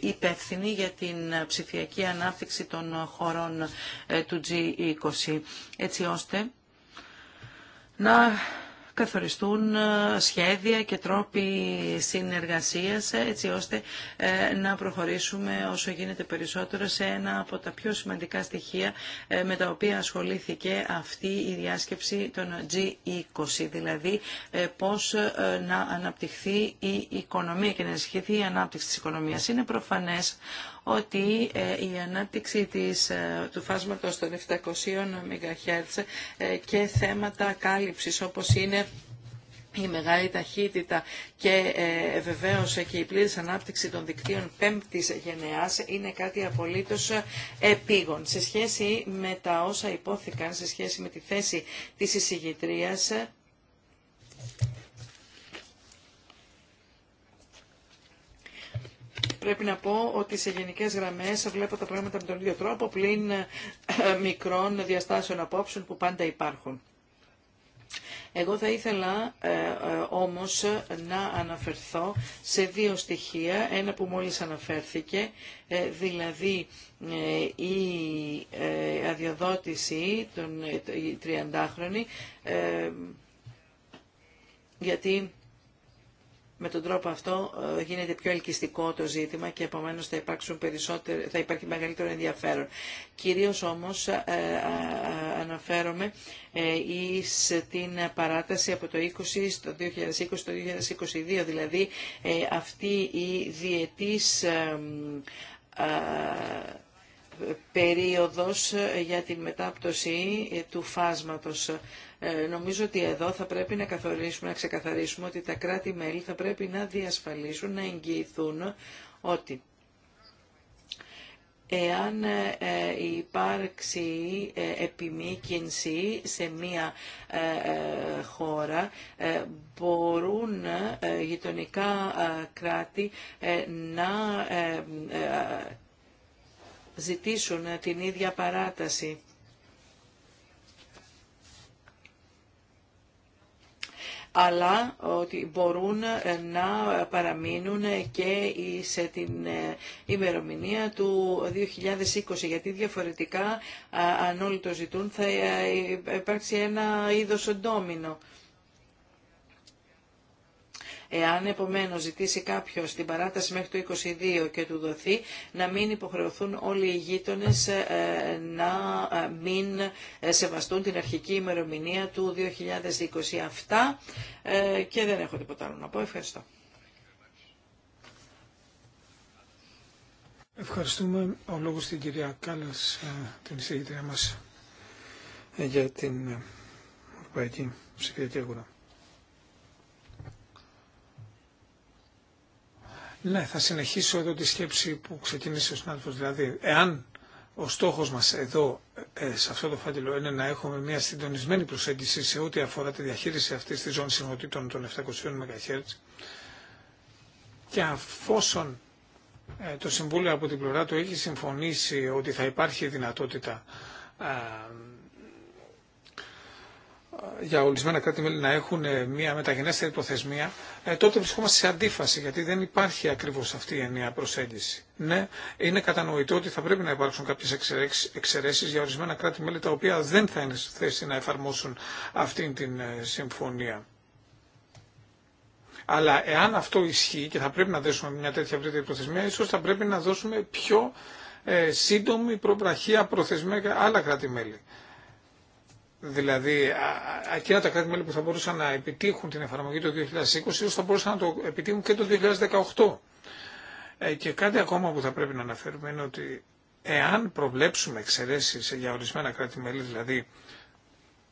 υπεύθυνοι για την ψηφιακή ανάπτυξη των χωρών ε, του G20, έτσι ώστε να καθοριστούν ε, σχέδια και τρόποι συνεργασίας ε, έτσι ώστε ε, να προχωρήσουμε όσο γίνεται περισσότερο σε ένα από τα πιο σημαντικά στοιχεία με τα οποία ασχολήθηκε αυτή η διάσκεψη των G20, δηλαδή πώς να αναπτυχθεί η οικονομία και να ενισχυθεί η ανάπτυξη της οικονομίας. Είναι προφανές ότι ε, η ανάπτυξη της, ε, του φάσματος των 700 MHz ε, και θέματα κάλυψης όπως είναι η μεγάλη ταχύτητα και ε, βεβαίως και η πλήρης ανάπτυξη των δικτύων πέμπτης γενεάς είναι κάτι απολύτως επίγον. Σε σχέση με τα όσα υπόθηκαν, σε σχέση με τη θέση της εισηγητρίας, Πρέπει να πω ότι σε γενικές γραμμές βλέπω τα πράγματα με τον ίδιο τρόπο, πλην ε, μικρών διαστάσεων απόψεων που πάντα υπάρχουν. Εγώ θα ήθελα ε, ε, όμως να αναφερθώ σε δύο στοιχεία, ένα που μόλις αναφέρθηκε, δηλαδή η αδειοδότηση των 30χρονη, γιατί με τον τρόπο αυτό ε, γίνεται πιο ελκυστικό το ζήτημα και επομένως θα, θα υπάρχει μεγαλύτερο ενδιαφέρον. Κυρίως όμως ε, ε, αναφέρομαι ή στην παράταση από το 20 στο 2020 2022, δηλαδή αυτή η διετής περίοδος ε, για την μετάπτωση ε, του φάσματος. Ε, νομίζω ότι εδώ θα πρέπει να καθορίσουμε, να ξεκαθαρίσουμε ότι τα κράτη-μέλη θα πρέπει να διασφαλίσουν, να εγγυηθούν ότι εάν υπάρξει επιμήκυνση σε μία χώρα, μπορούν γειτονικά κράτη να ζητήσουν ε, την ίδια παράταση. αλλά ότι μπορούν ε, να παραμείνουν ε, και σε την ημερομηνία του 2020, γιατί διαφορετικά αν όλοι το ζητούν θα υπάρξει ένα είδος ντόμινο. Εάν επομένως ζητήσει κάποιος την παράταση μέχρι το 22 και του δοθεί, να μην υποχρεωθούν όλοι οι γείτονες ε, ε, να ε, μην σεβαστούν την αρχική ημερομηνία του 2027 και δεν έχω τίποτα άλλο να πω. Ευχαριστώ. Ευχαριστούμε. Ο λόγος στην κυρία Κάλλας, την εισηγητρία μας, για την Ευρωπαϊκή Ψηφιακή Αγορά. Ναι, θα συνεχίσω εδώ τη σκέψη που ξεκίνησε ο συνάδελφος. Δηλαδή, εάν ο στόχος μας εδώ, ε, σε αυτό το φάκελο, είναι να έχουμε μια συντονισμένη προσέγγιση σε ό,τι αφορά τη διαχείριση αυτής της ζώνης συνοτήτων των 700 MHz και αφόσον ε, το Συμβούλιο από την πλευρά του έχει συμφωνήσει ότι θα υπάρχει δυνατότητα ε, για ορισμένα κράτη-μέλη να έχουν ε, μια μεταγενέστερη προθεσμία, ε, τότε βρισκόμαστε σε αντίφαση, γιατί δεν υπάρχει ακριβώ αυτή η ενιαία προσέγγιση. Ναι, είναι κατανοητό ότι θα πρέπει να υπάρξουν κάποιε εξαιρέσει για ορισμένα κράτη-μέλη τα οποία δεν θα είναι στη θέση να εφαρμόσουν αυτήν την ε, συμφωνία. Αλλά εάν αυτό ισχύει και θα πρέπει να δέσουμε μια τέτοια ευρύτερη προθεσμία, ίσω θα πρέπει να δώσουμε πιο σύντομη προπραχία προθεσμία για άλλα κράτη-μέλη. Δηλαδή, εκείνα τα κράτη-μέλη που θα μπορούσαν να επιτύχουν την εφαρμογή το 2020, ίσως θα μπορούσαν να το επιτύχουν και το 2018. Ε, και κάτι ακόμα που θα πρέπει να αναφέρουμε είναι ότι εάν προβλέψουμε εξαιρέσεις για ορισμένα κράτη-μέλη, δηλαδή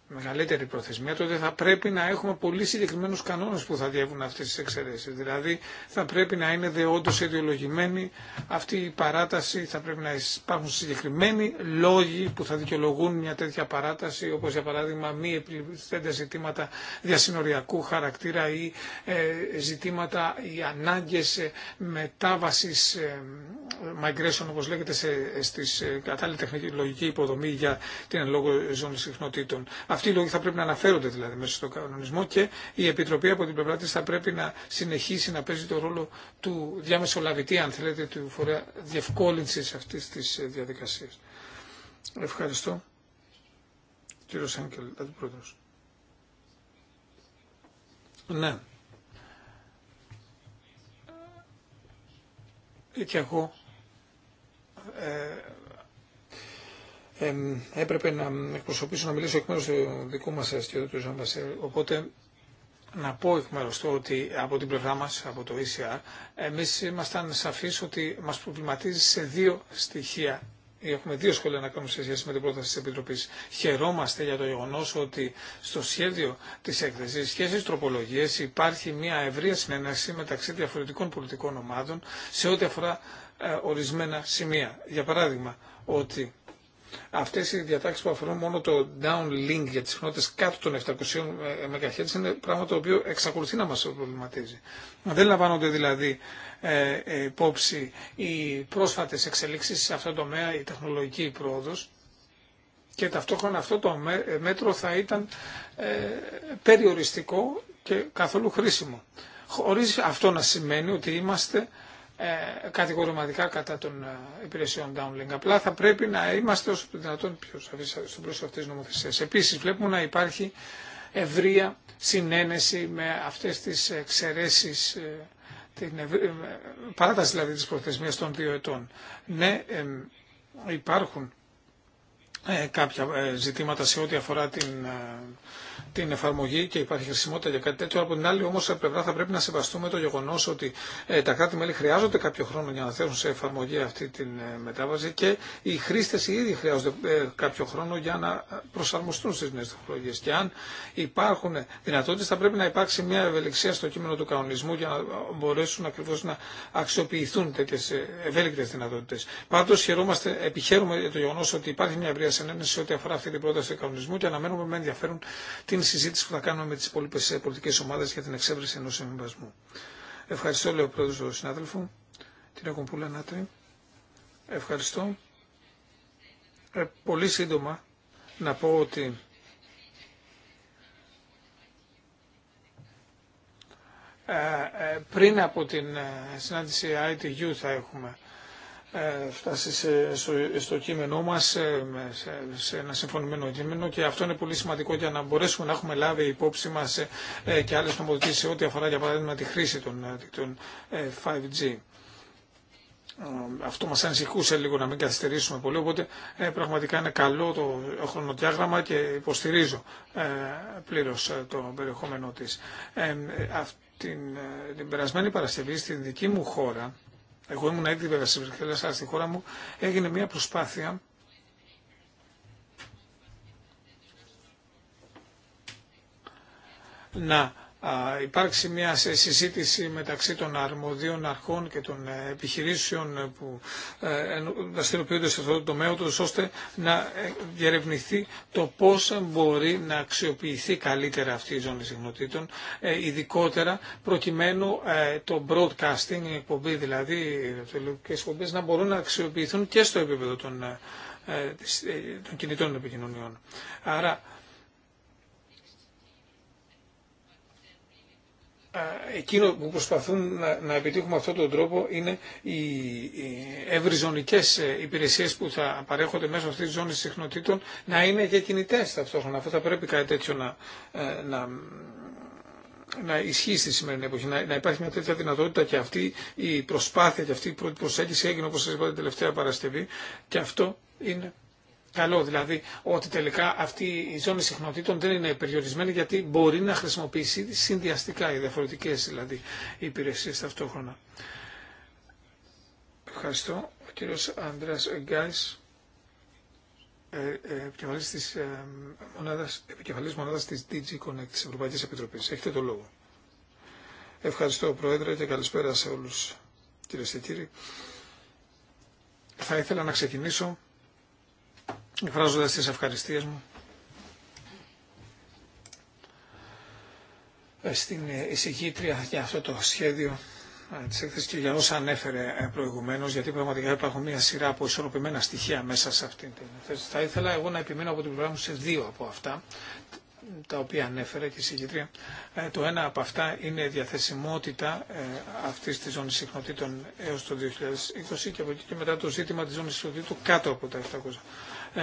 μεγαλύτερη προθεσμία, τότε θα πρέπει να έχουμε πολύ συγκεκριμένου κανόνε που θα διεύουν αυτέ τι εξαιρέσει. Δηλαδή, θα πρέπει να είναι δεόντω αιτιολογημένη αυτή η παράταση, θα πρέπει να υπάρχουν συγκεκριμένοι λόγοι που θα δικαιολογούν μια τέτοια παράταση, όπω για παράδειγμα μη επιληφθέντα ζητήματα διασυνοριακού χαρακτήρα ή ε, ζητήματα, ή ανάγκε μετάβαση ε, migration, όπω λέγεται, στι ε, κατάλληλη λογική υποδομή για την λόγω ζώνη συχνοτήτων. Αυτοί οι λόγοι θα πρέπει να αναφέρονται δηλαδή μέσα στον κανονισμό και η Επιτροπή από την πλευρά τη θα πρέπει να συνεχίσει να παίζει το ρόλο του διαμεσολαβητή, αν θέλετε, του φορέα διευκόλυνση αυτή τη ε, διαδικασία. Ευχαριστώ. Κύριο Σάνκελ, αντιπρόεδρο. Ναι. Ε, και εγώ ε, έπρεπε να εκπροσωπήσω να μιλήσω εκ μέρου του δικού μα αστυνομικού του Ζαμπασέλ. Οπότε να πω εκ μέρου του ότι από την πλευρά μα από το ECR, εμεί ήμασταν σαφεί ότι μα προβληματίζει σε δύο στοιχεία έχουμε δύο σχόλια να κάνουμε σε σχέση με την πρόταση τη Επιτροπή. Χαιρόμαστε για το γεγονό ότι στο σχέδιο τη έκθεση και στι τροπολογίε υπάρχει μια ευρεία συνένεση μεταξύ διαφορετικών πολιτικών ομάδων σε ό,τι αφορά ε, ορισμένα σημεία. Για παράδειγμα, ότι αυτές οι διατάξεις που αφορούν μόνο το downlink για τις συχνότητε κάτω των 700 MHz ε, είναι πράγμα το οποίο εξακολουθεί να μα προβληματίζει. Δεν λαμβάνονται δηλαδή ε, ε, υπόψη οι πρόσφατε εξελίξεις σε αυτό το τομέα, η τεχνολογική πρόοδος και ταυτόχρονα αυτό το μέτρο θα ήταν περιοριστικό και καθόλου χρήσιμο. Χωρίς αυτό να σημαίνει ότι είμαστε ε, κατηγορηματικά κατά των ε, υπηρεσιών downlink. Απλά θα πρέπει να είμαστε όσο το δυνατόν πιο σαφείς στον πρόσωπο αυτής της νομοθεσίας. Επίσης βλέπουμε να υπάρχει ευρεία συνένεση με αυτές τις εξαιρέσεις ε, την παράταση δηλαδή της προθεσμίας των δύο ετών. Ναι, υπάρχουν κάποια ζητήματα σε ό,τι αφορά την την εφαρμογή και υπάρχει χρησιμότητα για κάτι τέτοιο. Από την άλλη όμω πλευρά θα πρέπει να σεβαστούμε το γεγονό ότι ε, τα κράτη-μέλη χρειάζονται κάποιο χρόνο για να θέσουν σε εφαρμογή αυτή την ε, μετάβαση και οι χρήστε ήδη ίδιοι χρειάζονται ε, κάποιο χρόνο για να προσαρμοστούν στι νέε τεχνολογίε. Και αν υπάρχουν δυνατότητε θα πρέπει να υπάρξει μια ευελιξία στο κείμενο του κανονισμού για να μπορέσουν ακριβώ να αξιοποιηθούν τέτοιε ευέλικτε δυνατότητε. Πάντω χαιρόμαστε, επιχαίρουμε το γεγονό ότι υπάρχει μια ευρεία συνένεση ό,τι αφορά αυτή την πρόταση του κανονισμού και αναμένουμε με ενδιαφέρον την άλλη συζήτηση που θα κάνουμε με τι υπόλοιπε πολιτικέ ομάδε για την εξέβρεση ενό συμβιβασμού. Ευχαριστώ, λέει ο πρόεδρο του συνάδελφου, την Ακομπούλα Νάτρη. Ευχαριστώ. Ε, πολύ σύντομα να πω ότι ε, ε, πριν από την ε, συνάντηση ITU θα έχουμε ε, φτάσει στο, στο κείμενό μα ε, σε, ένα συμφωνημένο κείμενο και αυτό είναι πολύ σημαντικό για να μπορέσουμε να έχουμε λάβει υπόψη μας ε, και άλλες νομοθετήσει σε ό,τι αφορά για παράδειγμα τη χρήση των, των 5G. Αυτό μας ανησυχούσε λίγο να μην καθυστερήσουμε πολύ, οπότε πραγματικά είναι καλό το χρονοδιάγραμμα και υποστηρίζω πλήρως το περιεχόμενό της. Την, την περασμένη Παρασκευή στην δική μου χώρα εγώ ήμουν ήδη βέβαια στις Βρυξέλλες, αλλά στη χώρα μου έγινε μια προσπάθεια να υπάρξει μια συζήτηση μεταξύ των αρμοδίων αρχών και των ε, επιχειρήσεων ε, που δραστηριοποιούνται ε, σε αυτό το τομέα, ώστε να διερευνηθεί το πώς μπορεί να αξιοποιηθεί καλύτερα αυτή η ζώνη συγχνοτήτων, ειδικότερα προκειμένου το broadcasting, η εκπομπή δηλαδή, οι να μπορούν να αξιοποιηθούν και στο επίπεδο των των κινητών επικοινωνιών. Άρα εκείνο που προσπαθούν να, να επιτύχουν με αυτόν τον τρόπο είναι οι, οι ευρυζωνικές ε, υπηρεσίες που θα παρέχονται μέσω αυτής της ζώνης συχνοτήτων να είναι και κινητές ταυτόχρονα. Αυτό θα πρέπει κάτι τέτοιο να, ε, να, να ισχύει στη σημερινή εποχή, να, να υπάρχει μια τέτοια δυνατότητα και αυτή η προσπάθεια και αυτή η πρώτη προσέγγιση έγινε όπως σας είπα την τελευταία Παρασκευή και αυτό είναι καλό. Δηλαδή ότι τελικά αυτή η ζώνη συχνοτήτων δεν είναι περιορισμένη γιατί μπορεί να χρησιμοποιήσει συνδυαστικά οι διαφορετικέ δηλαδή υπηρεσίε ταυτόχρονα. Ευχαριστώ. Ο κύριο Ανδρέα Γκάι, ε, ε, επικεφαλή τη ε, μονάδα τη DG Connect τη Ευρωπαϊκή Επιτροπή. Έχετε το λόγο. Ευχαριστώ, Πρόεδρε, και καλησπέρα σε όλου, κυρίε και κύριοι. Θα ήθελα να ξεκινήσω εκφράζοντας τις ευχαριστίες μου ε, στην εισηγήτρια για αυτό το σχέδιο ε, της έκθεσης και για όσα ανέφερε ε, προηγουμένως, γιατί πραγματικά υπάρχουν μια σειρά από ισορροπημένα στοιχεία μέσα σε αυτή την θέση. Θα ήθελα εγώ να επιμείνω από την πλευρά μου σε δύο από αυτά, τα οποία ανέφερε και η συγκεκριά. Το ένα από αυτά είναι η διαθεσιμότητα αυτή τη ζώνη συχνοτήτων έω το 2020 και από εκεί και μετά το ζήτημα της ζώνης συχνοτήτων κάτω από τα 700 MHz.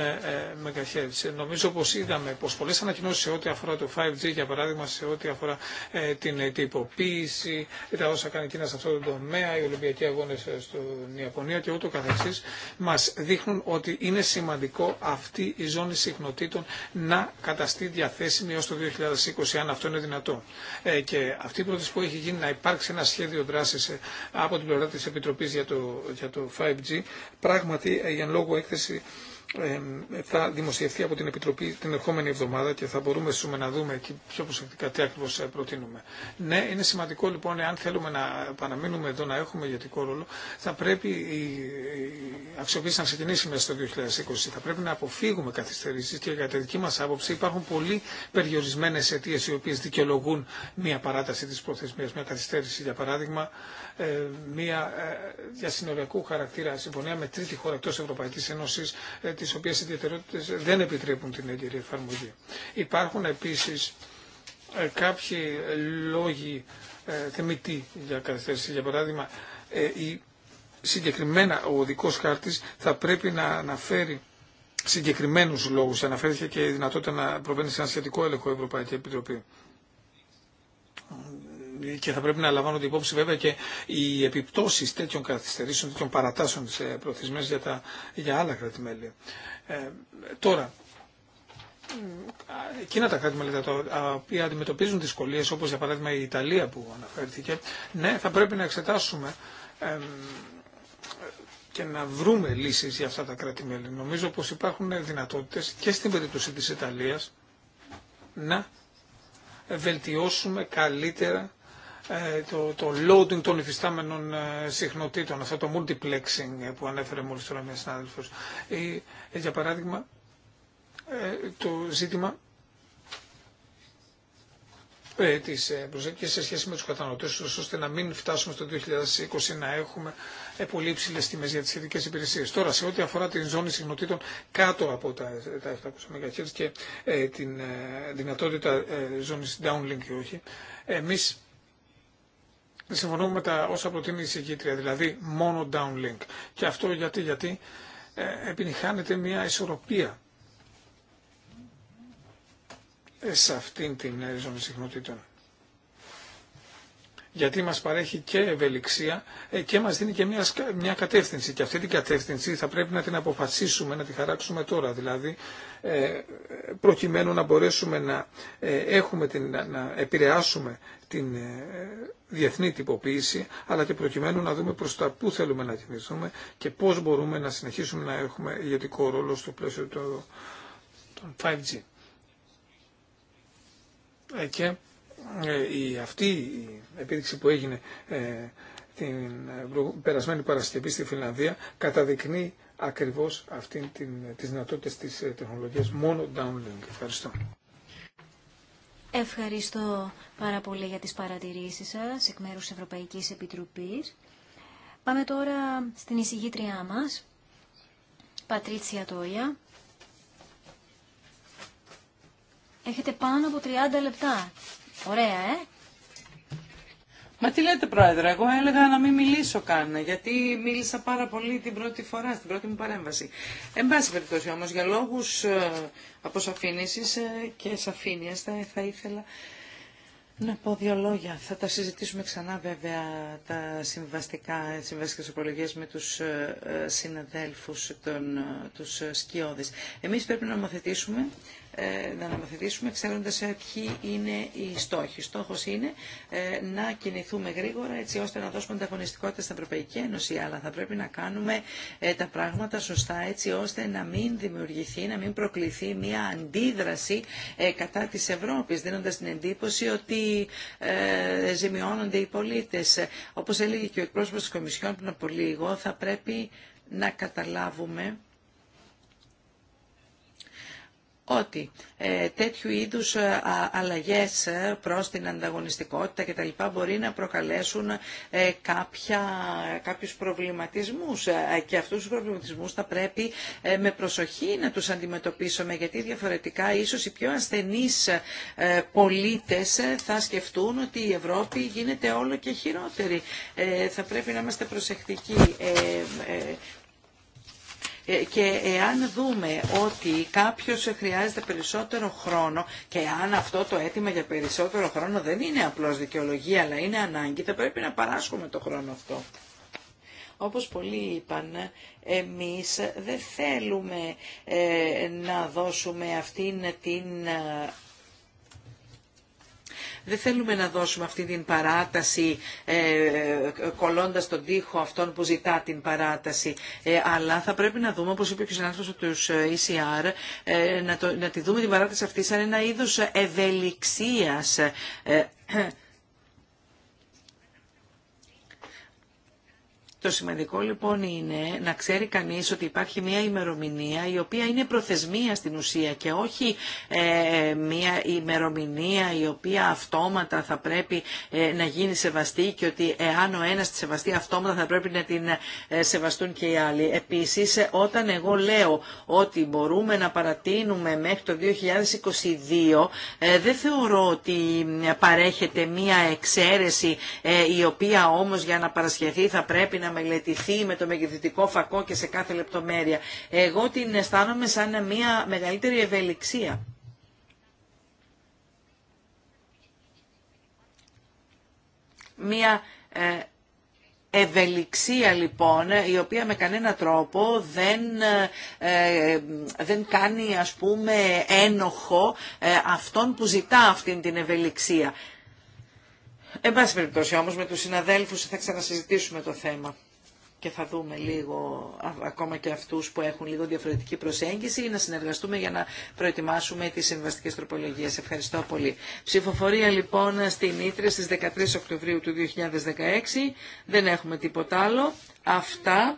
Ε, ε, Νομίζω πως είδαμε πω πολλέ ανακοινώσει σε ό,τι αφορά το 5G, για παράδειγμα σε ό,τι αφορά ε, την τυποποίηση, τα όσα κάνει η Κίνα σε αυτό το τομέα, οι Ολυμπιακοί Αγώνες στην Ιαπωνία και ούτω καθεξή, μα δείχνουν ότι είναι σημαντικό αυτή η ζώνη συχνοτήτων να καταστεί διαθέσιμη έως το 2020, αν αυτό είναι δυνατό. Και αυτή η πρόταση που έχει γίνει να υπάρξει ένα σχέδιο δράσης από την πλευρά τη Επιτροπή για για το 5G, πράγματι για λόγω έκθεση θα δημοσιευθεί από την Επιτροπή την ερχόμενη εβδομάδα και θα μπορούμε σούμε, να δούμε εκεί πιο προσεκτικά τι ακριβώ ε, προτείνουμε. Ναι, είναι σημαντικό λοιπόν, εάν θέλουμε να παραμείνουμε εδώ, να έχουμε ηγετικό ρόλο, θα πρέπει η αξιοποίηση να ξεκινήσει μέσα στο 2020. Θα πρέπει να αποφύγουμε καθυστερήσει και κατά τη δική μα άποψη υπάρχουν πολύ περιορισμένε αιτίε οι οποίε δικαιολογούν μια παράταση τη προθεσμία, μια καθυστέρηση για παράδειγμα ε, μια ε, διασυνοριακού χαρακτήρα συμφωνία με τρίτη χώρα εκτό Ευρωπαϊκή Ένωση, ε, τι οποίε ιδιαιτερότητε δεν επιτρέπουν την έγκαιρη εφαρμογή. Υπάρχουν επίση κάποιοι λόγοι θεμητοί για καθυστέρηση. Για παράδειγμα, η συγκεκριμένα ο οδικό χάρτη θα πρέπει να αναφέρει συγκεκριμένους λόγους. Αναφέρθηκε και η δυνατότητα να προβαίνει σε ένα σχετικό έλεγχο η Ευρωπαϊκή Επιτροπή και θα πρέπει να λαμβάνονται υπόψη βέβαια και οι επιπτώσει τέτοιων καθυστερήσεων, τέτοιων παρατάσεων τη προθεσμία για, για άλλα κράτη-μέλη. Ε, τώρα, εκείνα τα κράτη-μέλη τα οποία αντιμετωπίζουν δυσκολίε, όπω για παράδειγμα η Ιταλία που αναφέρθηκε, ναι, θα πρέπει να εξετάσουμε. Ε, και να βρούμε λύσεις για αυτά τα κράτη-μέλη. Νομίζω πως υπάρχουν δυνατότητες και στην περίπτωση της Ιταλίας να βελτιώσουμε καλύτερα ε, το, το loading των υφιστάμενων ε, συχνοτήτων, αυτό το multiplexing ε, που ανέφερε μόλις τώρα μια συνάδελφος. Για παράδειγμα, το ζήτημα της προσέγγισης σε σχέση με τους καταναλωτές, ώστε να μην φτάσουμε στο 2020 να έχουμε πολύ υψηλές τιμές για τις σχετικές υπηρεσίες. Τώρα, σε ό,τι αφορά την ζώνη συχνοτήτων κάτω από τα 700 MHz και την δυνατότητα ζώνης downlink ή όχι, εμείς συμφωνούμε με τα όσα προτείνει η συγκήτρια, δηλαδή μόνο downlink. Και αυτό γιατί, γιατί ε, μια ισορροπία σε αυτήν την ζώνη συχνοτήτων. Γιατί μας παρέχει και ευελιξία ε, και μας δίνει και μια, μια κατεύθυνση. Και αυτή την κατεύθυνση θα πρέπει να την αποφασίσουμε, να τη χαράξουμε τώρα. Δηλαδή, ε, προκειμένου να μπορέσουμε να, έχουμε την, να επηρεάσουμε την ε, διεθνή τυποποίηση, αλλά και προκειμένου να δούμε προς τα πού θέλουμε να κινηθούμε και πώς μπορούμε να συνεχίσουμε να έχουμε ηγετικό ρόλο στο πλαίσιο των 5G. Ε, και ε, η, αυτή η επίδειξη που έγινε την περασμένη Παρασκευή στη Φιλανδία καταδεικνύει ακριβώς αυτήν την, τις δυνατότητες της τεχνολογίας μόνο downlink. Ευχαριστώ. Ευχαριστώ πάρα πολύ για τις παρατηρήσεις σας εκ μέρους της Ευρωπαϊκής Επιτροπής. Πάμε τώρα στην εισηγήτριά μας, Πατρίτσια Τόια. Έχετε πάνω από 30 λεπτά. Ωραία, ε! Μα τι λέτε πρόεδρε, εγώ έλεγα να μην μιλήσω καν, γιατί μίλησα πάρα πολύ την πρώτη φορά, στην πρώτη μου παρέμβαση. Εν πάση περιπτώσει όμως, για λόγους ε, αποσαφήνισης ε, και σαφήνειας θα ήθελα να πω δύο λόγια. Θα τα συζητήσουμε ξανά βέβαια τα συμβαστικά, ε, συμβαστικές απολογίες με τους συναδέλφους, των, τους σκιώδες. Εμείς πρέπει να νομοθετήσουμε ε, να νομοθετήσουμε ξέροντας ε, ποιοι είναι οι στόχοι. Στόχος είναι ε, να κινηθούμε γρήγορα έτσι ώστε να δώσουμε ανταγωνιστικότητα στην Ευρωπαϊκή Ένωση, αλλά θα πρέπει να κάνουμε τα πράγματα σωστά έτσι ώστε να μην δημιουργηθεί, να μην προκληθεί μια αντίδραση κατά της Ευρώπης, δίνοντας την εντύπωση ότι ζημιώνονται οι πολίτες. Όπως έλεγε και ο εκπρόσωπος της Κομισιόν πριν από λίγο, θα πρέπει να καταλάβουμε ότι ε, τέτοιου είδους ε, αλλαγές ε, προς την ανταγωνιστικότητα και τα λοιπά μπορεί να προκαλέσουν κάποια, κάποιους προβληματισμούς και αυτούς τους προβληματισμούς θα πρέπει με προσοχή να τους αντιμετωπίσουμε γιατί διαφορετικά ίσως οι πιο ασθενείς πολίτες θα σκεφτούν ότι η Ευρώπη γίνεται όλο και χειρότερη. Θα πρέπει να είμαστε προσεκτικοί ε, και εάν δούμε ότι κάποιος χρειάζεται περισσότερο χρόνο και αν αυτό το αίτημα για περισσότερο χρόνο δεν είναι απλώς δικαιολογία αλλά είναι ανάγκη, θα πρέπει να παράσχουμε το χρόνο αυτό. Όπως πολλοί είπαν, εμείς δεν θέλουμε ε, να δώσουμε αυτήν την δεν θέλουμε να δώσουμε αυτή την παράταση ε, κολλώντας τον τοίχο αυτών που ζητά την παράταση. Ε, αλλά θα πρέπει να δούμε, όπως είπε ο συνάδελφος του ECR, ε, να, να τη δούμε την παράταση αυτή σαν ένα είδος ευελιξίας Το σημαντικό λοιπόν είναι να ξέρει κανείς ότι υπάρχει μια ημερομηνία η οποία είναι προθεσμία στην ουσία και όχι ε, μια ημερομηνία η οποία αυτόματα θα πρέπει ε, να γίνει σεβαστή και ότι εάν ο ένας τη σεβαστεί αυτόματα θα πρέπει να την ε, σεβαστούν και οι άλλοι. Επίσης όταν εγώ λέω ότι μπορούμε να παρατείνουμε μέχρι το 2022 δεν θεωρώ ότι παρέχεται μια εξαίρεση η οποία όμως για να παρασχεθεί θα πρέπει να μελετηθεί με το μεγεθυντικό φακό και σε κάθε λεπτομέρεια. Εγώ την αισθάνομαι σαν μια μεγαλύτερη ευελιξία. Μια ε, ευελιξία λοιπόν η οποία με κανένα τρόπο δεν, ε, δεν κάνει ας πούμε ένοχο ε, αυτόν που ζητά αυτήν την ευελιξία. Εν πάση περιπτώσει όμως με τους συναδέλφους θα ξανασυζητήσουμε το θέμα και θα δούμε λίγο ακόμα και αυτούς που έχουν λίγο διαφορετική προσέγγιση να συνεργαστούμε για να προετοιμάσουμε τις συμβαστικές τροπολογίες. Ευχαριστώ πολύ. Ψηφοφορία λοιπόν στην Ήτρε στις 13 Οκτωβρίου του 2016. Δεν έχουμε τίποτα άλλο. Αυτά.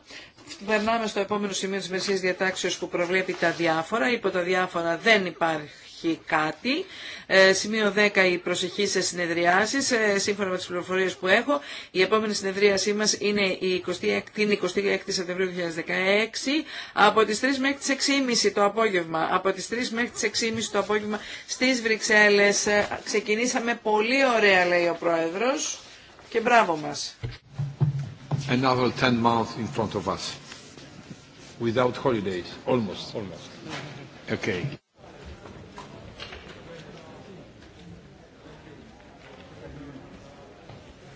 Περνάμε στο επόμενο σημείο της Μερσίας διατάξεως που προβλέπει τα διάφορα. Υπό τα διάφορα δεν υπάρχει κάτι. Ε, σημείο 10 η προσοχή σε συνεδριάσεις. Ε, σύμφωνα με τις πληροφορίες που έχω, η επόμενη συνεδρίασή μας είναι η 26, την 26 Σεπτεμβρίου 2016 από τις 3 μέχρι τις 6.30 το απόγευμα. Από τις 3 μέχρι τις 6.30 το απόγευμα στις Βρυξέλλες. Ε, ξεκινήσαμε πολύ ωραία λέει ο Πρόεδρος και μπράβο μας. Another 10 months in front of us without holidays, almost. Almost. Okay.